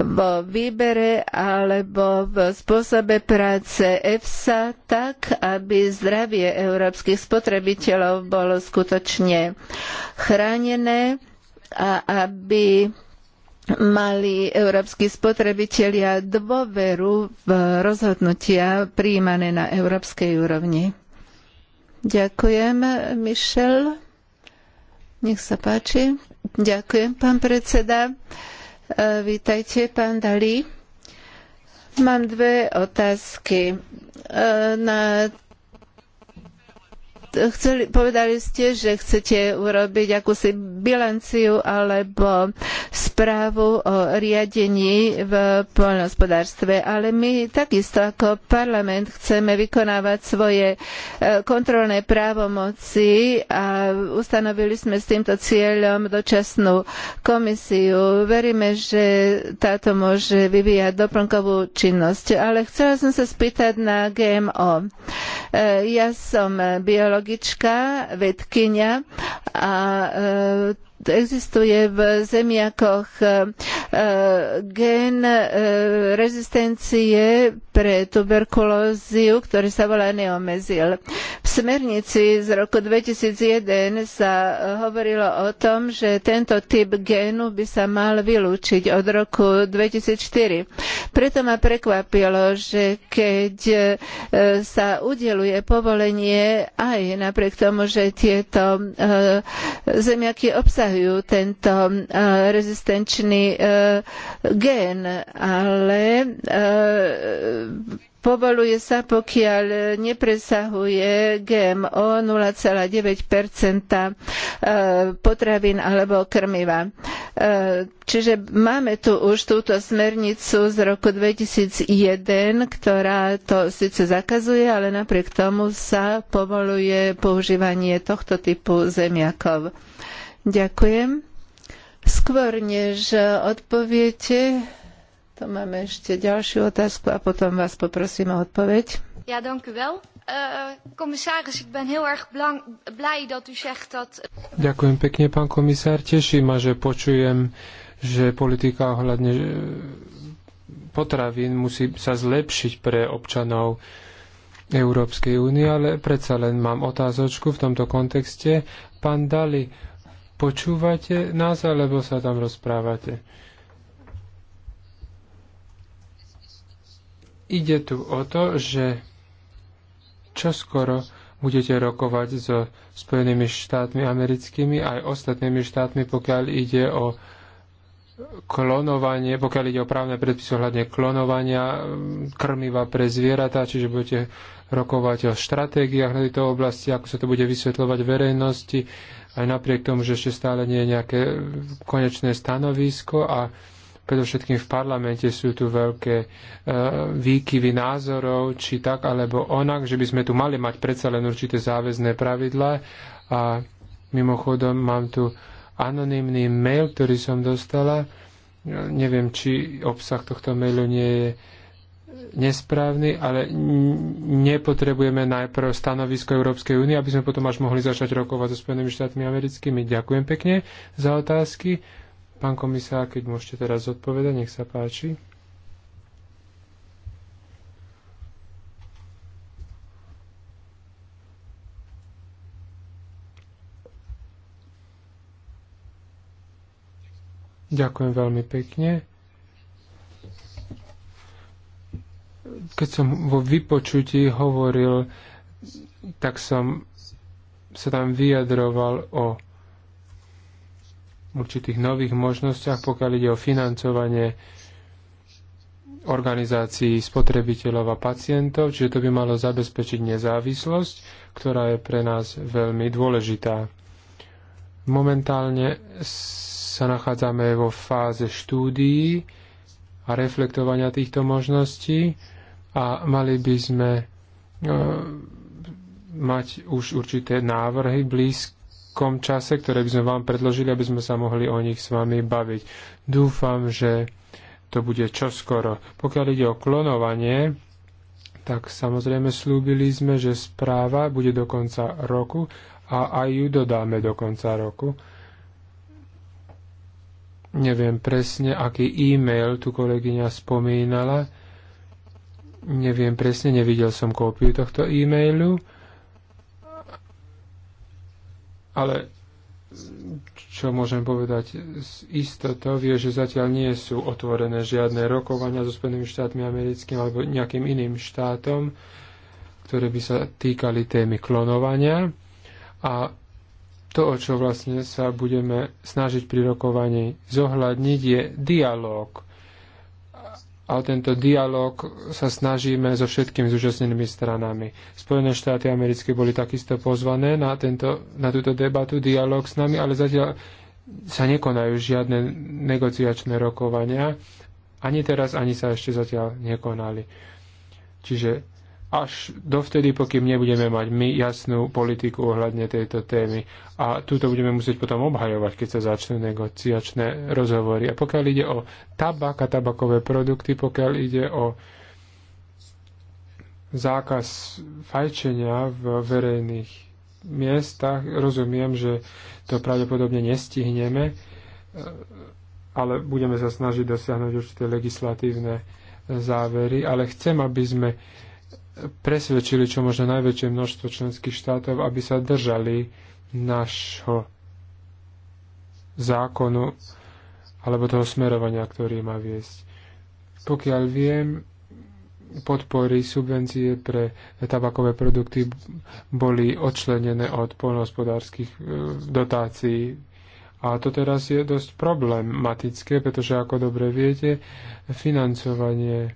vo výbere alebo v spôsobe práce EFSA tak, aby zdravie európskych spotrebiteľov bolo skutočne chránené a aby mali európsky spotrebitelia dôveru v rozhodnutia príjmané na európskej úrovni. Ďakujem, Michel. Nech sa páči. Ďakujem, pán predseda. E, vítajte, pán Dali, Mám dve otázky. E, na chceli, povedali ste, že chcete urobiť akúsi bilanciu alebo správu o riadení v poľnohospodárstve, ale my takisto ako parlament chceme vykonávať svoje e, kontrolné právomoci a ustanovili sme s týmto cieľom dočasnú komisiu. Veríme, že táto môže vyvíjať doplnkovú činnosť, ale chcela som sa spýtať na GMO. E, ja som biolog biologička, vedkynia a e, existuje v zemiakoch eh, eh, gen eh, rezistencie pre tuberkulóziu, ktorý sa volá neomezil. V smernici z roku 2001 sa hovorilo o tom, že tento typ génu by sa mal vylúčiť od roku 2004. Preto ma prekvapilo, že keď sa udeluje povolenie aj napriek tomu, že tieto zemiaky obsahujú obsahujú tento eh, rezistenčný eh, gen, ale eh, povoluje sa, pokiaľ nepresahuje GMO 0,9 potravín alebo krmiva. Čiže máme tu už túto smernicu z roku 2001, ktorá to síce zakazuje, ale napriek tomu sa povoluje používanie tohto typu zemiakov. Ďakujem. Skôr než odpoviete, to máme ešte ďalšiu otázku a potom vás poprosím o odpoveď. Ja, dank u eh, ik ben heel erg blij dat u zegt dat... Ďakujem pekne, pán komisár. Teší ma, že počujem, že politika ohľadne eh, potravín musí sa zlepšiť pre občanov Európskej únie, ale predsa len mám otázočku v tomto kontexte. Pán Dali, Počúvate nás, alebo sa tam rozprávate? Ide tu o to, že čoskoro budete rokovať so Spojenými štátmi americkými aj ostatnými štátmi, pokiaľ ide o klonovanie, pokiaľ ide o právne predpisy ohľadne klonovania mm, krmiva pre zvieratá, čiže budete rokovať o stratégiách na tejto oblasti, ako sa to bude vysvetľovať verejnosti, aj napriek tomu, že ešte stále nie je nejaké konečné stanovisko a predovšetkým v parlamente sú tu veľké e, výkyvy názorov, či tak alebo onak, že by sme tu mali mať predsa len určité záväzné pravidlá. A mimochodom mám tu anonymný mail, ktorý som dostala. Neviem, či obsah tohto mailu nie je nesprávny, ale nepotrebujeme najprv stanovisko Európskej únie, aby sme potom až mohli začať rokovať so Spojenými štátmi americkými. Ďakujem pekne za otázky. Pán komisár, keď môžete teraz odpovedať, nech sa páči. Ďakujem veľmi pekne. keď som vo vypočutí hovoril, tak som sa tam vyjadroval o určitých nových možnostiach, pokiaľ ide o financovanie organizácií spotrebiteľov a pacientov, čiže to by malo zabezpečiť nezávislosť, ktorá je pre nás veľmi dôležitá. Momentálne sa nachádzame vo fáze štúdií a reflektovania týchto možností a mali by sme e, mať už určité návrhy v blízkom čase, ktoré by sme vám predložili, aby sme sa mohli o nich s vami baviť. Dúfam, že to bude čoskoro. Pokiaľ ide o klonovanie, tak samozrejme slúbili sme, že správa bude do konca roku a aj ju dodáme do konca roku. Neviem presne, aký e-mail tu kolegyňa spomínala Neviem presne, nevidel som kópiu tohto e-mailu, ale čo môžem povedať s istotou, je, že zatiaľ nie sú otvorené žiadne rokovania so Spojenými štátmi americkým alebo nejakým iným štátom, ktoré by sa týkali témy klonovania. A to, o čo vlastne sa budeme snažiť pri rokovaní zohľadniť, je dialog a tento dialog sa snažíme so všetkými zúčastnenými stranami. Spojené štáty americké boli takisto pozvané na, tento, na túto debatu, dialog s nami, ale zatiaľ sa nekonajú žiadne negociačné rokovania. Ani teraz, ani sa ešte zatiaľ nekonali. Čiže až dovtedy, pokým nebudeme mať my jasnú politiku ohľadne tejto témy. A túto budeme musieť potom obhajovať, keď sa začnú negociačné rozhovory. A pokiaľ ide o tabak a tabakové produkty, pokiaľ ide o zákaz fajčenia v verejných miestach, rozumiem, že to pravdepodobne nestihneme, ale budeme sa snažiť dosiahnuť určité legislatívne závery, ale chcem, aby sme presvedčili čo možno najväčšie množstvo členských štátov, aby sa držali nášho zákonu alebo toho smerovania, ktorý má viesť. Pokiaľ viem, podpory, subvencie pre tabakové produkty boli odčlenené od poľnohospodárskych e, dotácií. A to teraz je dosť problematické, pretože ako dobre viete, financovanie e,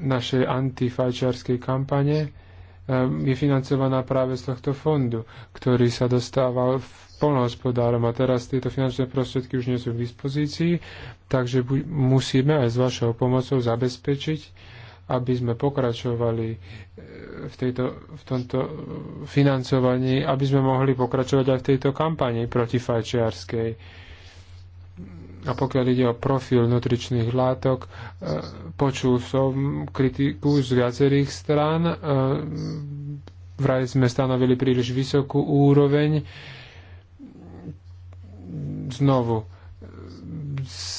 našej antifajčiarskej kampane ehm, je financovaná práve z tohto fondu, ktorý sa dostával v polnohospodárom a teraz tieto finančné prostriedky už nie sú k dispozícii, takže musíme aj s vašou pomocou zabezpečiť, aby sme pokračovali e, v, tejto, v tomto financovaní, aby sme mohli pokračovať aj v tejto kampani protifajčiarskej a pokiaľ ide o profil nutričných látok, e, počul som kritiku z viacerých strán. E, vraj sme stanovili príliš vysokú úroveň. Znovu,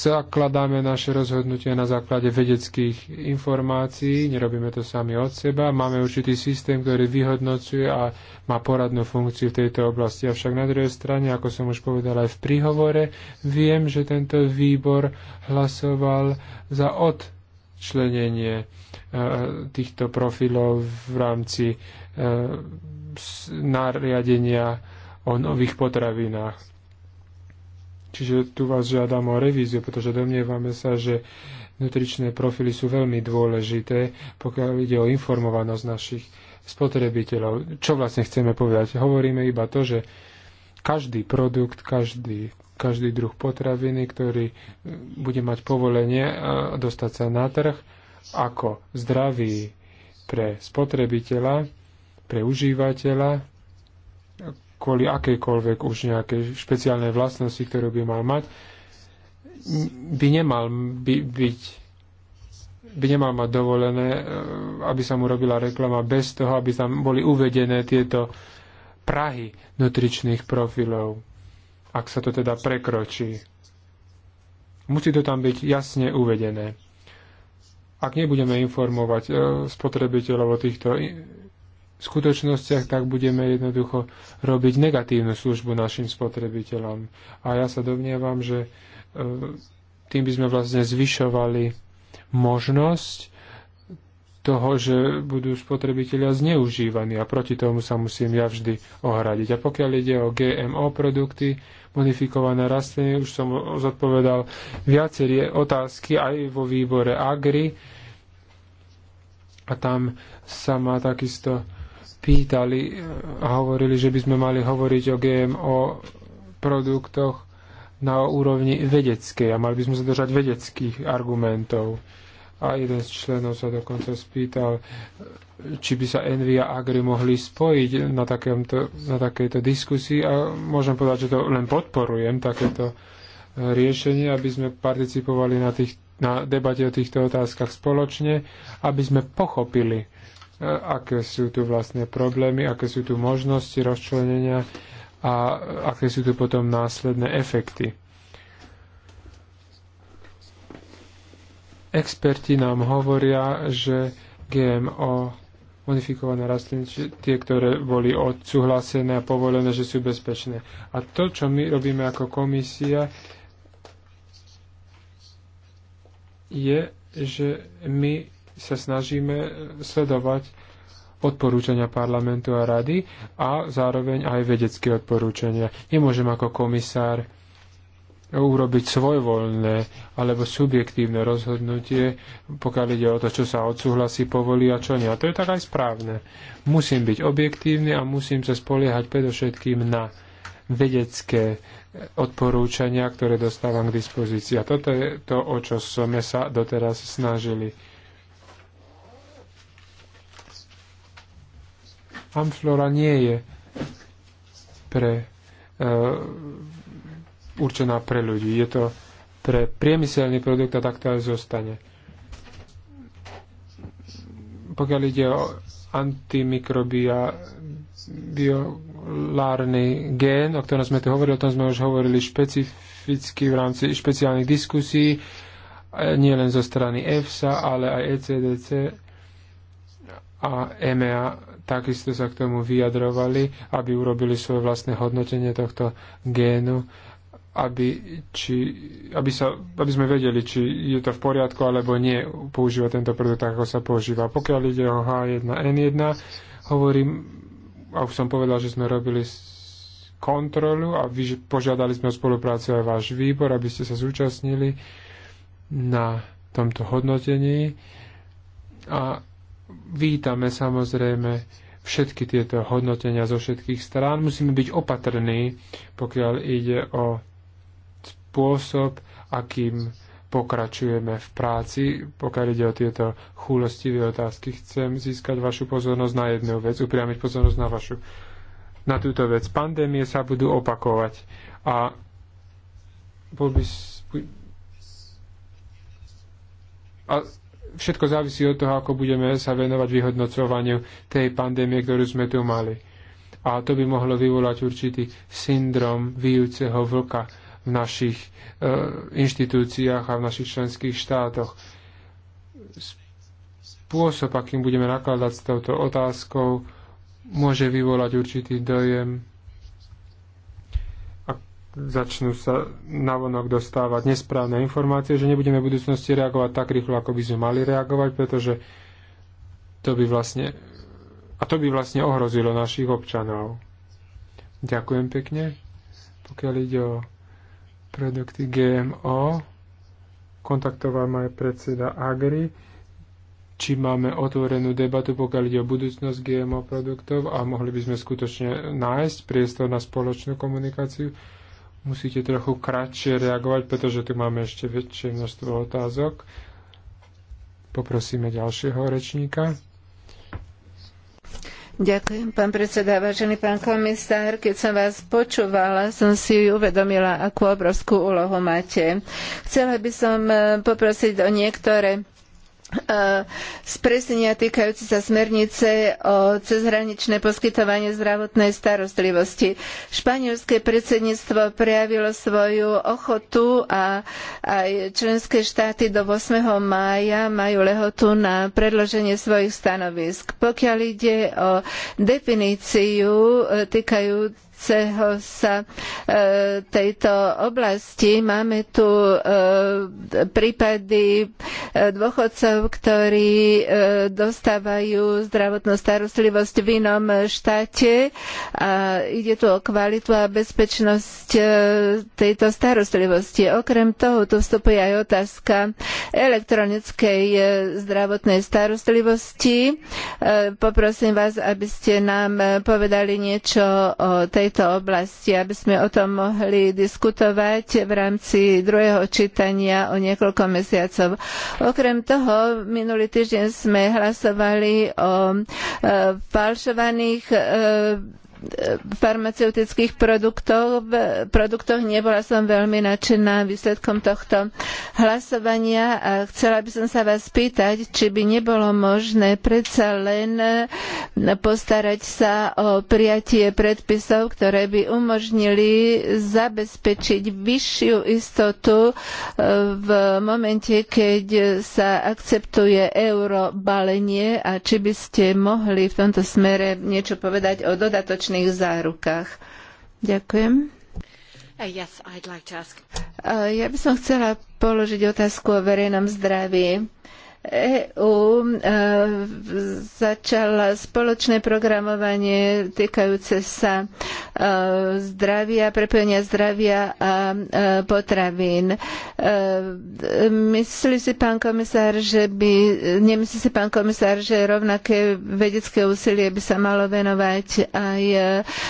zakladáme naše rozhodnutia na základe vedeckých informácií, nerobíme to sami od seba, máme určitý systém, ktorý vyhodnocuje a má poradnú funkciu v tejto oblasti. Avšak na druhej strane, ako som už povedal aj v príhovore, viem, že tento výbor hlasoval za odčlenenie e, týchto profilov v rámci e, nariadenia o nových potravinách. Čiže tu vás žiadam o revíziu, pretože domnievame sa, že nutričné profily sú veľmi dôležité, pokiaľ ide o informovanosť našich spotrebiteľov. Čo vlastne chceme povedať? Hovoríme iba to, že každý produkt, každý, každý druh potraviny, ktorý e, bude mať povolenie a e, dostať sa na trh, ako zdravý pre spotrebiteľa, pre užívateľa, kvôli akejkoľvek už nejakej špeciálnej vlastnosti, ktorú by mal mať, by nemal by, byť by nemal mať dovolené, e, aby sa mu robila reklama bez toho, aby tam boli uvedené tieto prahy nutričných profilov, ak sa to teda prekročí. Musí to tam byť jasne uvedené. Ak nebudeme informovať e, spotrebiteľov o týchto v skutočnostiach, tak budeme jednoducho robiť negatívnu službu našim spotrebiteľom. A ja sa domnievam, že e, tým by sme vlastne zvyšovali možnosť toho, že budú spotrebitelia zneužívaní a proti tomu sa musím ja vždy ohradiť. A pokiaľ ide o GMO produkty, modifikované rastliny, už som zodpovedal viaceré otázky aj vo výbore Agri a tam sa ma takisto pýtali, e, hovorili, že by sme mali hovoriť o GMO produktoch na úrovni vedeckej a mali by sme sa držať vedeckých argumentov. A jeden z členov sa dokonca spýtal, e, či by sa Envy a Agri mohli spojiť na, takémto, na takejto diskusii a môžem povedať, že to len podporujem, takéto e, riešenie, aby sme participovali na, tých, na debate o týchto otázkach spoločne, aby sme pochopili E, aké sú tu vlastne problémy, aké sú tu možnosti rozčlenenia a aké sú tu potom následné efekty. Experti nám hovoria, že GMO modifikované rastliny, tie, ktoré boli odsúhlasené a povolené, že sú bezpečné. A to, čo my robíme ako komisia, je, že my sa snažíme sledovať odporúčania parlamentu a rady a zároveň aj vedecké odporúčania. Nemôžem ako komisár urobiť svojvoľné alebo subjektívne rozhodnutie, pokiaľ ide o to, čo sa odsúhlasí, povolí a čo nie. A to je tak aj správne. Musím byť objektívny a musím sa spoliehať predovšetkým na vedecké odporúčania, ktoré dostávam k dispozícii. A toto je to, o čo sme sa doteraz snažili. Amflora nie je pre, e, určená pre ľudí. Je to pre priemyselný produkt a tak to aj zostane. Pokiaľ ide o antimikrobia biolárny gén, o ktorom sme tu hovorili, o tom sme už hovorili špecificky v rámci špeciálnych diskusí, e, nie len zo strany EFSA, ale aj ECDC a EMEA takisto sa k tomu vyjadrovali, aby urobili svoje vlastné hodnotenie tohto génu, aby, či, aby, sa, aby sme vedeli, či je to v poriadku alebo nie používať tento produkt tak, ako sa používa. Pokiaľ ide o H1N1, hovorím, a už som povedal, že sme robili kontrolu a vy, požiadali sme o spoluprácu aj váš výbor, aby ste sa zúčastnili na tomto hodnotení. A vítame samozrejme všetky tieto hodnotenia zo všetkých strán. Musíme byť opatrní, pokiaľ ide o spôsob, akým pokračujeme v práci. Pokiaľ ide o tieto chúlostivé otázky, chcem získať vašu pozornosť na jednu vec, upriamiť pozornosť na vašu na túto vec. Pandémie sa budú opakovať a bol by... A všetko závisí od toho, ako budeme sa venovať vyhodnocovaniu tej pandémie, ktorú sme tu mali. A to by mohlo vyvolať určitý syndrom výjúceho vlka v našich e, inštitúciách a v našich členských štátoch. Spôsob, akým budeme nakladať s touto otázkou, môže vyvolať určitý dojem začnú sa navonok dostávať nesprávne informácie, že nebudeme v budúcnosti reagovať tak rýchlo, ako by sme mali reagovať, pretože to by vlastne a to by vlastne ohrozilo našich občanov. Ďakujem pekne. Pokiaľ ide o produkty GMO, kontaktoval ma aj predseda Agri, či máme otvorenú debatu, pokiaľ ide o budúcnosť GMO produktov a mohli by sme skutočne nájsť priestor na spoločnú komunikáciu musíte trochu kratšie reagovať, pretože tu máme ešte väčšie množstvo otázok. Poprosíme ďalšieho rečníka. Ďakujem, pán predseda, vážený pán komisár. Keď som vás počúvala, som si uvedomila, akú obrovskú úlohu máte. Chcela by som eh, poprosiť o niektoré E, spresnenia týkajúce sa smernice o cezhraničné poskytovanie zdravotnej starostlivosti. Španielske predsedníctvo prejavilo svoju ochotu a aj členské štáty do 8. mája majú lehotu na predloženie svojich stanovisk. Pokiaľ ide o definíciu e, týkajúcu týkajúceho sa e, tejto oblasti. Máme tu e, prípady e, dôchodcov, ktorí dostávajú zdravotnú starostlivosť v inom štáte a ide tu o kvalitu a bezpečnosť tejto starostlivosti. Okrem toho tu vstupuje aj otázka elektronickej zdravotnej starostlivosti. Poprosím vás, aby ste nám povedali niečo o tej tejto oblasti, aby sme o tom mohli diskutovať v rámci druhého čítania o niekoľko mesiacov. Okrem toho, minulý týždeň sme hlasovali o e, falšovaných e, farmaceutických produktoch. Nebola som veľmi nadšená výsledkom tohto hlasovania a chcela by som sa vás pýtať, či by nebolo možné predsa len postarať sa o prijatie predpisov, ktoré by umožnili zabezpečiť vyššiu istotu e, v momente, keď sa akceptuje eurobalenie a či by ste mohli v tomto smere niečo povedať o dodatočných bezpečných zárukách. Ďakujem. Uh, yes, like ask. Uh, ja by som chcela položiť otázku o verejnom zdraví. EU e, začala spoločné programovanie týkajúce sa e, zdravia, prepojenia zdravia a e, potravín. Myslí si pán komisár, že by, nemyslí si pán komisár, že rovnaké vedecké úsilie by sa malo venovať aj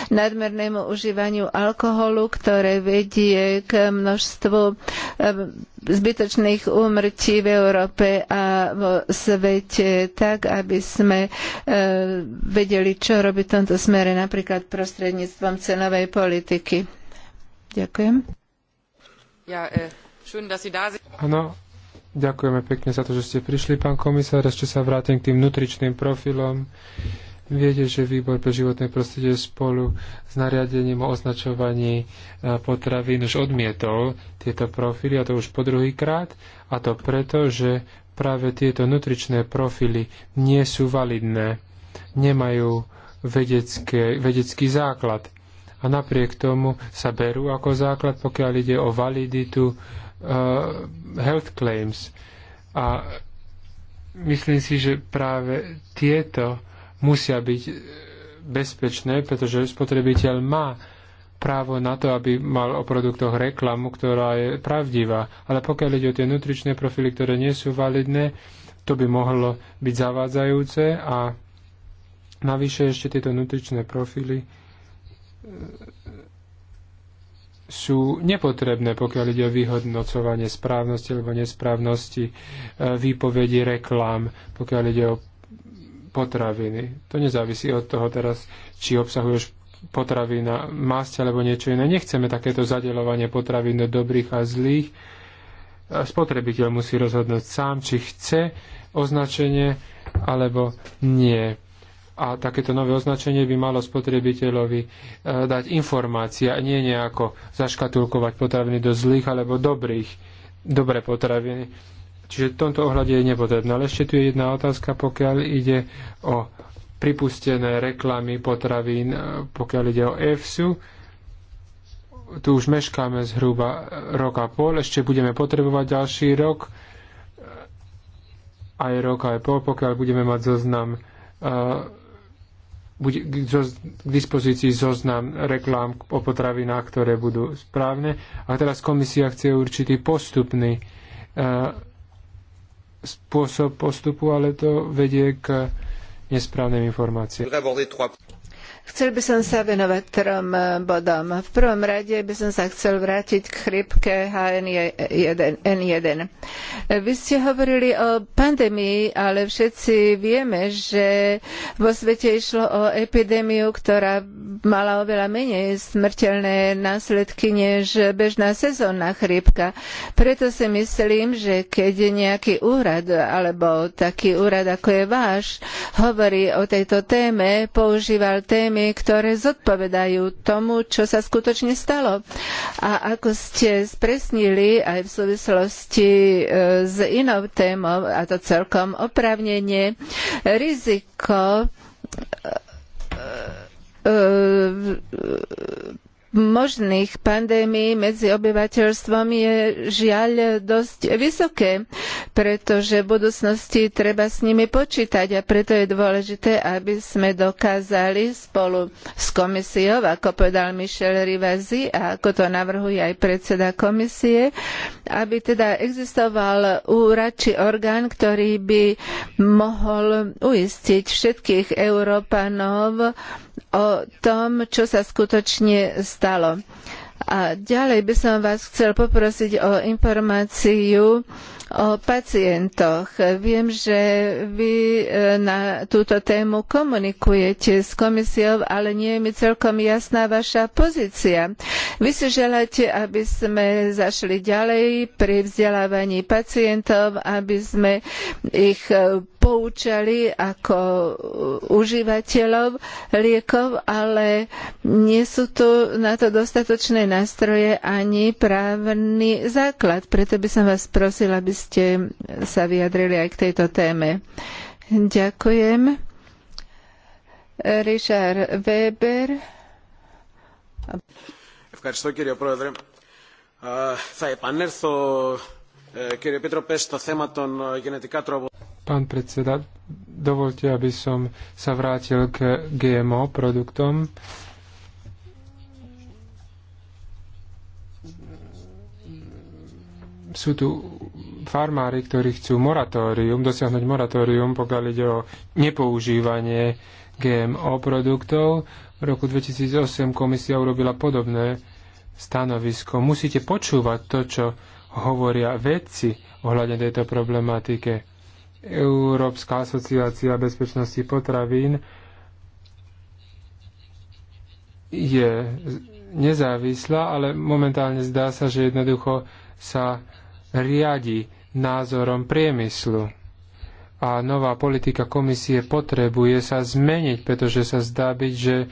nadmernému užívaniu alkoholu, ktoré vedie k množstvu zbytočných úmrtí v Európe a vo svete tak, aby sme e, vedeli, čo robiť v tomto smere, napríklad prostredníctvom cenovej politiky. Ďakujem. Ja, e, schön, dass Sie da sind. ďakujeme pekne za to, že ste prišli, pán komisár. Ešte sa vrátim k tým nutričným profilom. Viete, že výbor pre životné prostredie spolu s nariadením o označovaní e, potravín už odmietol tieto profily, a to už po druhýkrát, a to preto, že práve tieto nutričné profily nie sú validné, nemajú vedecké, vedecký základ. A napriek tomu sa berú ako základ, pokiaľ ide o validitu uh, health claims. A myslím si, že práve tieto musia byť bezpečné, pretože spotrebiteľ má právo na to, aby mal o produktoch reklamu, ktorá je pravdivá. Ale pokiaľ ide o tie nutričné profily, ktoré nie sú validné, to by mohlo byť zavádzajúce a navyše ešte tieto nutričné profily e, sú nepotrebné, pokiaľ ide o vyhodnocovanie správnosti alebo nesprávnosti e, výpovedí reklám, pokiaľ ide o potraviny. To nezávisí od toho teraz, či obsahuješ potravina masť alebo niečo iné. Nechceme takéto zadelovanie potravín do dobrých a zlých. Spotrebiteľ musí rozhodnúť sám, či chce označenie alebo nie. A takéto nové označenie by malo spotrebiteľovi e, dať informácia, a nie nejako zaškatulkovať potraviny do zlých alebo dobrých, dobré potraviny. Čiže v tomto ohľade je nepotrebné. Ale ešte tu je jedna otázka, pokiaľ ide o pripustené reklamy potravín, e, pokiaľ ide o EFSU. Tu už meškáme zhruba rok a pol, ešte budeme potrebovať ďalší rok, e, aj rok aj pol, pokiaľ budeme mať zoznam e, bude k dispozícii zoznam reklám o potravinách, ktoré budú správne. A teraz komisia chce určitý postupný spôsob postupu, ale to vedie k nesprávne informácie. Chcel by som sa venovať trom eh, bodom. V prvom rade by som sa chcel vrátiť k chrypke HN1N1. Eh, vy ste hovorili o pandémii, ale všetci vieme, že vo svete išlo o epidémiu, ktorá mala oveľa menej smrteľné následky než bežná sezónna chrípka. Preto si myslím, že keď nejaký úrad alebo taký úrad ako je váš hovorí o tejto téme, používal témy problémy, ktoré zodpovedajú tomu, čo sa skutočne stalo. A ako ste spresnili aj v súvislosti e, s inou témou, a to celkom oprávnenie, riziko e, e, možných pandémií medzi obyvateľstvom je žiaľ dosť vysoké, pretože v budúcnosti treba s nimi počítať a preto je dôležité, aby sme dokázali spolu s komisiou, ako povedal Michel Rivazi a ako to navrhuje aj predseda komisie, aby teda existoval úrad či orgán, ktorý by mohol uistiť všetkých Európanov, o tom, čo sa skutočne stalo. A ďalej by som vás chcel poprosiť o informáciu o pacientoch. Viem, že vy e, na túto tému komunikujete s komisiou, ale nie je mi celkom jasná vaša pozícia. Vy si želáte, aby sme zašli ďalej pri vzdelávaní pacientov, aby sme ich e, poučali ako uh, užívateľov liekov, ale nie sú tu na to dostatočné nástroje ani právny základ. Preto by som vás prosila, aby ste sa vyjadrili aj k tejto téme. Ďakujem. Richard Weber. Ευχαριστώ κύριε Πρόεδρε. Θα επανέλθω κύριε Pán predseda, dovolte, aby som sa vrátil k GMO produktom. Sú tu farmári, ktorí chcú moratórium, dosiahnuť moratórium, pokiaľ ide o nepoužívanie GMO produktov. V roku 2008 komisia urobila podobné stanovisko. Musíte počúvať to, čo hovoria vedci ohľadne tejto problematike Európska asociácia bezpečnosti potravín je nezávislá, ale momentálne zdá sa, že jednoducho sa riadi názorom priemyslu. A nová politika komisie potrebuje sa zmeniť, pretože sa zdá byť, že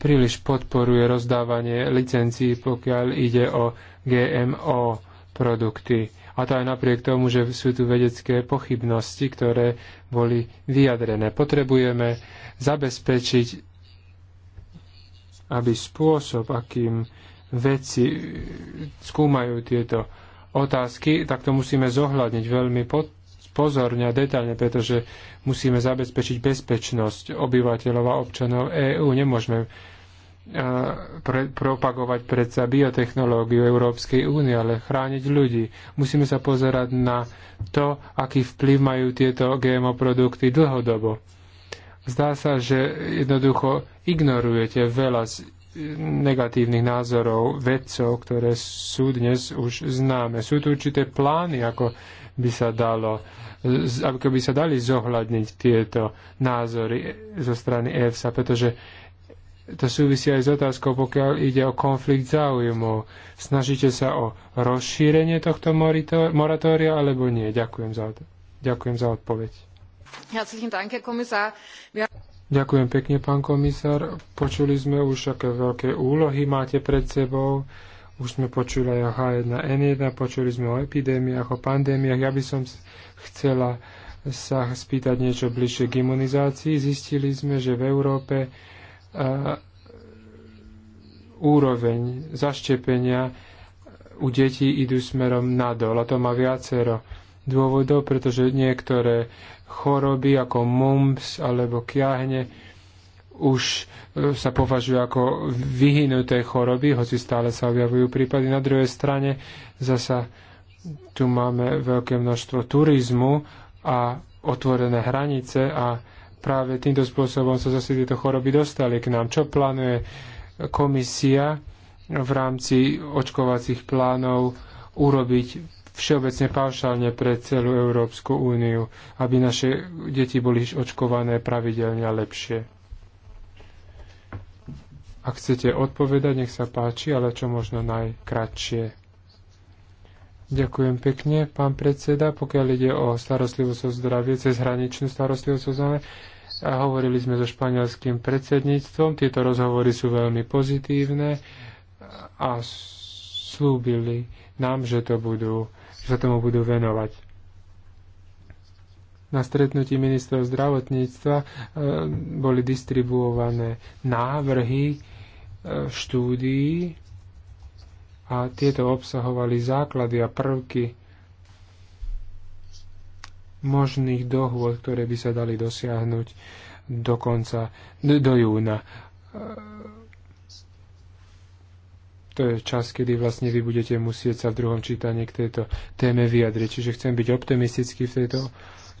príliš podporuje rozdávanie licencií, pokiaľ ide o GMO produkty a to aj napriek tomu, že sú tu vedecké pochybnosti, ktoré boli vyjadrené. Potrebujeme zabezpečiť, aby spôsob, akým vedci skúmajú tieto otázky, tak to musíme zohľadniť veľmi pod, pozorne a detailne, pretože musíme zabezpečiť bezpečnosť obyvateľov a občanov EÚ. Nemôžeme pre, propagovať predsa biotechnológiu Európskej únie, ale chrániť ľudí. Musíme sa pozerať na to, aký vplyv majú tieto GMO produkty dlhodobo. Zdá sa, že jednoducho ignorujete veľa z negatívnych názorov vedcov, ktoré sú dnes už známe. Sú tu určité plány, ako by sa dalo ako by sa dali zohľadniť tieto názory zo strany EFSA, pretože to súvisí aj s otázkou, pokiaľ ide o konflikt záujmov. Snažíte sa o rozšírenie tohto moratória alebo nie? Ďakujem za, ďakujem za odpoveď. Ďakujem pekne, pán komisár. Počuli sme už, aké veľké úlohy máte pred sebou. Už sme počuli aj o H1N1, počuli sme o epidémiách, o pandémiách. Ja by som chcela sa spýtať niečo bližšie k imunizácii. Zistili sme, že v Európe úroveň zaštepenia u detí idú smerom nadol. A to má viacero dôvodov, pretože niektoré choroby ako mumps alebo kiahne už e, sa považujú ako vyhynuté choroby, hoci stále sa objavujú prípady. Na druhej strane zasa tu máme veľké množstvo turizmu a otvorené hranice a práve týmto spôsobom sa zase tieto choroby dostali k nám. Čo plánuje komisia v rámci očkovacích plánov urobiť všeobecne paušálne pre celú Európsku úniu, aby naše deti boli očkované pravidelne a lepšie. Ak chcete odpovedať, nech sa páči, ale čo možno najkratšie. Ďakujem pekne, pán predseda. Pokiaľ ide o starostlivosť o zdravie, cez hraničnú starostlivosť o zdravie, Hovorili sme so španielským predsedníctvom, tieto rozhovory sú veľmi pozitívne a slúbili nám, že, to budú, že sa tomu budú venovať. Na stretnutí ministrov zdravotníctva e, boli distribuované návrhy e, štúdií a tieto obsahovali základy a prvky možných dohôd, ktoré by sa dali dosiahnuť do konca, do júna. To je čas, kedy vlastne vy budete musieť sa v druhom čítaní k tejto téme vyjadriť. Čiže chcem byť optimistický v, tejto,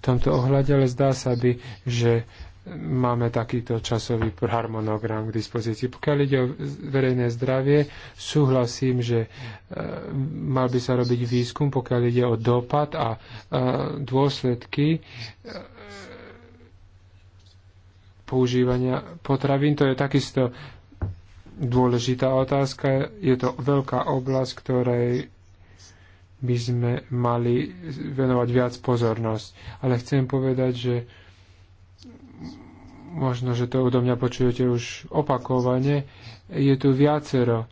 v tomto ohľade, ale zdá sa by, že máme takýto časový harmonogram k dispozícii. Pokiaľ ide o verejné zdravie, súhlasím, že e, mal by sa robiť výskum, pokiaľ ide o dopad a e, dôsledky e, používania potravín. To je takisto dôležitá otázka. Je to veľká oblasť, ktorej by sme mali venovať viac pozornosť. Ale chcem povedať, že možno, že to odo mňa počujete už opakovane, je tu viacero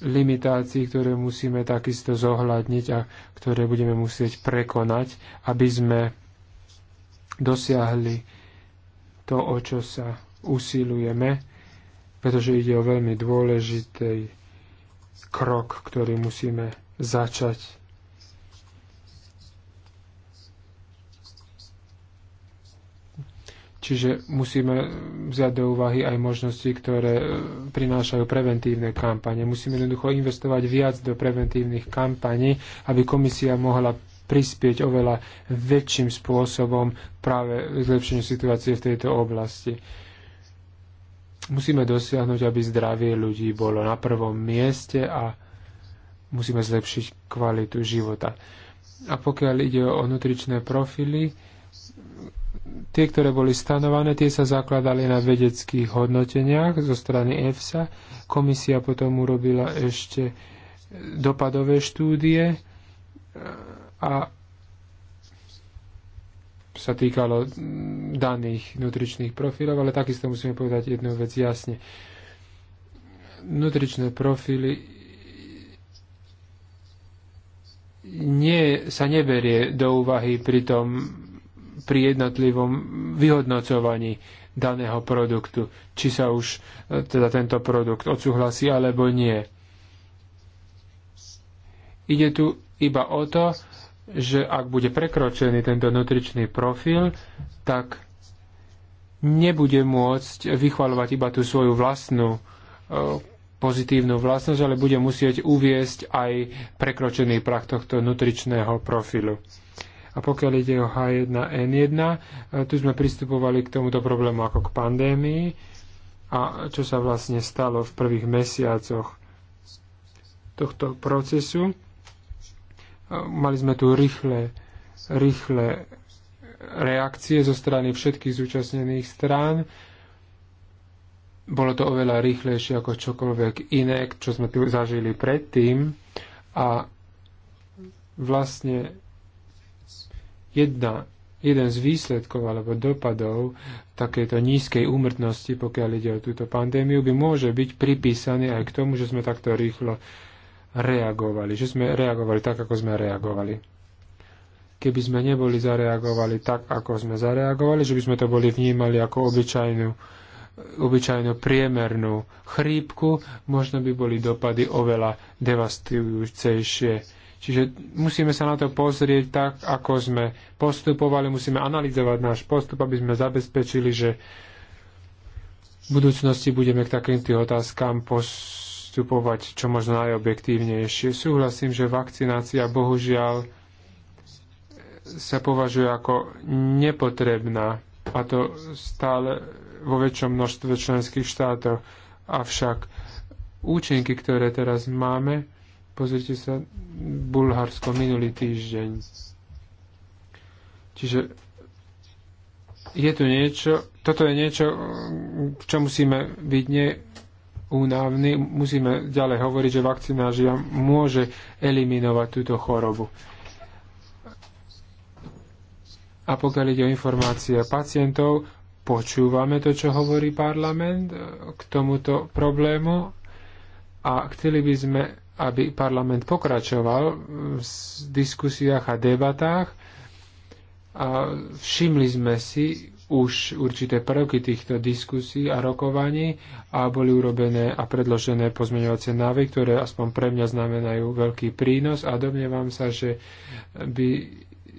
limitácií, ktoré musíme takisto zohľadniť a ktoré budeme musieť prekonať, aby sme dosiahli to, o čo sa usilujeme, pretože ide o veľmi dôležitý krok, ktorý musíme začať Čiže musíme vziať do úvahy aj možnosti, ktoré e, prinášajú preventívne kampane. Musíme jednoducho investovať viac do preventívnych kampaní, aby komisia mohla prispieť oveľa väčším spôsobom práve zlepšeniu situácie v tejto oblasti. Musíme dosiahnuť, aby zdravie ľudí bolo na prvom mieste a musíme zlepšiť kvalitu života. A pokiaľ ide o nutričné profily, tie, ktoré boli stanované, tie sa zakladali na vedeckých hodnoteniach zo strany EFSA. Komisia potom urobila ešte dopadové štúdie e, a sa týkalo daných nutričných profilov, ale takisto musíme povedať jednu vec jasne. Nutričné profily nie, sa neberie do úvahy pri tom pri jednotlivom vyhodnocovaní daného produktu, či sa už e, teda tento produkt odsúhlasí alebo nie. Ide tu iba o to, že ak bude prekročený tento nutričný profil, tak nebude môcť vychvalovať iba tú svoju vlastnú e, pozitívnu vlastnosť, ale bude musieť uviesť aj prekročený prach tohto nutričného profilu. A pokiaľ ide o H1N1, e, tu sme pristupovali k tomuto problému ako k pandémii a čo sa vlastne stalo v prvých mesiacoch tohto procesu. E, mali sme tu rýchle, rýchle reakcie zo strany všetkých zúčastnených strán. Bolo to oveľa rýchlejšie ako čokoľvek iné, čo sme tu zažili predtým. A vlastne jedna, jeden z výsledkov alebo dopadov takéto nízkej úmrtnosti, pokiaľ ide o túto pandémiu, by môže byť pripísaný aj k tomu, že sme takto rýchlo reagovali, že sme reagovali tak, ako sme reagovali keby sme neboli zareagovali tak, ako sme zareagovali, že by sme to boli vnímali ako obyčajnú, obyčajnú priemernú chrípku, možno by boli dopady oveľa devastujúcejšie. Čiže musíme sa na to pozrieť tak, ako sme postupovali, musíme analyzovať náš postup, aby sme zabezpečili, že v budúcnosti budeme k takýmto otázkam postupovať čo možno najobjektívnejšie. Súhlasím, že vakcinácia bohužiaľ sa považuje ako nepotrebná a to stále vo väčšom množstve členských štátov. Avšak účinky, ktoré teraz máme, Pozrite sa, Bulharsko minulý týždeň. Čiže je tu niečo, toto je niečo, čo musíme byť neúnavní, musíme ďalej hovoriť, že vakcinážia môže eliminovať túto chorobu. A pokiaľ ide o informácie pacientov, počúvame to, čo hovorí parlament k tomuto problému a chceli by sme aby parlament pokračoval v diskusiách a debatách a všimli sme si už určité prvky týchto diskusí a rokovaní a boli urobené a predložené pozmeňovacie návy, ktoré aspoň pre mňa znamenajú veľký prínos a domnievam sa, že by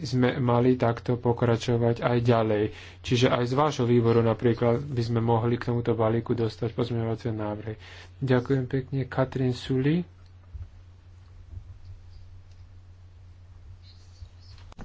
sme mali takto pokračovať aj ďalej. Čiže aj z vášho výboru napríklad by sme mohli k tomuto balíku dostať pozmeňovacie návrhy. Ďakujem pekne. Katrin Suli.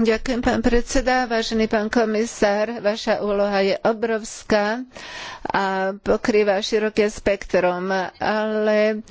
Ďakujem, pán predseda, vážený pán komisár. Vaša úloha je obrovská a pokrýva široké spektrum, ale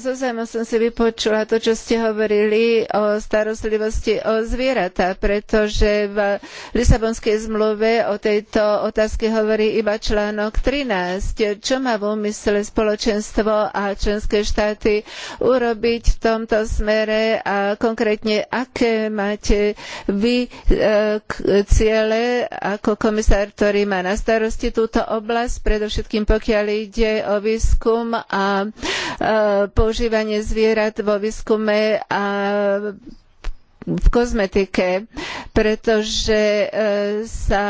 so e, zájmom som si vypočula to, čo ste hovorili o starostlivosti o zvieratá, pretože v Lisabonskej zmluve o tejto otázke hovorí iba článok 13. Čo má v úmysle spoločenstvo a členské štáty urobiť v tomto smere a konkrétne aké máte vy e, ciele ako komisár, ktorý má na starosti túto oblasť, predovšetkým pokiaľ ide o výskum a e, používanie zvierat vo výskume a v kozmetike, pretože e, sa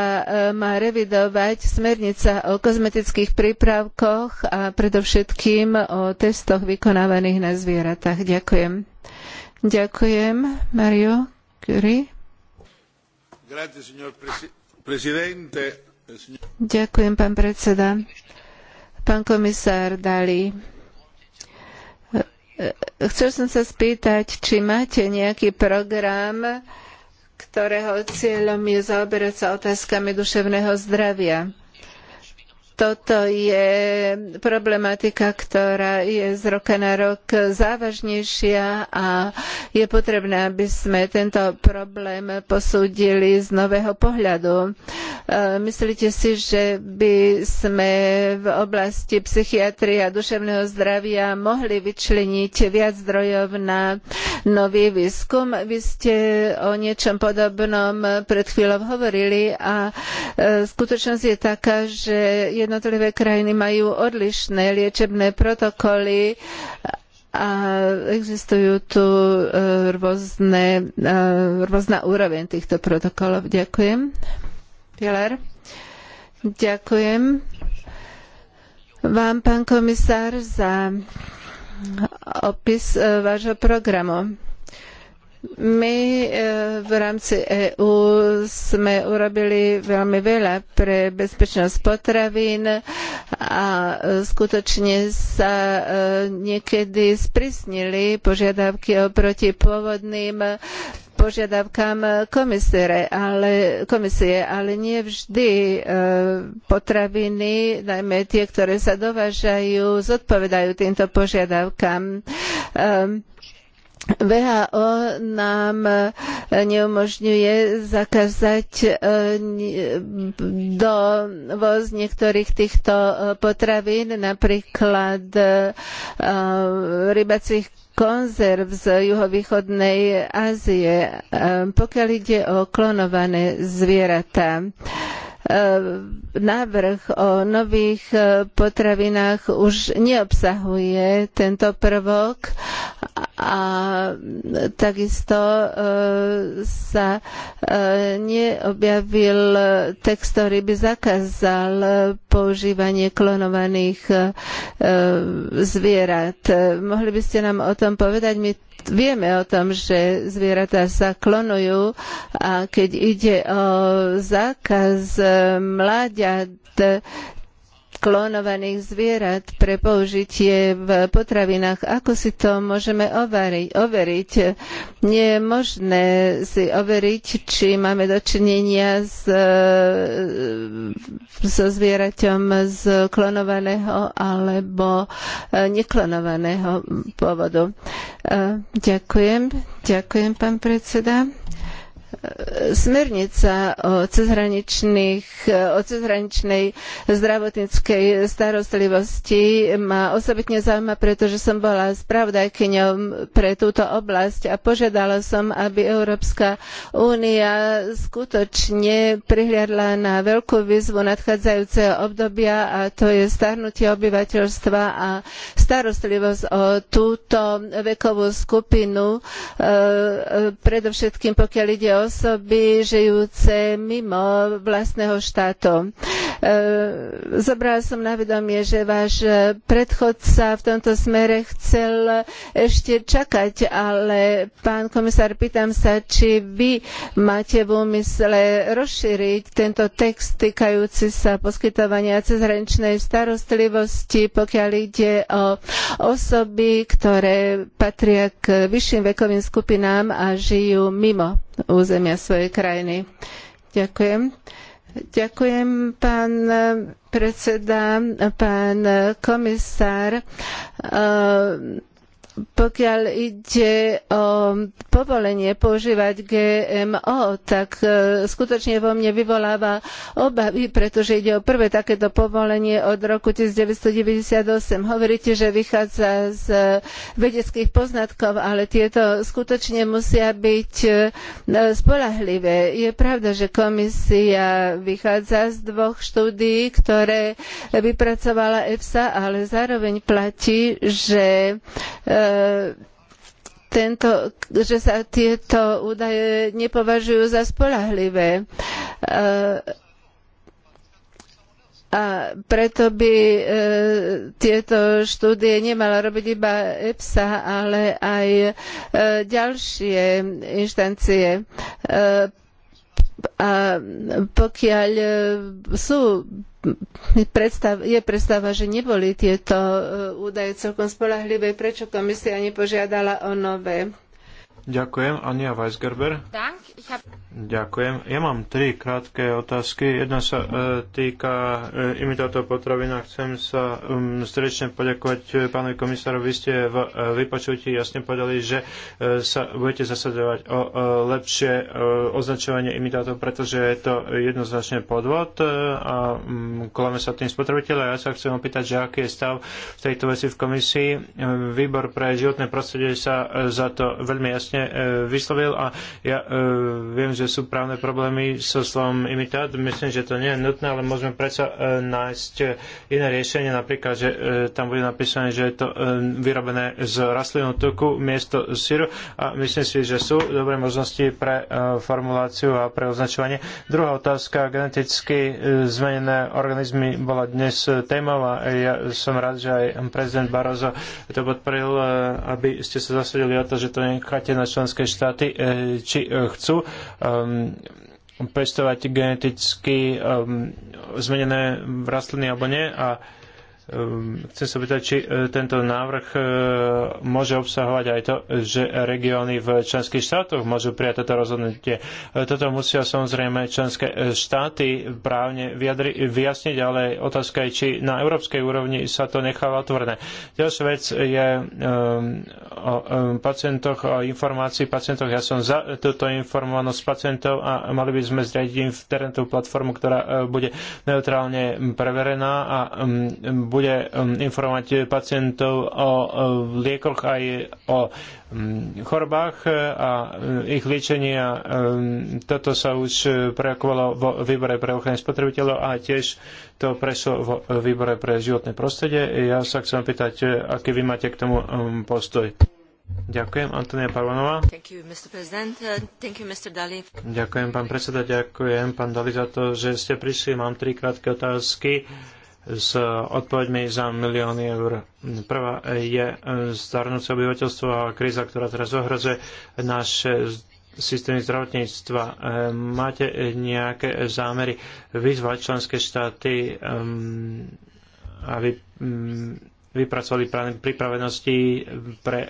má revidovať smernica o kozmetických prípravkoch a predovšetkým o testoch vykonávaných na zvieratách. Ďakujem. Ďakujem, Mario Curie. Ďakujem, pán predseda. Pán komisár Dali, chcel som sa spýtať, či máte nejaký program, ktorého cieľom je zaoberať sa otázkami duševného zdravia toto je problematika, ktorá je z roka na rok závažnejšia a je potrebné, aby sme tento problém posúdili z nového pohľadu. E, myslíte si, že by sme v oblasti psychiatrie a duševného zdravia mohli vyčleniť viac zdrojov na nový výskum? Vy ste o niečom podobnom pred chvíľou hovorili a e, skutočnosť je taká, že jedno jednotlivé krajiny majú odlišné liečebné protokoly a existujú tu e, rôzne, e, rôzna úroveň týchto protokolov. Ďakujem. Pilar. Ďakujem vám, pán komisár, za opis e, vášho programu. My e, v rámci EÚ sme urobili veľmi veľa pre bezpečnosť potravín a e, skutočne sa e, niekedy sprísnili požiadavky oproti pôvodným požiadavkám komisie, ale, komisie, ale nie vždy potraviny, najmä tie, ktoré sa dovážajú, zodpovedajú týmto požiadavkám. Ehm, VHO nám e, neumožňuje zakázať e, dovoz niektorých týchto e, potravín, napríklad rybacích konzerv z juhovýchodnej Ázie, pokiaľ ide o klonované zvieratá. Eh, návrh o nových eh, potravinách už neobsahuje tento prvok a takisto eh, sa neobjavil text, ktorý by zakázal používanie klonovaných zvierat. Mohli by ste nám o tom povedať? My vieme o tom, že zvieratá sa klonujú a keď ide o zákaz mláďat, klonovaných zvierat pre použitie v potravinách. Ako si to môžeme overiť? Nie je možné si overiť, či máme dočinenia s, so zvieraťom z klonovaného alebo e, neklonovaného pôvodu. E, ďakujem. Ďakujem, pán predseda smernica o, o cezhraničnej zdravotníckej starostlivosti ma osobitne zaujíma, pretože som bola spravodajkyňou pre túto oblasť a požiadala som, aby Európska únia skutočne prihliadla na veľkú výzvu nadchádzajúceho obdobia a to je starnutie obyvateľstva a starostlivosť o túto vekovú skupinu, e, e, predovšetkým pokiaľ ide o osoby žijúce mimo vlastného štátu. E, zobrala som na vedomie, že váš predchodca v tomto smere chcel ešte čakať, ale pán komisár, pýtam sa, či vy máte v úmysle rozšíriť tento text týkajúci sa poskytovania cezhraničnej starostlivosti, pokiaľ ide o osoby, ktoré patria k vyšším vekovým skupinám a žijú mimo územia svojej krajiny. Ďakujem. Ďakujem, pán predseda, pán komisár pokiaľ ide o povolenie používať GMO, tak e, skutočne vo mne vyvoláva obavy, pretože ide o prvé takéto povolenie od roku 1998. Hovoríte, že vychádza z vedeckých poznatkov, ale tieto skutočne musia byť e, spolahlivé. Je pravda, že komisia vychádza z dvoch štúdií, ktoré vypracovala EFSA, ale zároveň platí, že e, tento, že sa tieto údaje nepovažujú za spolahlivé. A preto by e, tieto štúdie nemala robiť iba EPSA, ale aj e, ďalšie inštancie. E, a pokiaľ e, sú Predstav, je predstava, že neboli tieto e, údaje celkom spolahlivé, prečo komisia nepožiadala o nové Ďakujem, Ania Weisgerber. Ďakujem. Ja mám tri krátke otázky. Jedna sa e, týka e, imitátov potravín a chcem sa um, srdečne poďakovať e, pánovi komisárovi. Vy ste v e, vypočutí jasne povedali, že e, sa budete zasadovať o e, lepšie e, označovanie imitátov, pretože je to jednoznačne podvod e, a um, mm, koleme sa tým spotrebiteľa. Ja sa chcem opýtať, že aký je stav v tejto veci v komisii. E, výbor pre životné prostredie sa e, za to veľmi jasne jasne e, vyslovil a ja e, viem, že sú právne problémy so slovom imitát. Myslím, že to nie je nutné, ale môžeme predsa e, nájsť iné riešenie, napríklad, že tam bude napísané, že je to vyrobené z rastlinného tuku miesto syru a myslím si, že sú dobré možnosti pre formuláciu a pre označovanie. Druhá otázka, geneticky zmenené organizmy bola dnes témou a ja som rád, že aj prezident Barozo to podporil, aby ste sa zasadili o to, že to necháte na na členské štáty, e, či e, chcú ehm, pestovať geneticky ehm, zmenené rastliny alebo nie. A Ehm, chcem sa pýtať, či e, tento návrh e, môže obsahovať aj to, že regióny v členských štátoch môžu prijať toto rozhodnutie. E, toto musia samozrejme členské štáty právne vyjasniť, ale otázka je, či na európskej úrovni sa to necháva otvorené. Ďalšia vec je ehm, o ehm, pacientoch, o informácii pacientov. Ja som za túto informovanosť pacientov a mali by sme zriadiť internetovú platformu, ktorá bude neutrálne preverená a bude um, informovať pacientov o liekoch aj o um, chorobách e, a e, ich liečení a um, toto sa už preakovalo vo výbore pre ochranu spotrebiteľov a tiež to prešlo vo výbore pre životné prostredie. Ja sa chcem pýtať, e, aký vy máte k tomu postoj. Ďakujem, Antonia Parvanová. Uh, ďakujem, pán predseda, ďakujem, pán Dali, za to, že ste prišli. Mám tri krátke otázky. Uh, s odpoveďmi za milióny eur. Prvá je starnúce obyvateľstvo a kríza, ktorá teraz ohrozuje naše systémy zdravotníctva. Máte nejaké zámery vyzvať členské štáty, um, aby um, vypracovali pripravenosti pre e,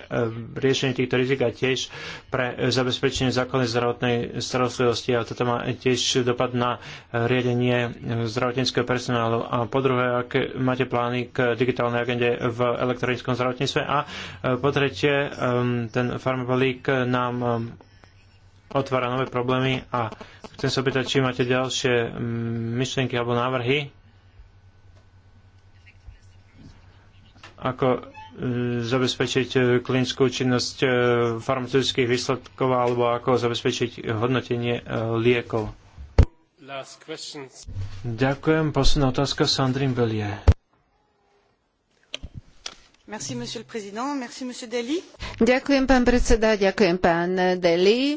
riešenie týchto rizik a tiež pre zabezpečenie zákonnej zdravotnej starostlivosti a toto má tiež dopad na e, riadenie e, zdravotníckého personálu. A po druhé, aké máte plány k digitálnej agende v elektronickom zdravotníctve a po tretie, ten farmabalík nám otvára nové problémy a chcem sa opýtať, či máte ďalšie myšlienky alebo návrhy ako e, zabezpečiť e, klinickú činnosť e, farmaceutických výsledkov alebo ako zabezpečiť hodnotenie liekov. Ďakujem. Posledná otázka Sandrine Bellier. Ďakujem, pán predseda, ďakujem, pán Deli. E,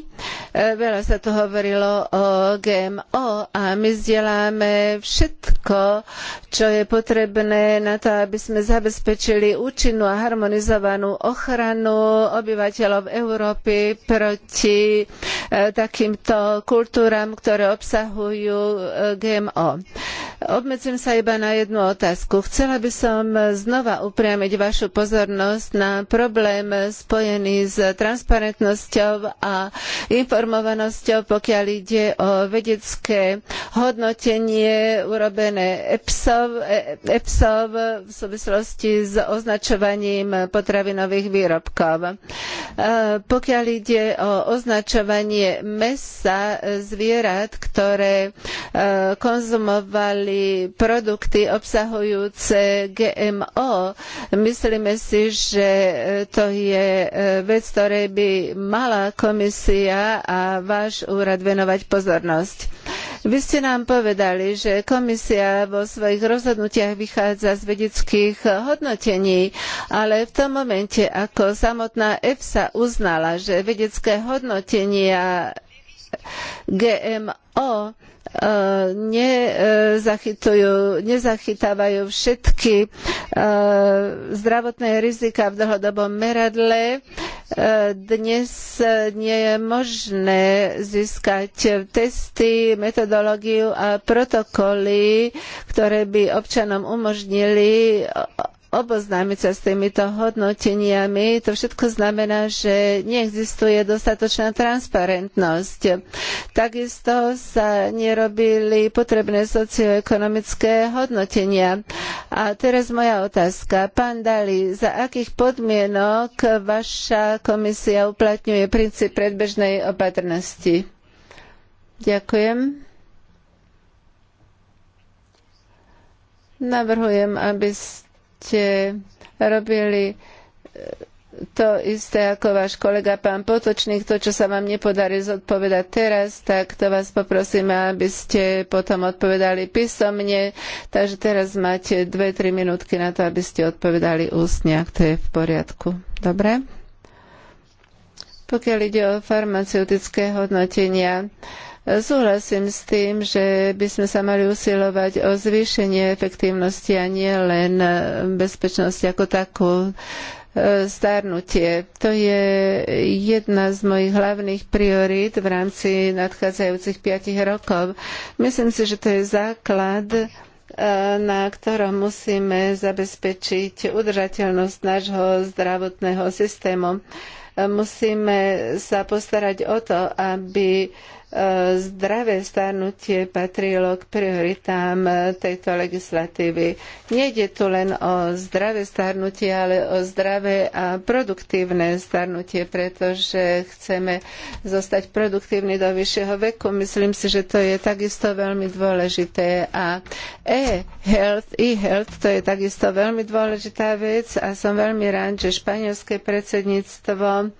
veľa sa tu hovorilo o GMO a my zdieľame všetko, čo je potrebné na to, aby sme zabezpečili účinnú a harmonizovanú ochranu obyvateľov Európy proti e, takýmto kultúram, ktoré obsahujú e, GMO. Obmedzím sa iba na jednu otázku. Chcela by som znova upriamiť vašu vašu pozornosť na problém spojený s transparentnosťou a informovanosťou, pokiaľ ide o vedecké hodnotenie urobené EPSov, e, EPSov v súvislosti s označovaním potravinových výrobkov. E, pokiaľ ide o označovanie mäsa zvierat, ktoré e, konzumovali produkty obsahujúce GMO, myslím, Myslíme si, že e, to je e, vec, ktorej by mala komisia a váš úrad venovať pozornosť. Vy ste nám povedali, že komisia vo svojich rozhodnutiach vychádza z vedeckých hodnotení, ale v tom momente, ako samotná EFSA uznala, že vedecké hodnotenia GMO nezachytávajú všetky e, zdravotné rizika v dlhodobom meradle. E, dnes nie je možné získať testy, metodológiu a protokoly, ktoré by občanom umožnili oboznámiť sa s týmito hodnoteniami. To všetko znamená, že neexistuje dostatočná transparentnosť. Takisto sa nerobili potrebné socioekonomické hodnotenia. A teraz moja otázka. Pán Dali, za akých podmienok vaša komisia uplatňuje princíp predbežnej opatrnosti? Ďakujem. Navrhujem, aby ste ste robili e, to isté ako váš kolega pán Potočník, to, čo sa vám nepodarí zodpovedať teraz, tak to vás poprosíme, aby ste potom odpovedali písomne. Takže teraz máte dve tri minútky na to, aby ste odpovedali ústne, ak to je v poriadku. Dobre? Pokiaľ ide o farmaceutické hodnotenia, Súhlasím s tým, že by sme sa mali usilovať o zvýšenie efektívnosti a nie len bezpečnosti ako takú starnutie. To je jedna z mojich hlavných priorít v rámci nadchádzajúcich piatich rokov. Myslím si, že to je základ eh, na ktorom musíme zabezpečiť udržateľnosť nášho zdravotného systému. Musíme sa postarať o to, aby zdravé starnutie patrilo k prioritám e, tejto legislatívy. Nejde tu len o zdravé starnutie, ale o zdravé a produktívne starnutie, pretože chceme zostať produktívni do vyššieho veku. Myslím si, že to je takisto veľmi dôležité. A e-health, e-health, to je takisto veľmi dôležitá vec a som veľmi rád, že španielské predsedníctvo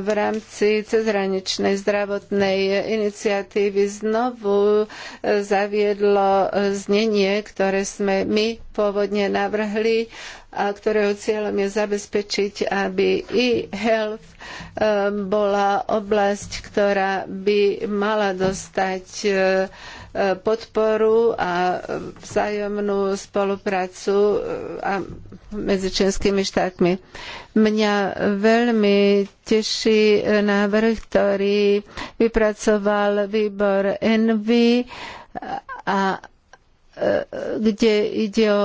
v rámci cezhraničnej zdravotnej iniciatívy znovu e, zaviedlo e, znenie, ktoré sme my pôvodne navrhli a ktorého cieľom je zabezpečiť, aby e-health e, bola oblasť, ktorá by mala dostať podporu a vzájomnú spoluprácu e, a medzi členskými štátmi. Mňa veľmi teší návrh, ktorý vypracoval výbor Envy a e, kde ide o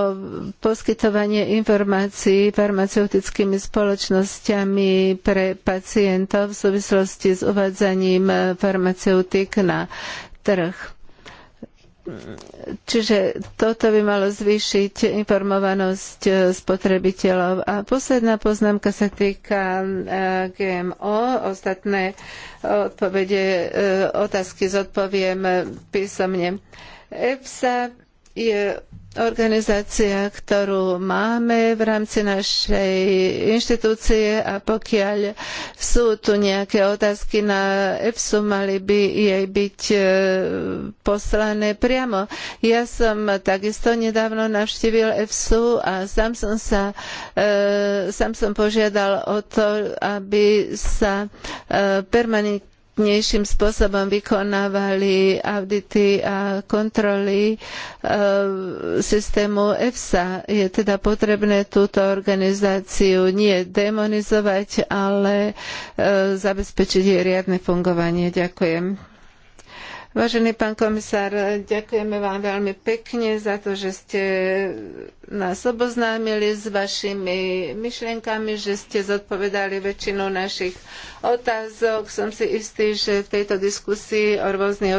poskytovanie informácií farmaceutickými spoločnosťami pre pacientov v súvislosti s uvádzaním farmaceutík na trh Čiže toto by malo zvýšiť informovanosť eh, spotrebiteľov. A posledná poznámka sa týka eh, GMO. Ostatné eh, odpovede, otázky zodpoviem písomne. EFSA je organizácia, ktorú máme v rámci našej inštitúcie a pokiaľ sú tu nejaké otázky na EFSU, mali by jej byť e, poslané priamo. Ja som takisto nedávno navštívil EFSU a sám som sa e, sám som požiadal o to, aby sa e, permanentne kvalitnejším spôsobom vykonávali audity a kontroly e, systému EFSA. Je teda potrebné túto organizáciu nie demonizovať, ale e, zabezpečiť jej riadne fungovanie. Ďakujem. Vážený pán komisár, ďakujeme vám veľmi pekne za to, že ste nás oboznámili s vašimi myšlienkami, že ste zodpovedali väčšinu našich otázok. Som si istý, že v tejto diskusii o rôznych